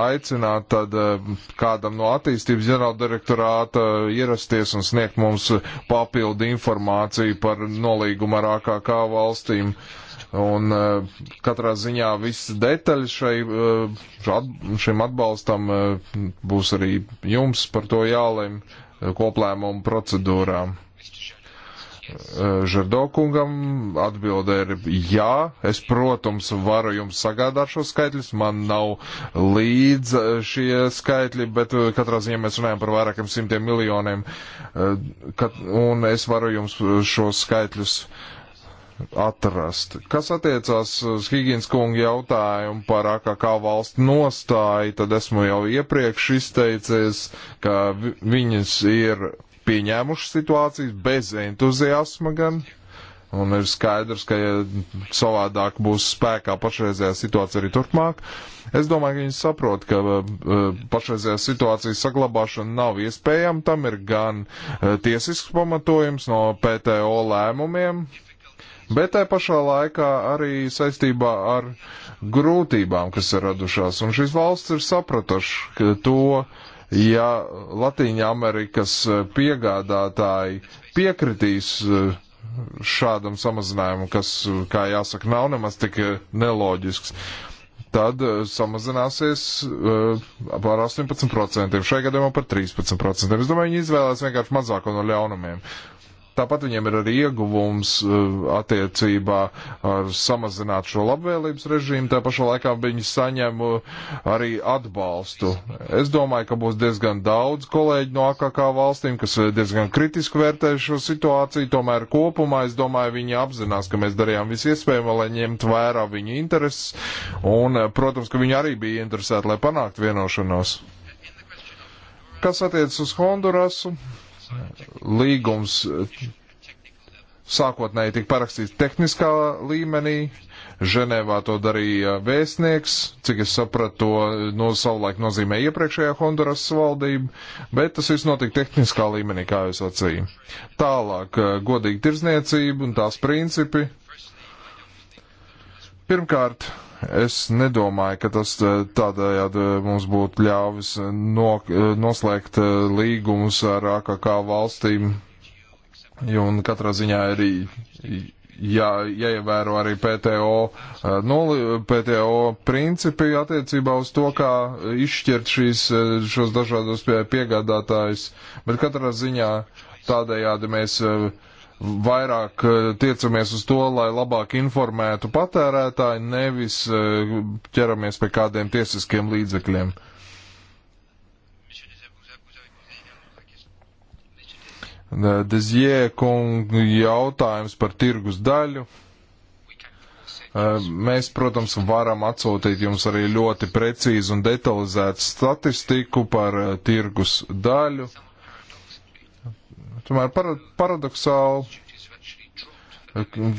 Speaker 2: aicināt tad eh, kādam no attīstības ģenerāldirektorāta ierasties un sniegt mums papildu informāciju par nolīgumu ar AKK valstīm. Un eh, katrā ziņā viss detaļas šai, eh, šim atbalstam būs arī jums par to jālēm koplēmumu procedūrām. Eh, Žerdokungam atbilde ir jā. Es, protams, varu jums sagādāt šo skaitļus. Man nav līdz eh, šie skaitļi, bet eh, katrā ziņā mēs runājam par vairākiem simtiem miljoniem. Un es varu jums šos skaitļus atrast. Kas attiecās uz Higgins kunga jautājumu par AKK valstu nostāju, tad esmu jau iepriekš izteicies, ka viņas ir pieņēmuši situācijas bez entuziasma gan. Un ir skaidrs, ka ja savādāk būs spēkā pašreizējā situācija arī turpmāk. Es domāju, ka viņi saprot, ka uh, pašreizējā situācijas saglabāšana nav iespējama. Tam ir gan uh, tiesisks pamatojums no PTO lēmumiem, bet tai pašā laikā arī saistībā ar grūtībām, kas ir radušās. Un šīs valsts ir sapratuši to, ja Latīņa Amerikas e, piegādātāji piekritīs e, šādam samazinājumam, kas, e, kā jāsaka, nav nemaz tik neloģisks, tad samazināsies par 18%, šajā gadījumā par 13%. Es domāju, viņi izvēlēs vienkārši mazāko no ļaunumiem. Tāpat viņiem ir arī ieguvums eh, attiecībā ar samazināt šo labvēlības režīmu, tā pašā laikā viņi saņem eh, arī atbalstu. Es domāju, ka būs diezgan daudz kolēģi no AKK valstīm, kas eh, diezgan kritiski vērtē šo situāciju, tomēr kopumā es domāju, viņi apzinās, ka mēs darījām visu iespējamo, lai ņemtu vērā viņu intereses, un, protams, ka viņi arī bija interesēti, lai panāktu vienošanos. Kas attiecas uz Hondurasu? Līgums eh, sākotnēji tika parakstīts tehniskā līmenī, Ženēvā to darīja vēstnieks, cik es sapratu, to no savulaik nozīmē iepriekšējā Honduras valdība, bet tas viss notika tehniskā līmenī, kā jau sacīju. Tālāk, eh, godīga tirzniecība un tās principi. Pirmkārt, es nedomāju, ka tas eh, tādējādi eh, mums būtu ļāvis eh, no, noslēgt līgumus ar AKK valstīm, jo un katrā ziņā ir jā, jāievēro arī PTO, noli, PTO principi attiecībā uz to, kā izšķirt šīs, šos dažādos pie, piegādātājus. Bet katrā ziņā tādējādi mēs uh, vairāk eh, tiecamies uz to, lai labāk informētu patērētāju, nevis eh, ķeramies pie kādiem tiesiskiem līdzekļiem. Dezjē kungu jautājums par tirgus daļu. Eh, mēs, protams, varam atsūtīt jums arī ļoti precīzu un detalizētu statistiku par tirgus daļu. Tomēr paradoxāli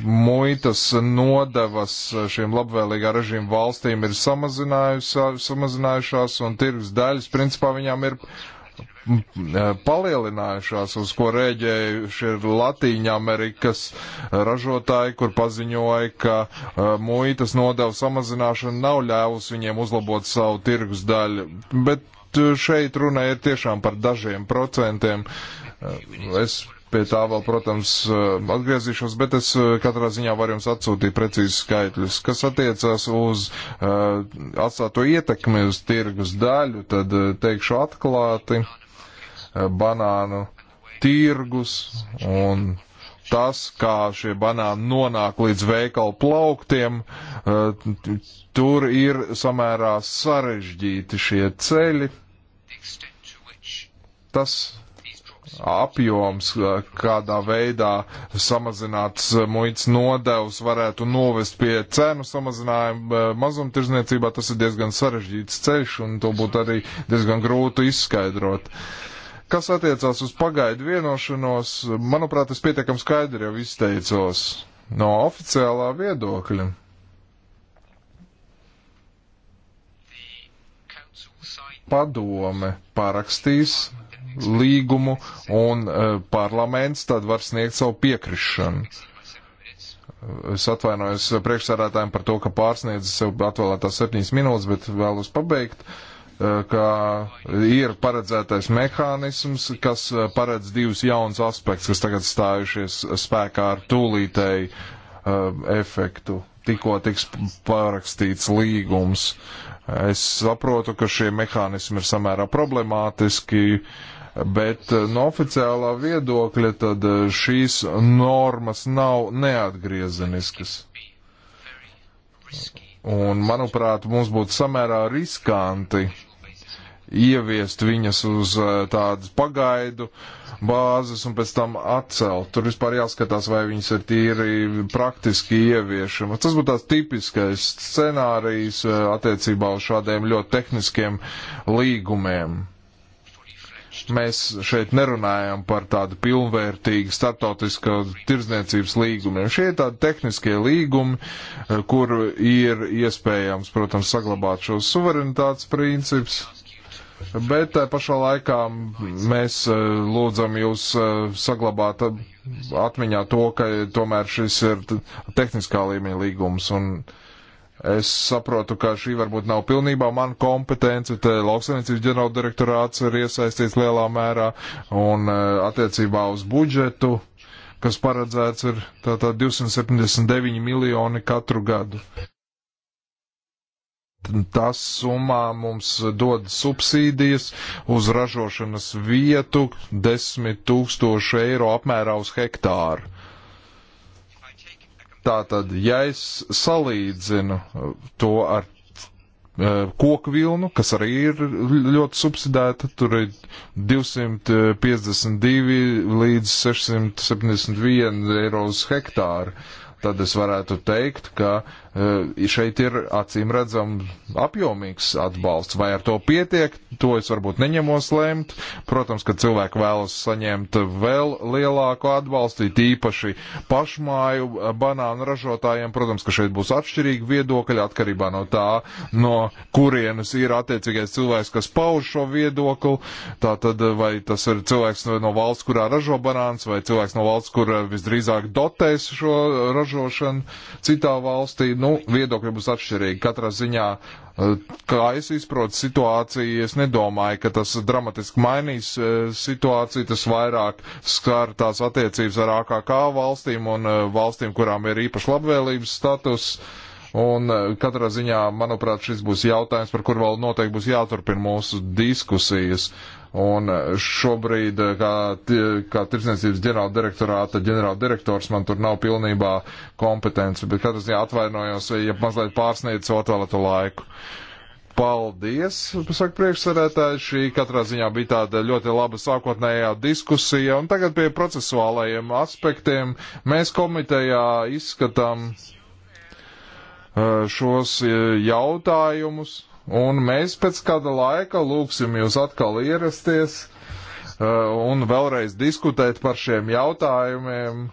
Speaker 2: muitas nodevas šiem labvēlīgā režīma valstīm ir samazinājušās, un tirgus daļas principā viņām ir palielinājušās, uz ko rēģējuši ir Latīņa Amerikas ražotāji, kur paziņoja, ka uh, muitas nodevu samazināšana nav ļāvusi viņiem uzlabot savu tirgus daļu. Bet e, šeit runa ir tiešām par dažiem procentiem. Uh, Eh, es pie tā vēl, protams, eh, atgriezīšos, bet es eh, katrā ziņā varu jums atsūtīt precīzi skaitļus. Kas attiecas uz uh, atstāto ietekmi uz tirgus daļu, tad teikšu atklāti uh, banānu tirgus un tas, kā šie banāni nonāk līdz veikalu plauktiem, uh, tur ir samērā sarežģīti šie ceļi. Tas apjoms, kādā veidā samazināts muitas nodevs varētu novest pie cenu samazinājuma eh, mazumtirzniecībā, tas ir diezgan sarežģīts ceļš un to būtu arī diezgan grūti izskaidrot. Kas attiecās uz pagaidu vienošanos, manuprāt, es pietiekam skaidri jau izteicos no oficiālā viedokļa. Padome parakstīs līgumu, un e, parlaments tad var sniegt savu piekrišanu. Es atvainojos priekšsārātājiem par to, ka pārsniedzu sev atvēlētās septiņas minūtes, bet vēlos pabeigt, e, ka ir paredzētais mehānisms, kas e, paredz divus jaunus aspektus, kas tagad stājušies spēkā ar tūlītēju efektu. Tikko tiks pārakstīts līgums. Es saprotu, ka šie mehānismi ir samērā problemātiski. Uh, bet eh, no oficiālā viedokļa tad eh, šīs normas nav neatgriezeniskas. Un, manuprāt, mums būtu samērā riskanti ieviest viņas uz eh, tādas pagaidu bāzes un pēc tam atcelt. Tur vispār jāskatās, vai viņas ir tīri praktiski ieviešanas. Tas būtu tāds tipiskais scenārijs attiecībā uz šādiem ļoti tehniskiem līgumiem. Mēs šeit nerunājam par tādu pilnvērtīgu startautisko tirdzniecības līgumiem. Šie ir tādi tehniskie līgumi, eh, kur ir iespējams, protams, saglabāt šo suverenitātes principus. Bet tā pašā laikā mēs eh, lūdzam jūs eh, saglabāt atmiņā to, ka tomēr šis ir tehniskā līmeņa līgums un uh, Es saprotu, ka šī varbūt nav pilnībā mana kompetence, te lauksaimniecības ģenerāldirektorāts ir iesaistīts lielā mērā un e, attiecībā uz budžetu, kas paredzēts ir tātad tā 279 miljoni katru gadu. Tas summā mums dod subsīdijas uz ražošanas vietu 10 tūkstoši eiro apmērā uz hektāru Tātad, ja es salīdzinu uh, to ar uh, koku vilnu, kas arī ir ļoti subsidēta. Tur ir 252 līdz 671 eiro uz hektāru. Tad es varētu teikt, ka Eh, šeit ir acīm redzam apjomīgs atbalsts. Vai ar to pietiek, to es varbūt neņemos lēmt. Protams, ka cilvēki vēlas saņemt vēl lielāku atbalstu, tīpaši pašmāju eh, banānu ražotājiem. Protams, ka šeit būs atšķirīgi viedokļi atkarībā no tā, no kurienes ir attiecīgais cilvēks, kas pauž šo viedokli. Tātad, eh, vai tas ir cilvēks no valsts, kurā ražo banāns, vai cilvēks no valsts, kur visdrīzāk dotēs šo ražošanu citā valstī. Nu, Nu, viedokļi būs atšķirīgi. Katrā ziņā, eh, kā es izprotu situāciju, es nedomāju, ka tas dramatiski mainīs eh, situāciju. Tas vairāk skar tās attiecības ar AKK valstīm un eh, valstīm, kurām ir īpaši labvēlības status. Un katrā ziņā, manuprāt, šis būs jautājums, par kur vēl noteikti būs jāturpina mūsu diskusijas. Un e, šobrīd, e, kā, kā tirsniecības ģenerāla direktorāta ģenerāla direktors, man tur nav pilnībā kompetence, bet katrs jā atvainojos, ja mazliet pārsniedz atvēlēto laiku. Paldies, saka priekšsarētāji, šī katrā ziņā bija tāda ļoti laba sākotnējā diskusija, un tagad pie procesuālajiem aspektiem mēs komitejā izskatām e, šos jautājumus un mēs pēc kāda laika lūgsim jūs atkal ierasties uh, un vēlreiz diskutēt par šiem jautājumiem.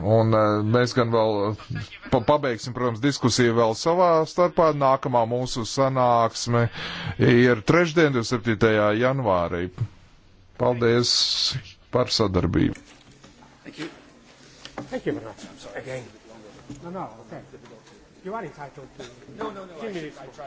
Speaker 2: Un uh, mēs gan vēl uh, pabeigsim, protams, diskusiju vēl savā starpā. Nākamā mūsu sanāksme ir trešdien, 27. janvārī. Paldies par sadarbību.
Speaker 1: Thank you. Thank you very much. I'm sorry. Again. No, no, okay. You are entitled to. No, no, no. Three minutes. I, I tried.